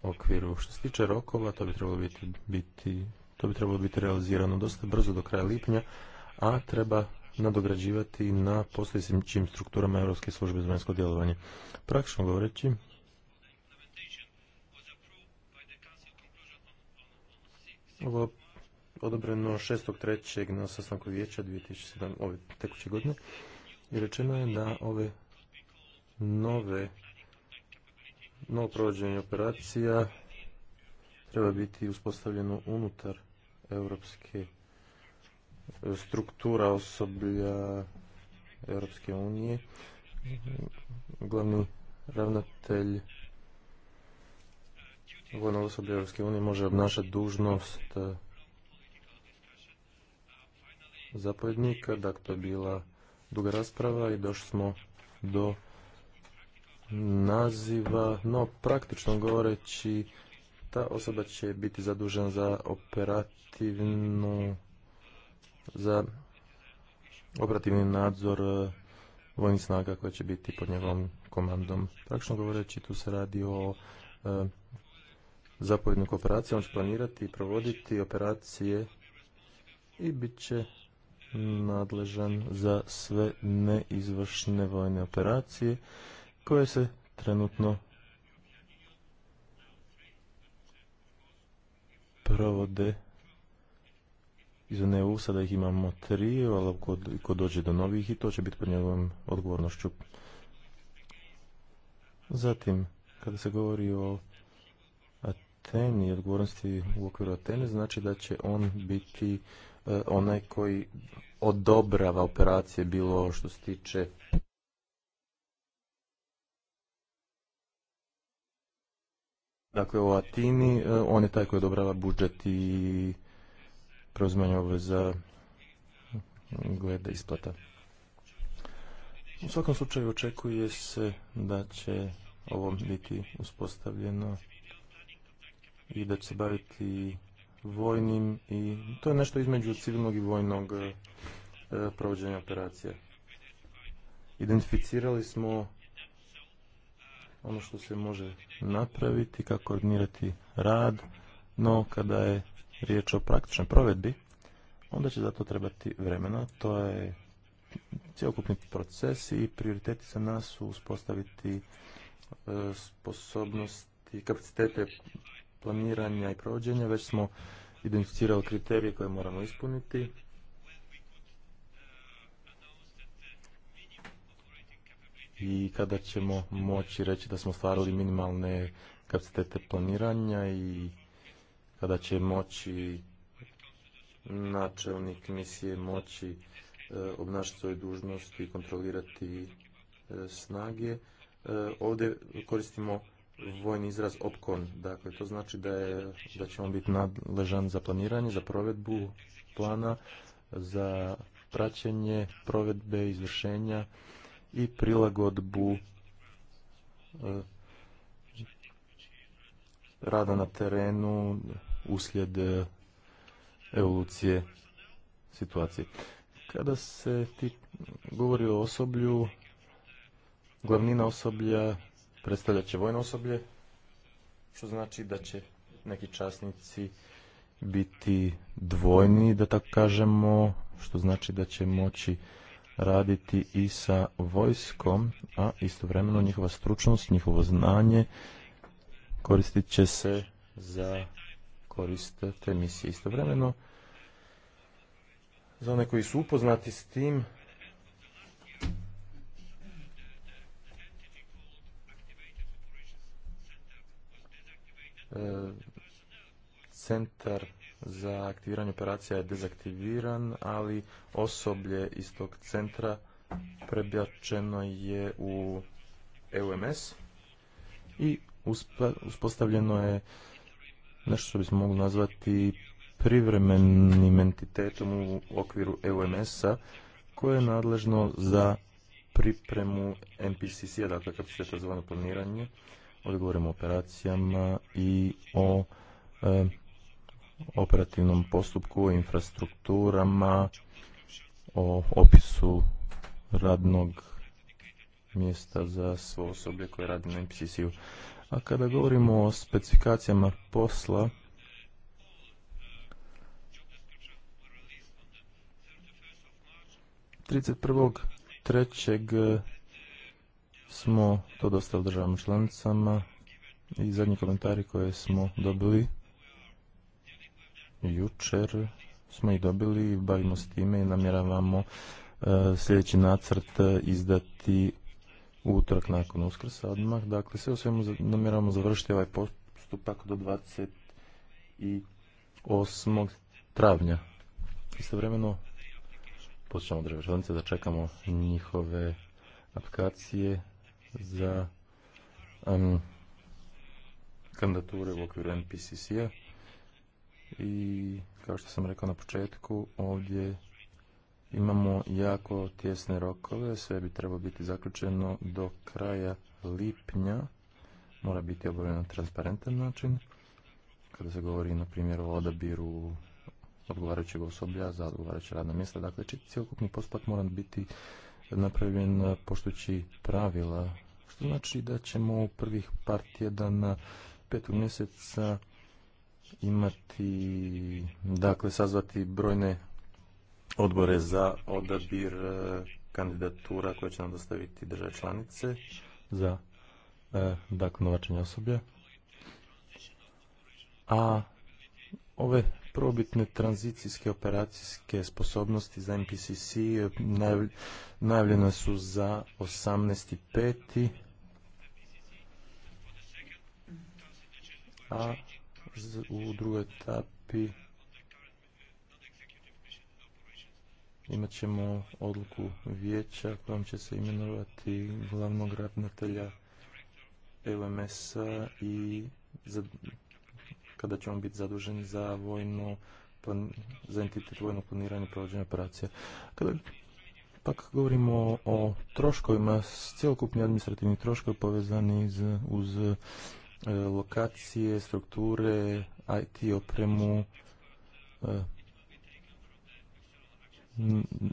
okviru. Što se tiče rokova, to bi trebalo biti, biti, to bi trebalo biti realizirano dosta brzo do kraja lipnja, a treba nadograđivati na postojećim strukturama Europske službe za vanjsko djelovanje. Praktično govoreći, ovo odobreno 6.3. na sastanku vijeća 2007. ove tekuće godine i rečeno je da ove nove novo provođenje operacija treba biti uspostavljeno unutar Europske struktura osoblja Europske unije. Glavni ravnatelj vojno osoblja Europske unije može obnašati dužnost e, zapovjednika. Dakle, to je bila duga rasprava i došli smo do naziva, no praktično govoreći ta osoba će biti zadužena za operativnu za operativni nadzor e, vojnih snaga koje će biti pod njegovom komandom. Praktično govoreći, tu se radi o e, zapovjednog zapovjednik on će planirati i provoditi operacije i bit će nadležan za sve neizvršne vojne operacije koje se trenutno provode iz e sada ih imamo tri, ali ko dođe do novih i to će biti pod njegovom odgovornošću. Zatim, kada se govori o Ateni odgovornosti u okviru Atene, znači da će on biti e, onaj koji odobrava operacije bilo što se tiče Dakle, u Atini e, on je taj koji odobrava budžet i preuzmanje obveza gleda isplata. U svakom slučaju očekuje se da će ovo biti uspostavljeno i da će se baviti vojnim i to je nešto između civilnog i vojnog e, provođenja operacija. Identificirali smo ono što se može napraviti, kako koordinirati rad, no kada je riječ o praktičnoj provedbi, onda će zato trebati vremena. To je cijelokupni proces i prioriteti za nas su uspostaviti e, sposobnosti, kapacitete planiranja i provođenja. Već smo identificirali kriterije koje moramo ispuniti. i kada ćemo moći reći da smo stvarili minimalne kapacitete planiranja i kada će moći načelnik misije moći e, obnašati svoju dužnost i kontrolirati e, snage. E, ovdje koristimo vojni izraz opkon, dakle to znači da, je, da će on biti nadležan za planiranje, za provedbu plana, za praćenje provedbe, izvršenja i prilagodbu rada na terenu, uslijed e, evolucije situacije. Kada se ti govori o osoblju, glavnina osoblja predstavljat će vojno osoblje, što znači da će neki časnici biti dvojni, da tako kažemo, što znači da će moći raditi i sa vojskom, a istovremeno njihova stručnost, njihovo znanje koristit će se za koriste te misije. Istovremeno, za one koji su upoznati s tim, e, centar za aktiviranje operacija je dezaktiviran, ali osoblje iz tog centra prebjačeno je u EUMS i uspostavljeno je nešto što bismo mogli nazvati privremenim entitetom u okviru EUMS-a koje je nadležno za pripremu MPCC-a, dakle to zvano planiranje, odgovorimo o operacijama i o eh, operativnom postupku, o infrastrukturama, o opisu radnog mjesta za svo osoblje koje radi na MPCC-u. A kada govorimo o specifikacijama posla, trideset smo to dostavili državama članicama i zadnji komentari koje smo dobili jučer smo ih dobili, bavimo s time i namjeravamo e, sljedeći nacrt izdati utorak nakon uskrsa odmah. Dakle, sve u svemu namjeramo završiti ovaj postupak do 28. travnja. Istovremeno počnemo države da čekamo njihove aplikacije za kandidature u okviru NPCC-a i kao što sam rekao na početku ovdje Imamo jako tjesne rokove, sve bi trebalo biti zaključeno do kraja lipnja. Mora biti na transparentan način. Kada se govori, na primjer, o odabiru odgovarajućeg osoblja za odgovarajuće radna mjesta. Dakle, cjelokupni postupak mora biti napravljen eh, poštujući pravila, što znači da ćemo u prvih par tjedana petog mjeseca imati, dakle, sazvati brojne odbore za odabir eh, kandidatura koje će nam dostaviti države članice za eh, dakle novačenje A ove probitne tranzicijske operacijske sposobnosti za MPCC eh, najavljene su za 18.5. A u drugoj etapi imat ćemo odluku vijeća kojom će se imenovati glavnog ravnatelja lms a i za, kada ćemo biti zadužen za vojno plan, za entitet vojnog planiranja i provođenja operacija. Kada pak govorimo o troškovima, cjelokupni administrativni troškovi povezani iz, uz e, lokacije, strukture, IT opremu, e,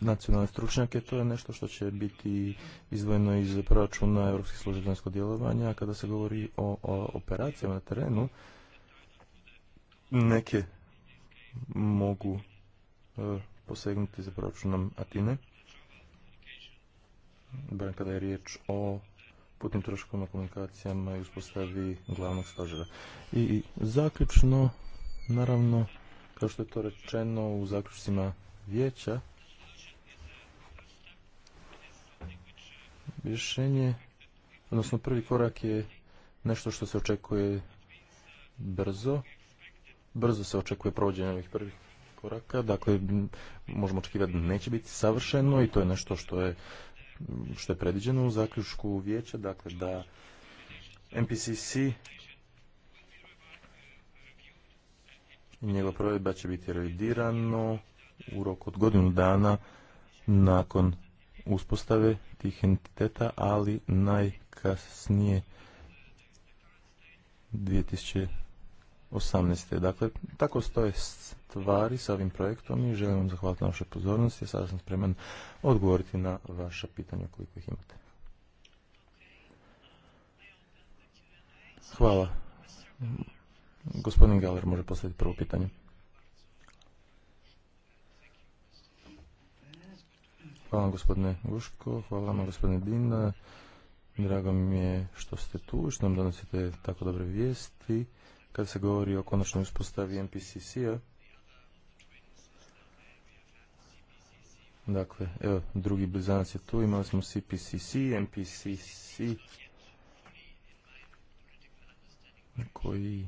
nacionalne stručnjake, to je nešto što će biti izdvojeno iz proračuna europskih službe vanjskog djelovanja. Kada se govori o, operacijama na terenu, neke mogu e, posegnuti za proračunom Atine, barem kada je riječ o putnim troškovima, komunikacijama i uspostavi glavnog stožera. I zaključno, naravno, kao što je to rečeno u zaključcima vijeća rješenje, odnosno prvi korak je nešto što se očekuje brzo. Brzo se očekuje provođenje ovih prvih koraka, dakle možemo očekivati da neće biti savršeno i to je nešto što je što je predviđeno u zaključku vijeća, dakle da MPCC i njegova provedba će biti revidirano u roku od godinu dana nakon uspostave tih entiteta, ali najkasnije 2018. Dakle, tako stoje stvari sa ovim projektom i želim vam zahvaliti na vašoj pozornosti. Sada sam spreman odgovoriti na vaša pitanja koliko ih imate. Hvala. Gospodin Galer može postaviti prvo pitanje. Hvala vam gospodine Guško, hvala vam gospodine Dina. Drago mi je što ste tu, što nam donosite tako dobre vijesti. Kad se govori o konačnoj uspostavi MPCC-a, dakle, evo, drugi blizanac je tu, imali smo CPCC, MPCC, koji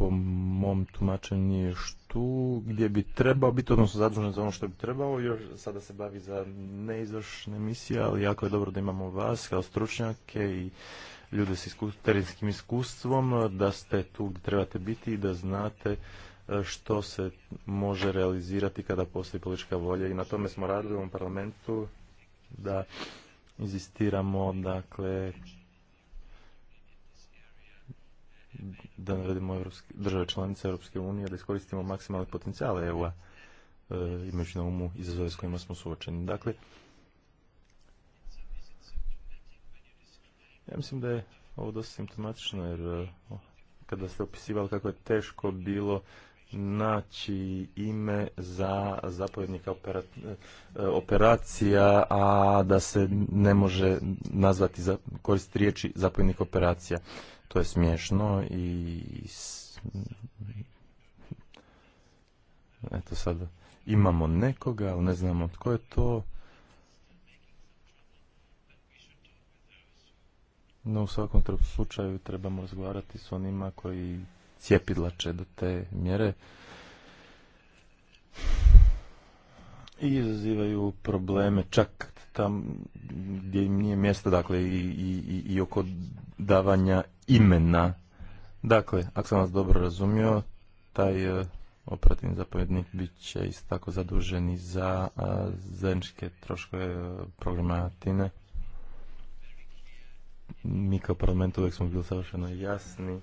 po mom tumačenju gdje bi trebao biti, odnosno zadužen za ono što bi trebao, još sada se bavi za neizvršne misije, ali jako je dobro da imamo vas kao stručnjake i ljude s terenskim iskustvom, da ste tu gdje trebate biti i da znate e, što se može realizirati kada postoji politička volja i na tome smo radili u ovom parlamentu da inzistiramo dakle da naredimo države članice Europske unije da iskoristimo maksimalne potencijale EU-a e, imajući na umu izazove s kojima smo suočeni. Dakle, ja mislim da je ovo dosta simptomatično jer e, kada ste opisivali kako je teško bilo naći ime za zapovjednika e, operacija, a da se ne može nazvati koristiti riječi zapovjednik operacija. To je smiješno i eto sad imamo nekoga, ali ne znamo tko je to. No u svakom slučaju trebamo razgovarati s onima koji cijepidlače do te mjere i izazivaju probleme čak gdje im nije mjesto, dakle, i, i, i oko davanja imena. Dakle, ako sam vas dobro razumio, taj e, operativni zapovjednik bit će isto tako zaduženi za zajedničke troškove e, programa Atine. Mi kao parlament uvijek smo bili savršeno jasni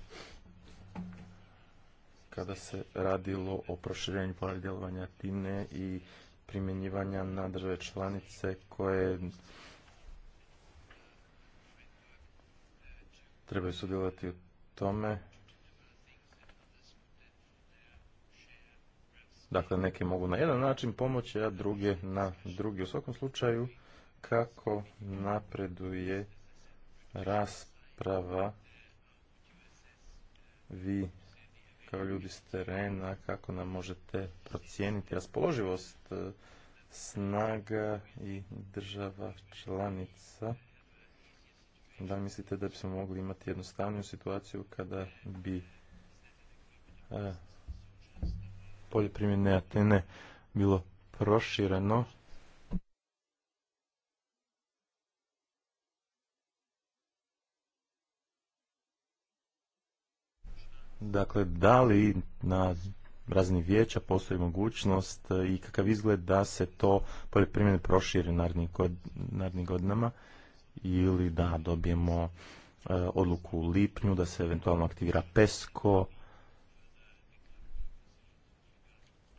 kada se radilo o proširenju djelovanja Atine i primjenjivanja na države članice koje trebaju sudjelovati u tome. Dakle, neke mogu na jedan način pomoći, a druge na drugi. U svakom slučaju, kako napreduje rasprava, vi kao ljudi s terena, kako nam možete procijeniti raspoloživost e, snaga i država članica. Da mislite da bismo mogli imati jednostavniju situaciju kada bi e, polje primjene Atene bilo prošireno dakle, da li na razini vijeća postoji mogućnost e, i kakav izgled da se to poljoprivredno proširi u narednim godinama ili da dobijemo e, odluku u lipnju, da se eventualno aktivira PESCO,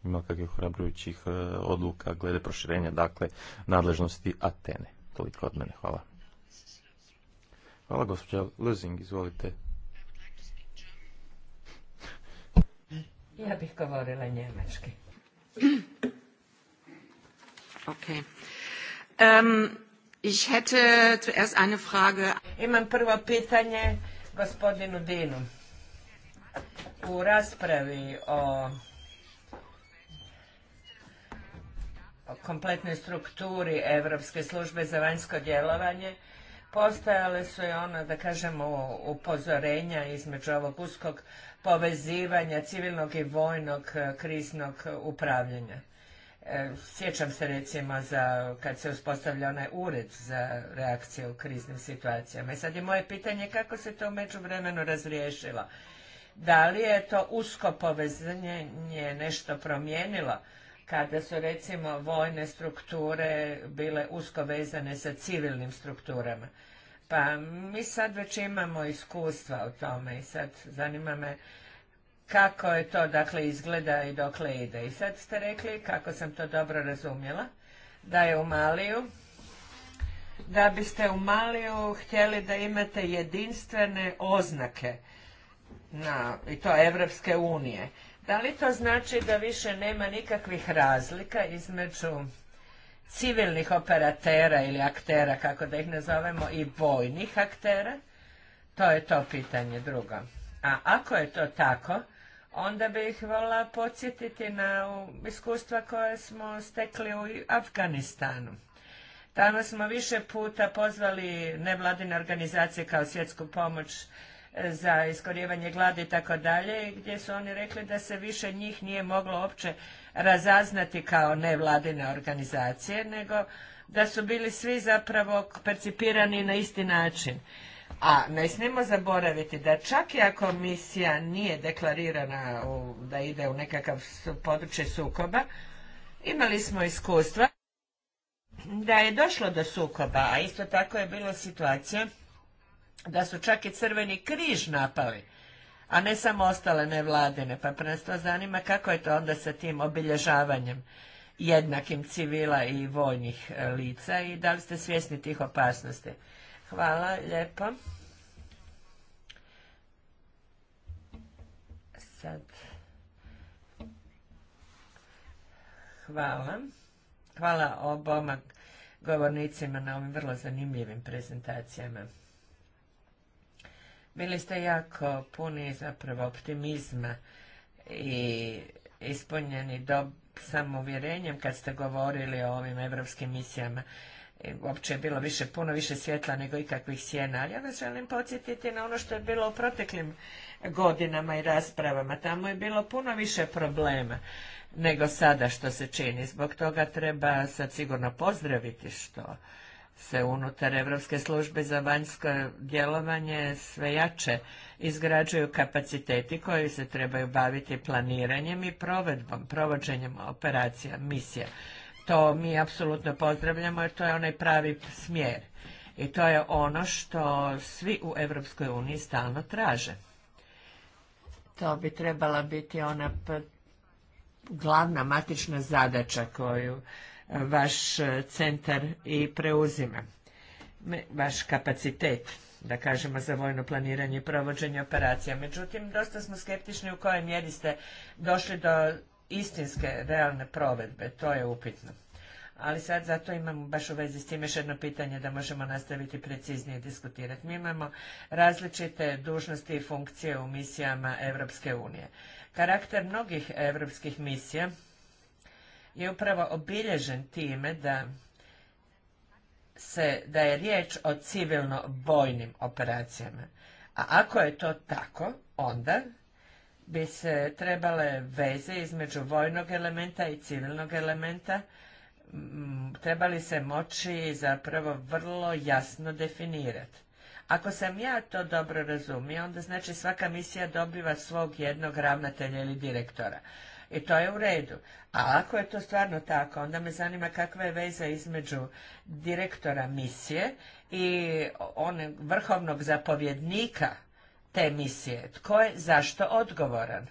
ima kakvih hrabrujućih e, odluka glede proširenja, dakle, nadležnosti Atene. Toliko od mene, hvala. Hvala, gospođa Lezing, izvolite. Ja bih govorila njemački. Okay. Um, ich hätte zuerst eine Frage. Imam prvo pitanje gospodinu Dinu. U raspravi o kompletnoj strukturi Evropske službe za vanjsko djelovanje postojale su i ono, da kažemo, upozorenja između ovog uskog povezivanja civilnog i vojnog e, kriznog upravljanja. E, sjećam se recimo za kad se uspostavlja onaj ured za reakcije u kriznim situacijama. I sad je moje pitanje kako se to u vremenu razriješilo. Da li je to usko povezanje nešto promijenilo? kada su recimo vojne strukture bile usko vezane sa civilnim strukturama. Pa mi sad već imamo iskustva u tome i sad zanima me kako je to dakle izgleda i dokle ide. I sad ste rekli, kako sam to dobro razumjela, da je u Maliju, da biste u Maliju htjeli da imate jedinstvene oznake na, i to Evropske unije. Da li to znači da više nema nikakvih razlika između civilnih operatera ili aktera, kako da ih nazovemo, i vojnih aktera? To je to pitanje drugo. A ako je to tako, onda bih volila podsjetiti na iskustva koje smo stekli u Afganistanu. Tamo smo više puta pozvali nevladine organizacije kao svjetsku pomoć za iskorijevanje gladi i tako dalje, gdje su oni rekli da se više njih nije moglo uopće razaznati kao nevladine organizacije, nego da su bili svi zapravo percipirani na isti način. A ne smijemo zaboraviti da čak i ako misija nije deklarirana da ide u nekakav područje sukoba, imali smo iskustva da je došlo do sukoba, a isto tako je bilo situacija da su čak i Crveni križ napali, a ne samo ostale nevladine, pa nas to zanima kako je to onda sa tim obilježavanjem jednakim civila i vojnih e, lica i da li ste svjesni tih opasnosti. Hvala, lijepo. Sad. Hvala. Hvala oboma govornicima na ovim vrlo zanimljivim prezentacijama. Bili ste jako puni zapravo optimizma i ispunjeni dob samouvjerenjem kad ste govorili o ovim evropskim misijama. E, uopće je bilo više, puno više svjetla nego ikakvih sjena, ali ja vas želim podsjetiti na ono što je bilo u proteklim godinama i raspravama. Tamo je bilo puno više problema nego sada što se čini. Zbog toga treba sad sigurno pozdraviti što se unutar Europske službe za vanjsko djelovanje sve jače izgrađuju kapaciteti koji se trebaju baviti planiranjem i provedbom, provođenjem operacija, misija. To mi apsolutno pozdravljamo jer to je onaj pravi smjer. I to je ono što svi u Europskoj uniji stalno traže. To bi trebala biti ona glavna matična zadaća koju vaš e, centar i preuzima vaš kapacitet da kažemo za vojno planiranje i provođenje operacija. Međutim, dosta smo skeptični u kojoj mjeri ste došli do istinske, realne provedbe. To je upitno. Ali sad zato imamo baš u vezi s tim još jedno pitanje da možemo nastaviti preciznije diskutirati. Mi imamo različite dužnosti i funkcije u misijama Evropske unije. Karakter mnogih evropskih misija je upravo obilježen time da se, da je riječ o civilno-vojnim operacijama. A ako je to tako, onda bi se trebale veze između vojnog elementa i civilnog elementa trebali se moći zapravo vrlo jasno definirati. Ako sam ja to dobro razumio, onda znači svaka misija dobiva svog jednog ravnatelja ili direktora. I to je u redu. A ako je to stvarno tako, onda me zanima kakva je veza između direktora misije i onog vrhovnog zapovjednika te misije. Tko je zašto odgovoran?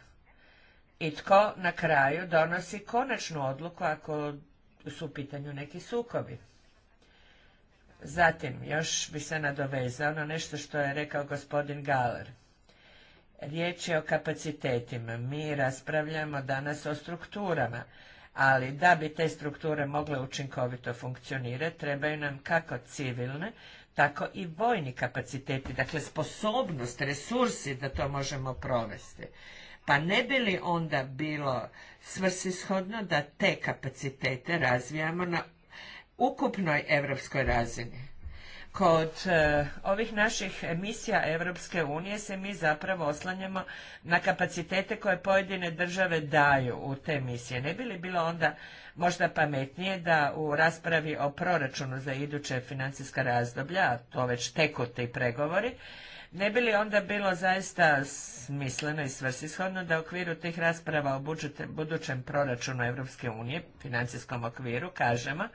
I tko na kraju donosi konačnu odluku ako su u pitanju neki sukobi? Zatim, još bi se nadovezao na nešto što je rekao gospodin Galer. Riječ je o kapacitetima. Mi raspravljamo danas o strukturama, ali da bi te strukture mogle učinkovito funkcionirati, trebaju nam kako civilne, tako i vojni kapaciteti, dakle sposobnost, resursi da to možemo provesti. Pa ne bi li onda bilo svrsishodno da te kapacitete razvijamo na ukupnoj Europskoj razini? kod e, ovih naših emisija Europske unije se mi zapravo oslanjamo na kapacitete koje pojedine države daju u te emisije. Ne bi li bilo onda možda pametnije da u raspravi o proračunu za iduće financijska razdoblja, a to već teku ti pregovori, ne bi li onda bilo zaista smisleno i svrsishodno da u okviru tih rasprava o budućem proračunu Europske unije, financijskom okviru, kažemo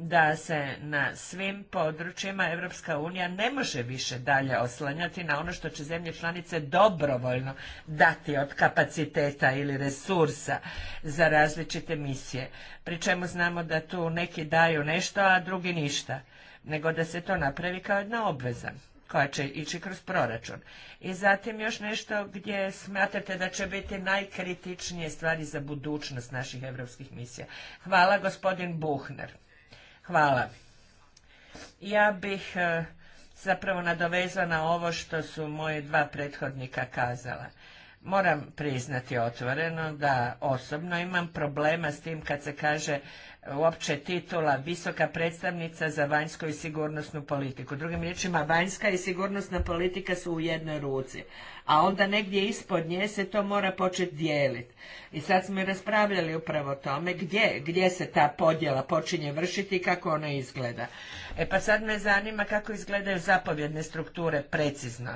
da se na svim područjima Europska unija ne može više dalje oslanjati na ono što će zemlje članice dobrovoljno dati od kapaciteta ili resursa za različite misije. Pri čemu znamo da tu neki daju nešto, a drugi ništa. Nego da se to napravi kao jedna obveza koja će ići kroz proračun. I zatim još nešto gdje smatrate da će biti najkritičnije stvari za budućnost naših europskih misija. Hvala gospodin Buchner. Hvala. Ja bih e, zapravo nadovezala na ovo što su moje dva prethodnika kazala. Moram priznati otvoreno da osobno imam problema s tim kad se kaže uopće titula visoka predstavnica za vanjsku i sigurnosnu politiku. Drugim riječima, vanjska i sigurnosna politika su u jednoj ruci a onda negdje ispod nje se to mora početi dijeliti. I sad smo i raspravljali upravo o tome gdje, gdje se ta podjela počinje vršiti i kako ona izgleda. E pa sad me zanima kako izgledaju zapovjedne strukture precizno.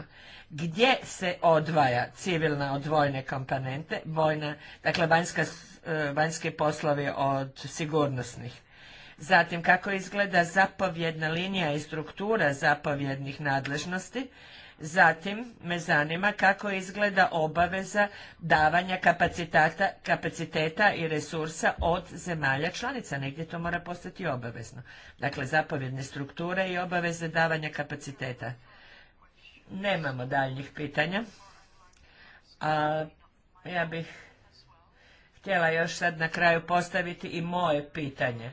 Gdje se odvaja civilna od vojne komponente, vojna, dakle vanjska, e, vanjske poslove od sigurnosnih? Zatim kako izgleda zapovjedna linija i struktura zapovjednih nadležnosti Zatim me zanima kako izgleda obaveza davanja kapaciteta i resursa od zemalja članica. Negdje to mora postati obavezno. Dakle, zapovjedne strukture i obaveze davanja kapaciteta. Nemamo daljnjih pitanja. A, ja bih htjela još sad na kraju postaviti i moje pitanje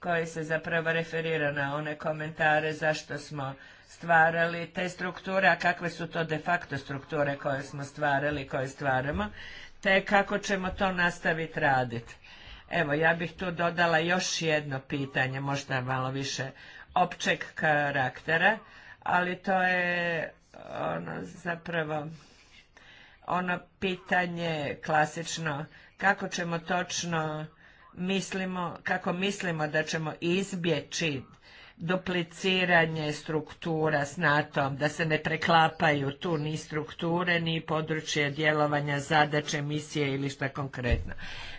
koji se zapravo referira na one komentare zašto smo stvarali te strukture, a kakve su to de facto strukture koje smo stvarali, koje stvaramo, te kako ćemo to nastaviti raditi. Evo, ja bih tu dodala još jedno pitanje, možda malo više općeg karaktera, ali to je ono zapravo ono pitanje klasično kako ćemo točno mislimo, kako mislimo da ćemo izbjeći dupliciranje struktura s nato da se ne preklapaju tu ni strukture, ni područje djelovanja, zadaće, misije ili šta konkretno.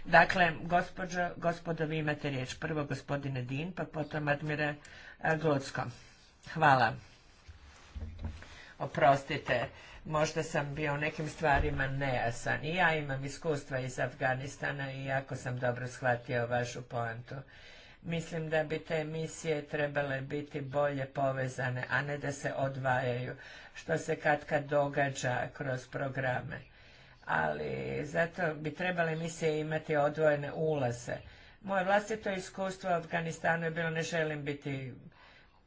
Dakle, gospođo, gospodo, vi imate riječ. Prvo gospodine Din, pa potom admira eh, Glucko. Hvala. Oprostite možda sam bio u nekim stvarima nejasan. I ja imam iskustva iz Afganistana i jako sam dobro shvatio vašu poantu. Mislim da bi te misije trebale biti bolje povezane, a ne da se odvajaju, što se kad kad događa kroz programe. Ali zato bi trebale misije imati odvojene ulaze. Moje vlastito iskustvo u Afganistanu je bilo ne želim biti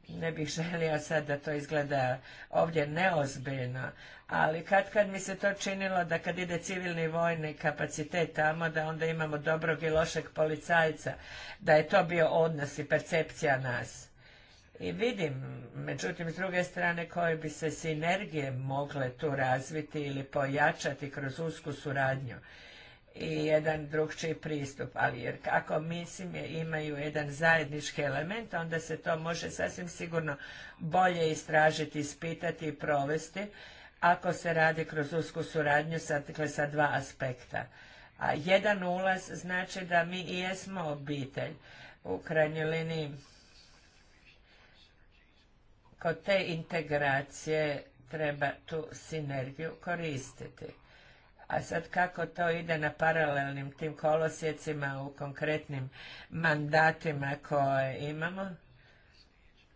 ne bih želio sad da to izgleda ovdje neozbiljno, ali kad kad mi se to činilo da kad ide civilni vojni kapacitet tamo, da onda imamo dobrog i lošeg policajca, da je to bio odnos i percepcija nas. I vidim, međutim, s druge strane, koje bi se sinergije mogle tu razviti ili pojačati kroz usku suradnju i jedan drugčiji pristup, ali jer ako je imaju jedan zajednički element, onda se to može sasvim sigurno bolje istražiti, ispitati i provesti, ako se radi kroz usku suradnju sa, dakle, sa dva aspekta. A jedan ulaz znači da mi i jesmo obitelj u krajnjoj liniji kod te integracije treba tu sinergiju koristiti. A sad kako to ide na paralelnim tim kolosjecima u konkretnim mandatima koje imamo,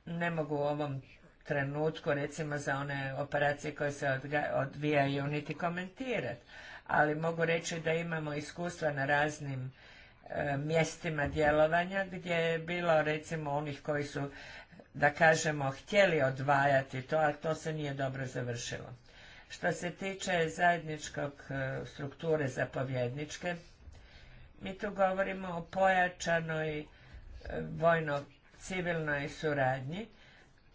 ne mogu u ovom trenutku recimo za one operacije koje se odvijaju niti komentirati, ali mogu reći da imamo iskustva na raznim e, mjestima djelovanja gdje je bilo recimo onih koji su da kažemo htjeli odvajati to, a to se nije dobro završilo. Što se tiče zajedničkog e, strukture zapovjedničke, mi tu govorimo o pojačanoj e, vojno-civilnoj suradnji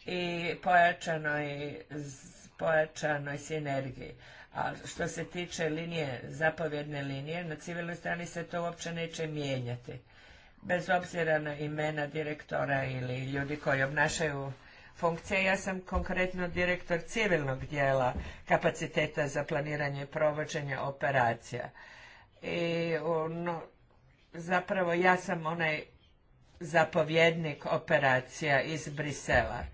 i pojačanoj, sinergiji. A što se tiče linije, zapovjedne linije, na civilnoj strani se to uopće neće mijenjati. Bez obzira na imena direktora ili ljudi koji obnašaju funkcije. Ja sam konkretno direktor civilnog dijela kapaciteta za planiranje i provođenje operacija. I ono, zapravo ja sam onaj zapovjednik operacija iz Brisela.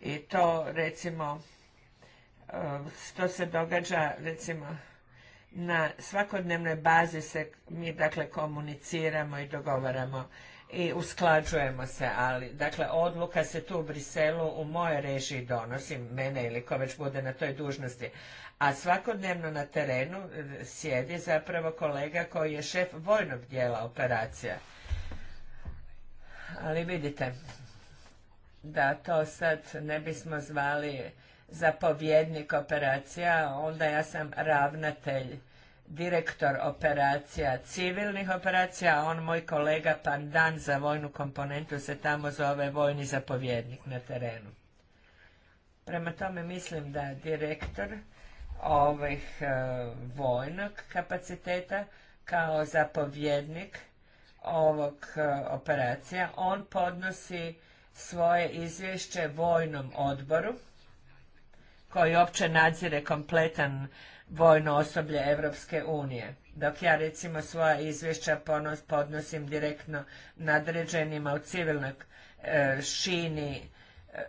I to recimo, e, što se događa recimo na svakodnevnoj bazi se mi dakle komuniciramo i dogovaramo i usklađujemo se, ali dakle odluka se tu u Briselu u mojoj režiji donosi, mene ili ko već bude na toj dužnosti, a svakodnevno na terenu e, sjedi zapravo kolega koji je šef vojnog dijela operacija. Ali vidite, da to sad ne bismo zvali zapovjednik operacija, onda ja sam ravnatelj direktor operacija, civilnih operacija, a on moj kolega Pandan za vojnu komponentu se tamo zove vojni zapovjednik na terenu. Prema tome mislim da direktor ovih e, vojnog kapaciteta kao zapovjednik ovog e, operacija, on podnosi svoje izvješće vojnom odboru koji opće nadzire kompletan vojno osoblje Evropske unije. Dok ja recimo svoja izvješća podnosim direktno nadređenima u civilnoj e, šini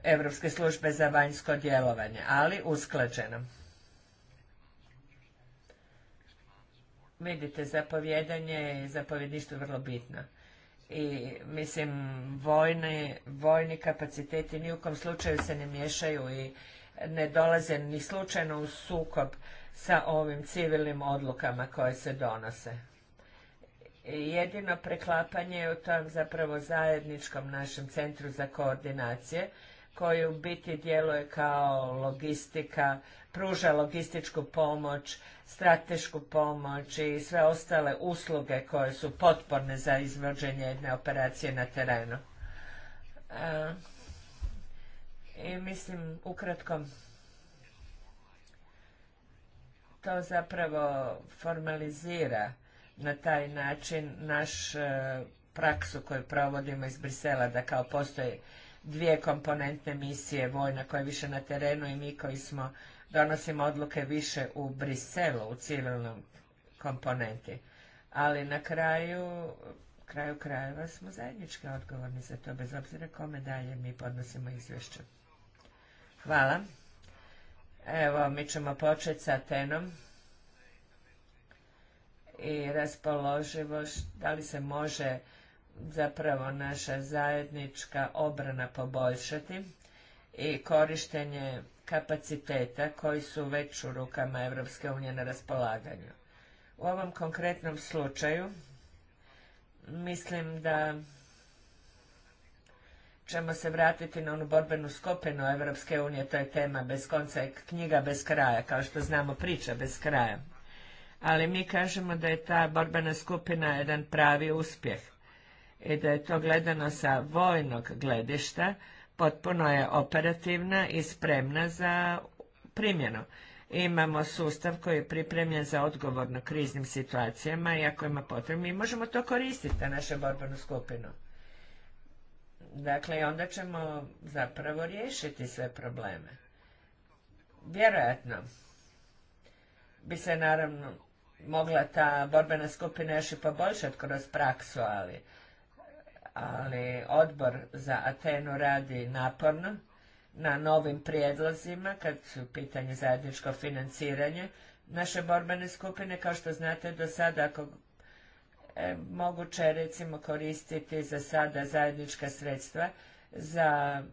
Europske službe za vanjsko djelovanje, ali usklađeno. Vidite, zapovjedanje i zapovjedništvo je vrlo bitno. I mislim, vojne, vojni kapaciteti ni u kom slučaju se ne miješaju i ne dolaze ni slučajno u sukob sa ovim civilnim odlukama koje se donose. Jedino preklapanje je u tom zapravo zajedničkom našem centru za koordinacije, koji u biti djeluje kao logistika, pruža logističku pomoć, stratešku pomoć i sve ostale usluge koje su potporne za izvođenje jedne operacije na terenu. E, I mislim, ukratko, to zapravo formalizira na taj način naš e, praksu koju provodimo iz Brisela, da kao postoje dvije komponentne misije, vojna koja je više na terenu i mi koji smo, donosimo odluke više u Briselu, u civilnom komponenti. Ali na kraju, kraju krajeva smo zajednički odgovorni za to, bez obzira kome dalje mi podnosimo izvješće. Hvala. Evo, mi ćemo početi sa Atenom i raspoloživo da li se može zapravo naša zajednička obrana poboljšati i korištenje kapaciteta koji su već u rukama Evropske unije na raspolaganju. U ovom konkretnom slučaju mislim da ćemo se vratiti na onu borbenu skupinu Evropske unije, to je tema bez konca, i knjiga bez kraja, kao što znamo priča bez kraja. Ali mi kažemo da je ta borbena skupina jedan pravi uspjeh i da je to gledano sa vojnog gledišta, potpuno je operativna i spremna za primjenu. Imamo sustav koji je pripremljen za odgovor na kriznim situacijama i ako ima potrebno, mi možemo to koristiti na našu borbenu skupinu. Dakle, onda ćemo zapravo riješiti sve probleme. Vjerojatno bi se naravno mogla ta borbena skupina još i poboljšati kroz praksu, ali, odbor za Atenu radi naporno na novim prijedlozima kad su pitanje zajedničko financiranje naše borbene skupine. Kao što znate, do sada ako E, moguće je recimo koristiti za sada zajednička sredstva za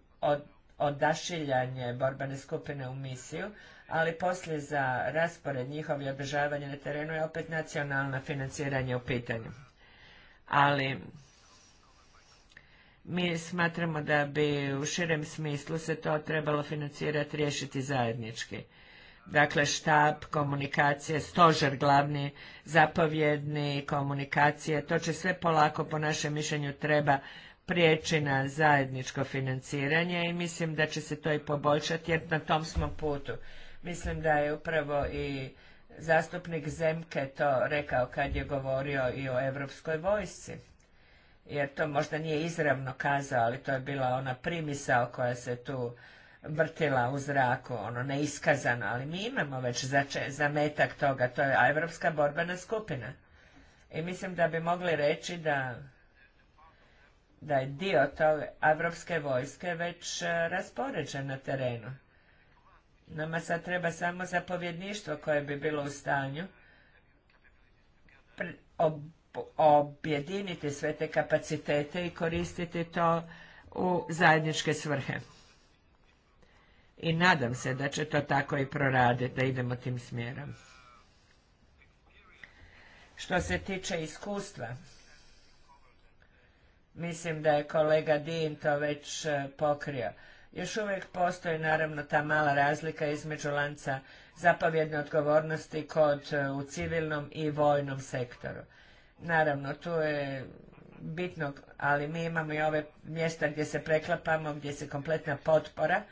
odašiljanje borbene skupine u misiju, ali poslije za raspored njihov i održavanje na terenu je opet nacionalno financiranje u pitanju. Ali mi smatramo da bi u širem smislu se to trebalo financirati, riješiti zajednički dakle štab, komunikacije, stožer glavni, zapovjedni, komunikacije, to će sve polako po našem mišljenju treba prijeći na zajedničko financiranje i mislim da će se to i poboljšati jer na tom smo putu. Mislim da je upravo i zastupnik Zemke to rekao kad je govorio i o Europskoj vojsci. Jer to možda nije izravno kazao, ali to je bila ona primisao koja se tu vrtila u zraku, ono neiskazano, ali mi imamo već zametak toga, to je Evropska borbena skupina. I mislim da bi mogli reći da da je dio tog evropske vojske već e, raspoređen na terenu. Nama sad treba samo zapovjedništvo koje bi bilo u stanju objediniti sve te kapacitete i koristiti to u zajedničke svrhe i nadam se da će to tako i proraditi, da idemo tim smjerom. Što se tiče iskustva, mislim da je kolega Din to već e, pokrio. Još uvijek postoji naravno ta mala razlika između lanca zapovjedne odgovornosti kod e, u civilnom i vojnom sektoru. Naravno, tu je bitno, ali mi imamo i ove mjesta gdje se preklapamo, gdje se kompletna potpora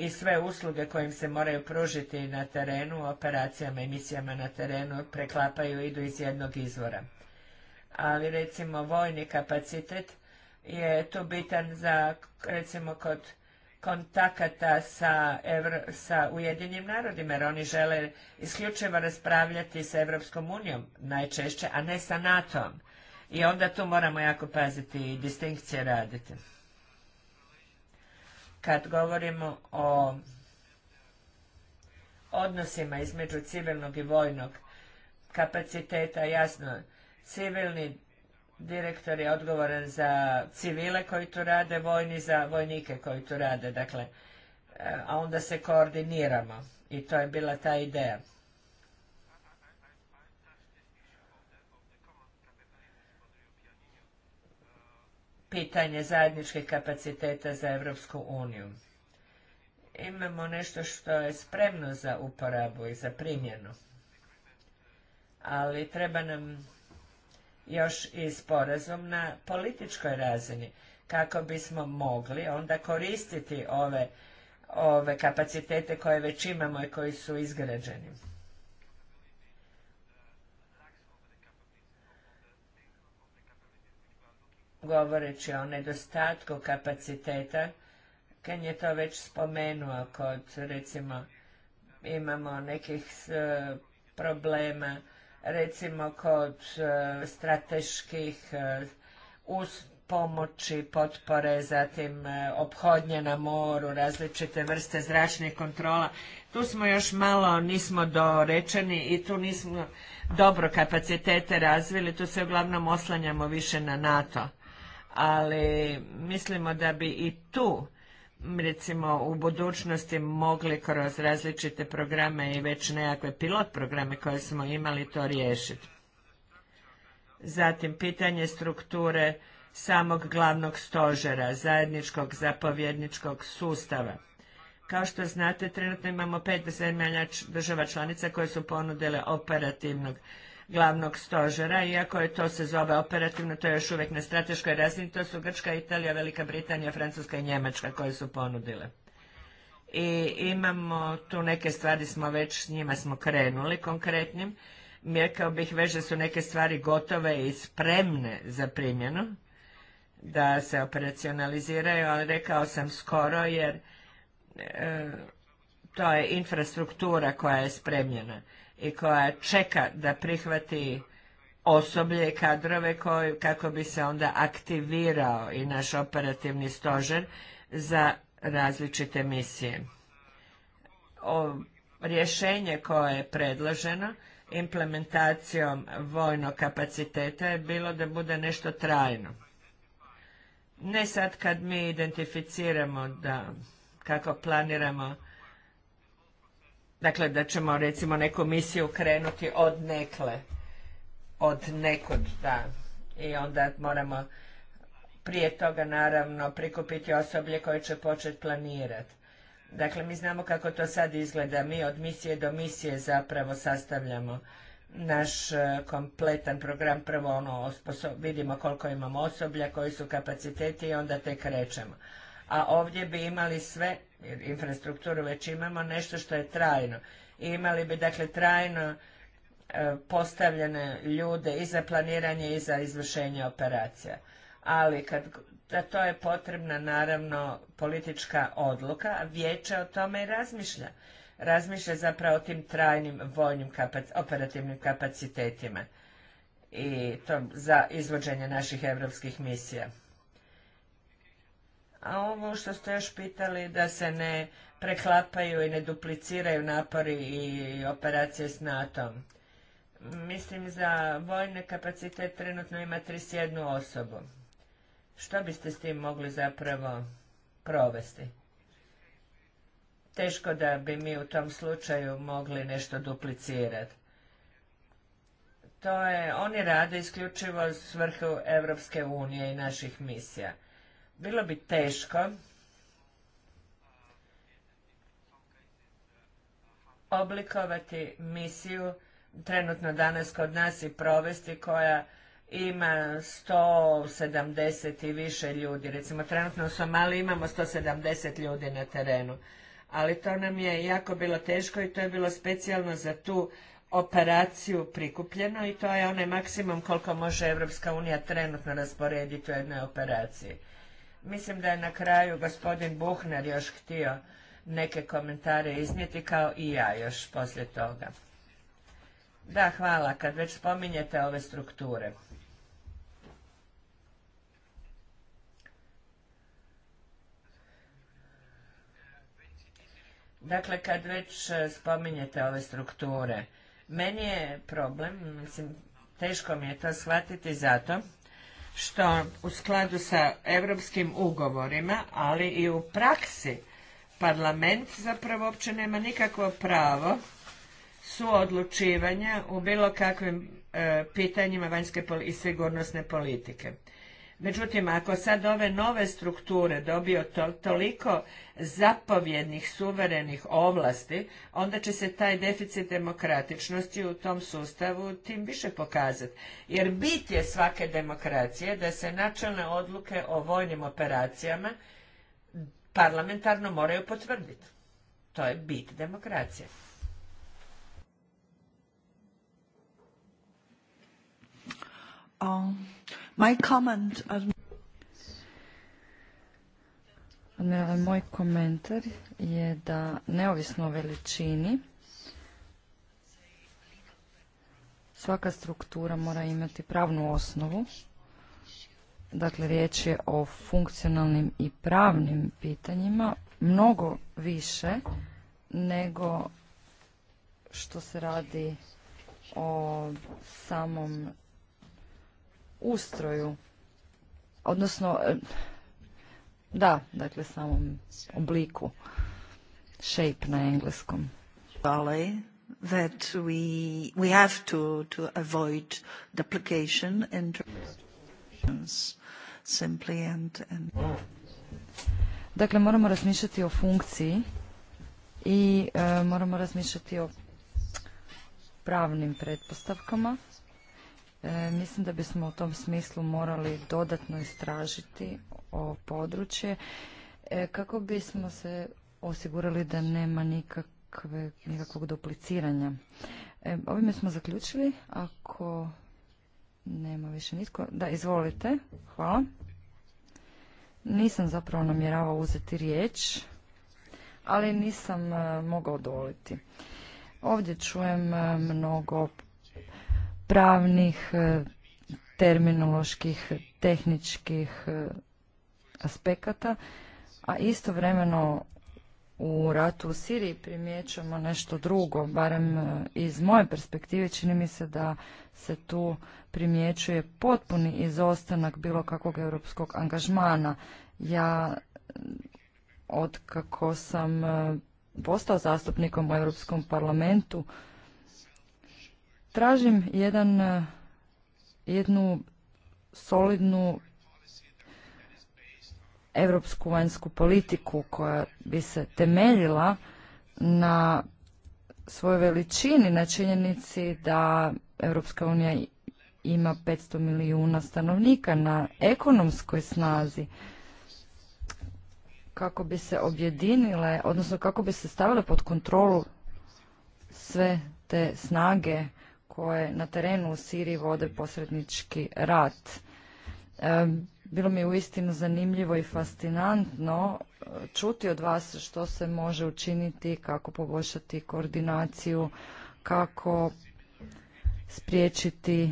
i sve usluge koje im se moraju pružiti na terenu, operacijama i misijama na terenu preklapaju, i idu iz jednog izvora. Ali recimo vojni kapacitet je tu bitan za recimo kod kontakata sa, Evro, sa narodima, jer oni žele isključivo raspravljati sa Evropskom unijom najčešće, a ne sa NATO-om. I onda tu moramo jako paziti i distinkcije raditi kad govorimo o odnosima između civilnog i vojnog kapaciteta, jasno, civilni direktor je odgovoran za civile koji tu rade, vojni za vojnike koji tu rade, dakle, a onda se koordiniramo i to je bila ta ideja. pitanje zajedničkih kapaciteta za Europsku uniju. Imamo nešto što je spremno za uporabu i za primjenu, ali treba nam još i sporazum na političkoj razini kako bismo mogli onda koristiti ove, ove kapacitete koje već imamo i koji su izgrađeni. govoreći o nedostatku kapaciteta, Ken je to već spomenuo kod, recimo, imamo nekih problema, recimo kod e, strateških e, uz pomoći, potpore, zatim e, obhodnje na moru, različite vrste zračnih kontrola. Tu smo još malo, nismo dorečeni i tu nismo dobro kapacitete razvili, tu se uglavnom oslanjamo više na NATO ali mislimo da bi i tu recimo u budućnosti mogli kroz različite programe i već nekakve pilot programe koje smo imali to riješiti. Zatim pitanje strukture samog glavnog stožera, zajedničkog zapovjedničkog sustava. Kao što znate, trenutno imamo pet zemalja država članica koje su ponudile operativnog glavnog stožera, iako je to se zove operativno, to je još uvijek na strateškoj razini, to su Grčka, Italija, Velika Britanija, Francuska i Njemačka koje su ponudile. I imamo tu neke stvari smo već, s njima smo krenuli konkretnim. Rekao bih već da su neke stvari gotove i spremne za primjenu da se operacionaliziraju, ali rekao sam skoro jer e, to je infrastruktura koja je spremljena i koja čeka da prihvati osoblje i kadrove koji, kako bi se onda aktivirao i naš operativni stožer za različite misije. O, rješenje koje je predloženo implementacijom vojnog kapaciteta je bilo da bude nešto trajno. Ne sad kad mi identificiramo da kako planiramo Dakle, da ćemo recimo neku misiju krenuti od nekle, od nekud, da. I onda moramo prije toga naravno prikupiti osoblje koje će početi planirati. Dakle, mi znamo kako to sad izgleda. Mi od misije do misije zapravo sastavljamo naš e, kompletan program. Prvo ono vidimo koliko imamo osoblja, koji su kapaciteti i onda te krećemo a ovdje bi imali sve, jer infrastrukturu već imamo, nešto što je trajno. I imali bi dakle trajno e, postavljene ljude i za planiranje i za izvršenje operacija. Ali kad, da to je potrebna naravno politička odluka, a vijeće o tome i razmišlja. Razmišlja zapravo o tim trajnim vojnim kapac, operativnim kapacitetima i to za izvođenje naših europskih misija. A ovo što ste još pitali da se ne preklapaju i ne dupliciraju napori i operacije s NATO-om. Mislim za vojne kapacitet trenutno ima 31 osobu. Što biste s tim mogli zapravo provesti? Teško da bi mi u tom slučaju mogli nešto duplicirati. To je, oni rade isključivo svrhu Evropske unije i naših misija bilo bi teško oblikovati misiju trenutno danas kod nas i provesti koja ima 170 i više ljudi. Recimo trenutno u Somaliji imamo 170 ljudi na terenu. Ali to nam je jako bilo teško i to je bilo specijalno za tu operaciju prikupljeno i to je onaj maksimum koliko može Evropska unija trenutno rasporediti u jednoj operaciji. Mislim da je na kraju gospodin Buhner još htio neke komentare iznijeti, kao i ja još poslije toga. Da, hvala, kad već spominjete ove strukture. Dakle, kad već e, spominjete ove strukture, meni je problem, mislim, teško mi je to shvatiti zato što u skladu sa europskim ugovorima, ali i u praksi parlament zapravo uopće nema nikakvo pravo suodlučivanja u bilo kakvim e, pitanjima vanjske i sigurnosne politike. Međutim, ako sad ove nove strukture dobiju toliko zapovjednih suverenih ovlasti, onda će se taj deficit demokratičnosti u tom sustavu tim više pokazati. Jer bit je svake demokracije da se načelne odluke o vojnim operacijama parlamentarno moraju potvrditi. To je bit demokracije. Um, moj komentar je da neovisno o veličini svaka struktura mora imati pravnu osnovu. Dakle, riječ je o funkcionalnim i pravnim pitanjima mnogo više nego što se radi o samom ustroju, odnosno, e, da, dakle, samom obliku, shape na engleskom. we, we have to, to avoid duplication simply and, Dakle, moramo razmišljati o funkciji i e, moramo razmišljati o pravnim pretpostavkama E, mislim da bismo u tom smislu morali dodatno istražiti o područje e, kako bismo se osigurali da nema nikakve, nikakvog dupliciranja. E, ovime smo zaključili. Ako nema više nitko. Da, izvolite. Hvala. Nisam zapravo namjeravao uzeti riječ, ali nisam e, mogao odoliti. Ovdje čujem mnogo pravnih, e, terminoloških, tehničkih e, aspekata, a istovremeno u ratu u Siriji primjećujemo nešto drugo, barem e, iz moje perspektive čini mi se da se tu primjećuje potpuni izostanak bilo kakvog europskog angažmana. Ja od kako sam postao zastupnikom u Europskom parlamentu Tražim jedan, e, jednu solidnu europsku vanjsku politiku koja bi se temeljila na svojoj veličini, na činjenici da Europska unija ima 500 milijuna stanovnika na ekonomskoj snazi kako bi se objedinile, odnosno kako bi se stavile pod kontrolu sve te snage koje na terenu u Siriji vode posrednički rat. E, bilo mi je uistinu zanimljivo i fascinantno e, čuti od vas što se može učiniti, kako poboljšati koordinaciju, kako spriječiti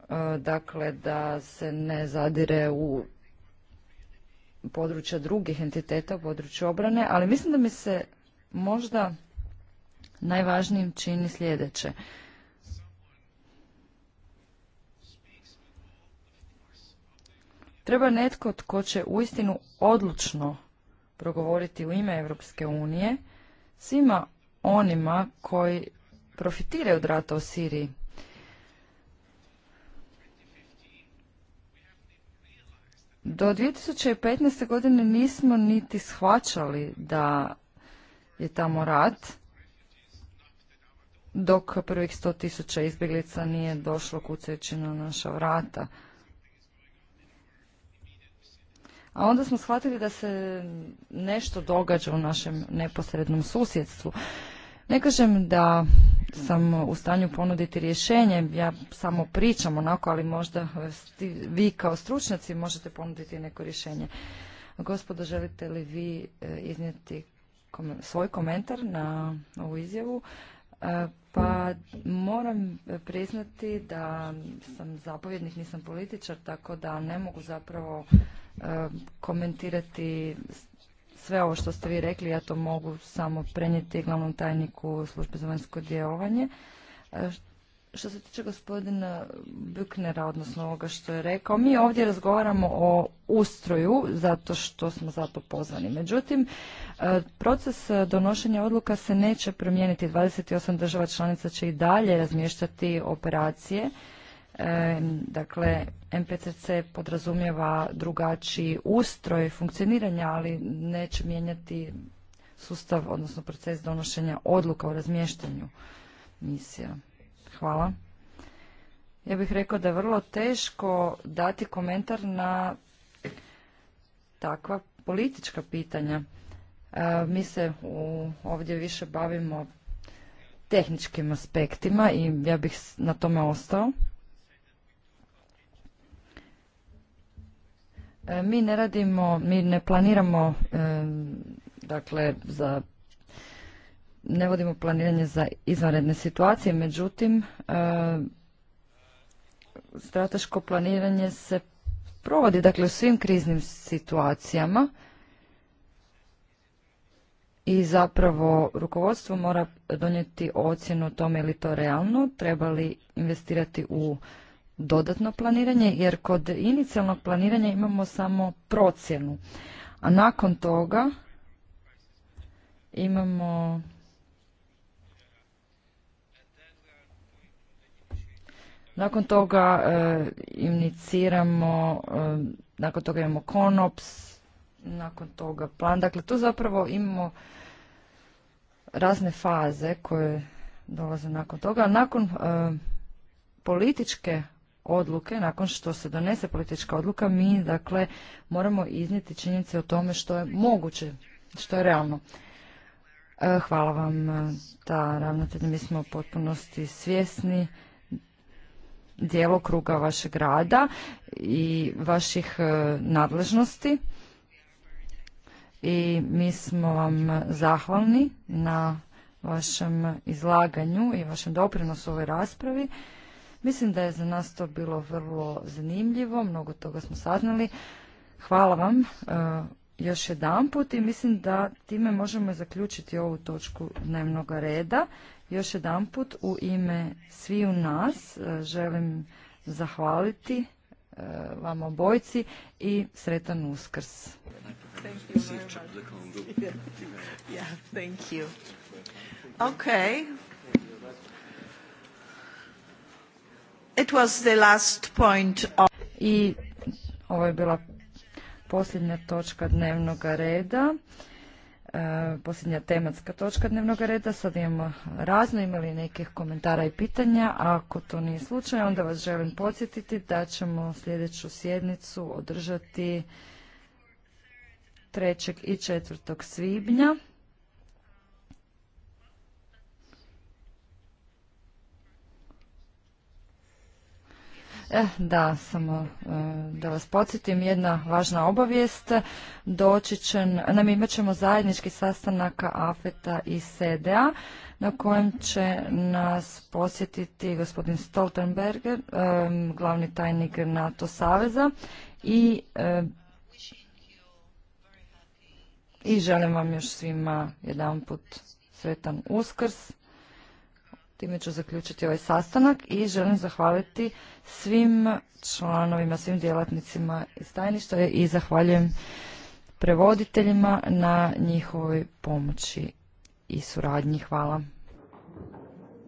e, dakle da se ne zadire u područja drugih entiteta u području obrane, ali mislim da mi se možda najvažnijim čini sljedeće. Treba netko tko će uistinu odlučno progovoriti u ime Europske unije svima onima koji profitiraju od rata u Siriji. Do 2015. godine nismo niti shvaćali da je tamo rat dok prvih sto tisuća izbjeglica nije došlo kucajući na naša vrata. A onda smo shvatili da se nešto događa u našem neposrednom susjedstvu. Ne kažem da sam u stanju ponuditi rješenje, ja samo pričam onako, ali možda vi kao stručnjaci možete ponuditi neko rješenje. Gospodo, želite li vi e, iznijeti svoj komentar na ovu izjavu? E, pa moram priznati da sam zapovjednik, nisam političar, tako da ne mogu zapravo e, komentirati sve ovo što ste vi rekli, ja to mogu samo prenijeti glavnom tajniku službe za vanjsko djelovanje. E, što se tiče gospodina Buknera, odnosno ovoga što je rekao, mi ovdje razgovaramo o ustroju, zato što smo zato pozvani. Međutim, e, proces donošenja odluka se neće promijeniti. 28 država članica će i dalje razmještati operacije. E, dakle, MPCC podrazumijeva drugačiji ustroj funkcioniranja, ali neće mijenjati sustav, odnosno proces donošenja odluka o razmještanju misija. Hvala. Ja bih rekao da je vrlo teško dati komentar na takva politička pitanja. E, mi se u, ovdje više bavimo tehničkim aspektima i ja bih na tome ostao. E, mi ne radimo, mi ne planiramo e, dakle za ne vodimo planiranje za izvanredne situacije, međutim, e, strateško planiranje se provodi dakle u svim kriznim situacijama i zapravo rukovodstvo mora donijeti ocjenu o tome ili li to realno, treba li investirati u dodatno planiranje, jer kod inicijalnog planiranja imamo samo procjenu, a nakon toga imamo Nakon toga eh, iniciramo, eh, nakon toga imamo konops, nakon toga plan. Dakle, tu zapravo imamo razne faze koje dolaze nakon toga. Nakon eh, političke odluke, nakon što se donese politička odluka, mi dakle moramo iznijeti činjenice o tome što je moguće, što je realno. Hvala vam, da ravnatelj, mi smo u potpunosti svjesni djelokruga vašeg rada i vaših e, nadležnosti i mi smo vam zahvalni na vašem izlaganju i vašem doprinosu ovoj raspravi. Mislim da je za nas to bilo vrlo zanimljivo, mnogo toga smo saznali. Hvala vam e, još jedan put i mislim da time možemo zaključiti ovu točku dnevnog reda još jedanput u ime sviju nas e, želim zahvaliti e, vam obojci i sretan uskrs. Thank last point I ovo je bila posljednja točka dnevnog reda. E, posljednja tematska točka dnevnog reda. Sad imamo razno, imali nekih komentara i pitanja. ako to nije slučaj, onda vas želim podsjetiti da ćemo sljedeću sjednicu održati 3. i 4. svibnja. Eh, da, samo e, da vas podsjetim, jedna važna obavijest. Doći će, nam imat ćemo zajednički sastanaka AFETA i SEDA na kojem će nas posjetiti gospodin Stoltenberger, e, glavni tajnik NATO Saveza i e, i želim vam još svima jedan put sretan uskrs. Time ću zaključiti ovaj sastanak i želim zahvaliti svim članovima, svim djelatnicima iz tajništva i zahvaljujem prevoditeljima na njihovoj pomoći i suradnji. Hvala.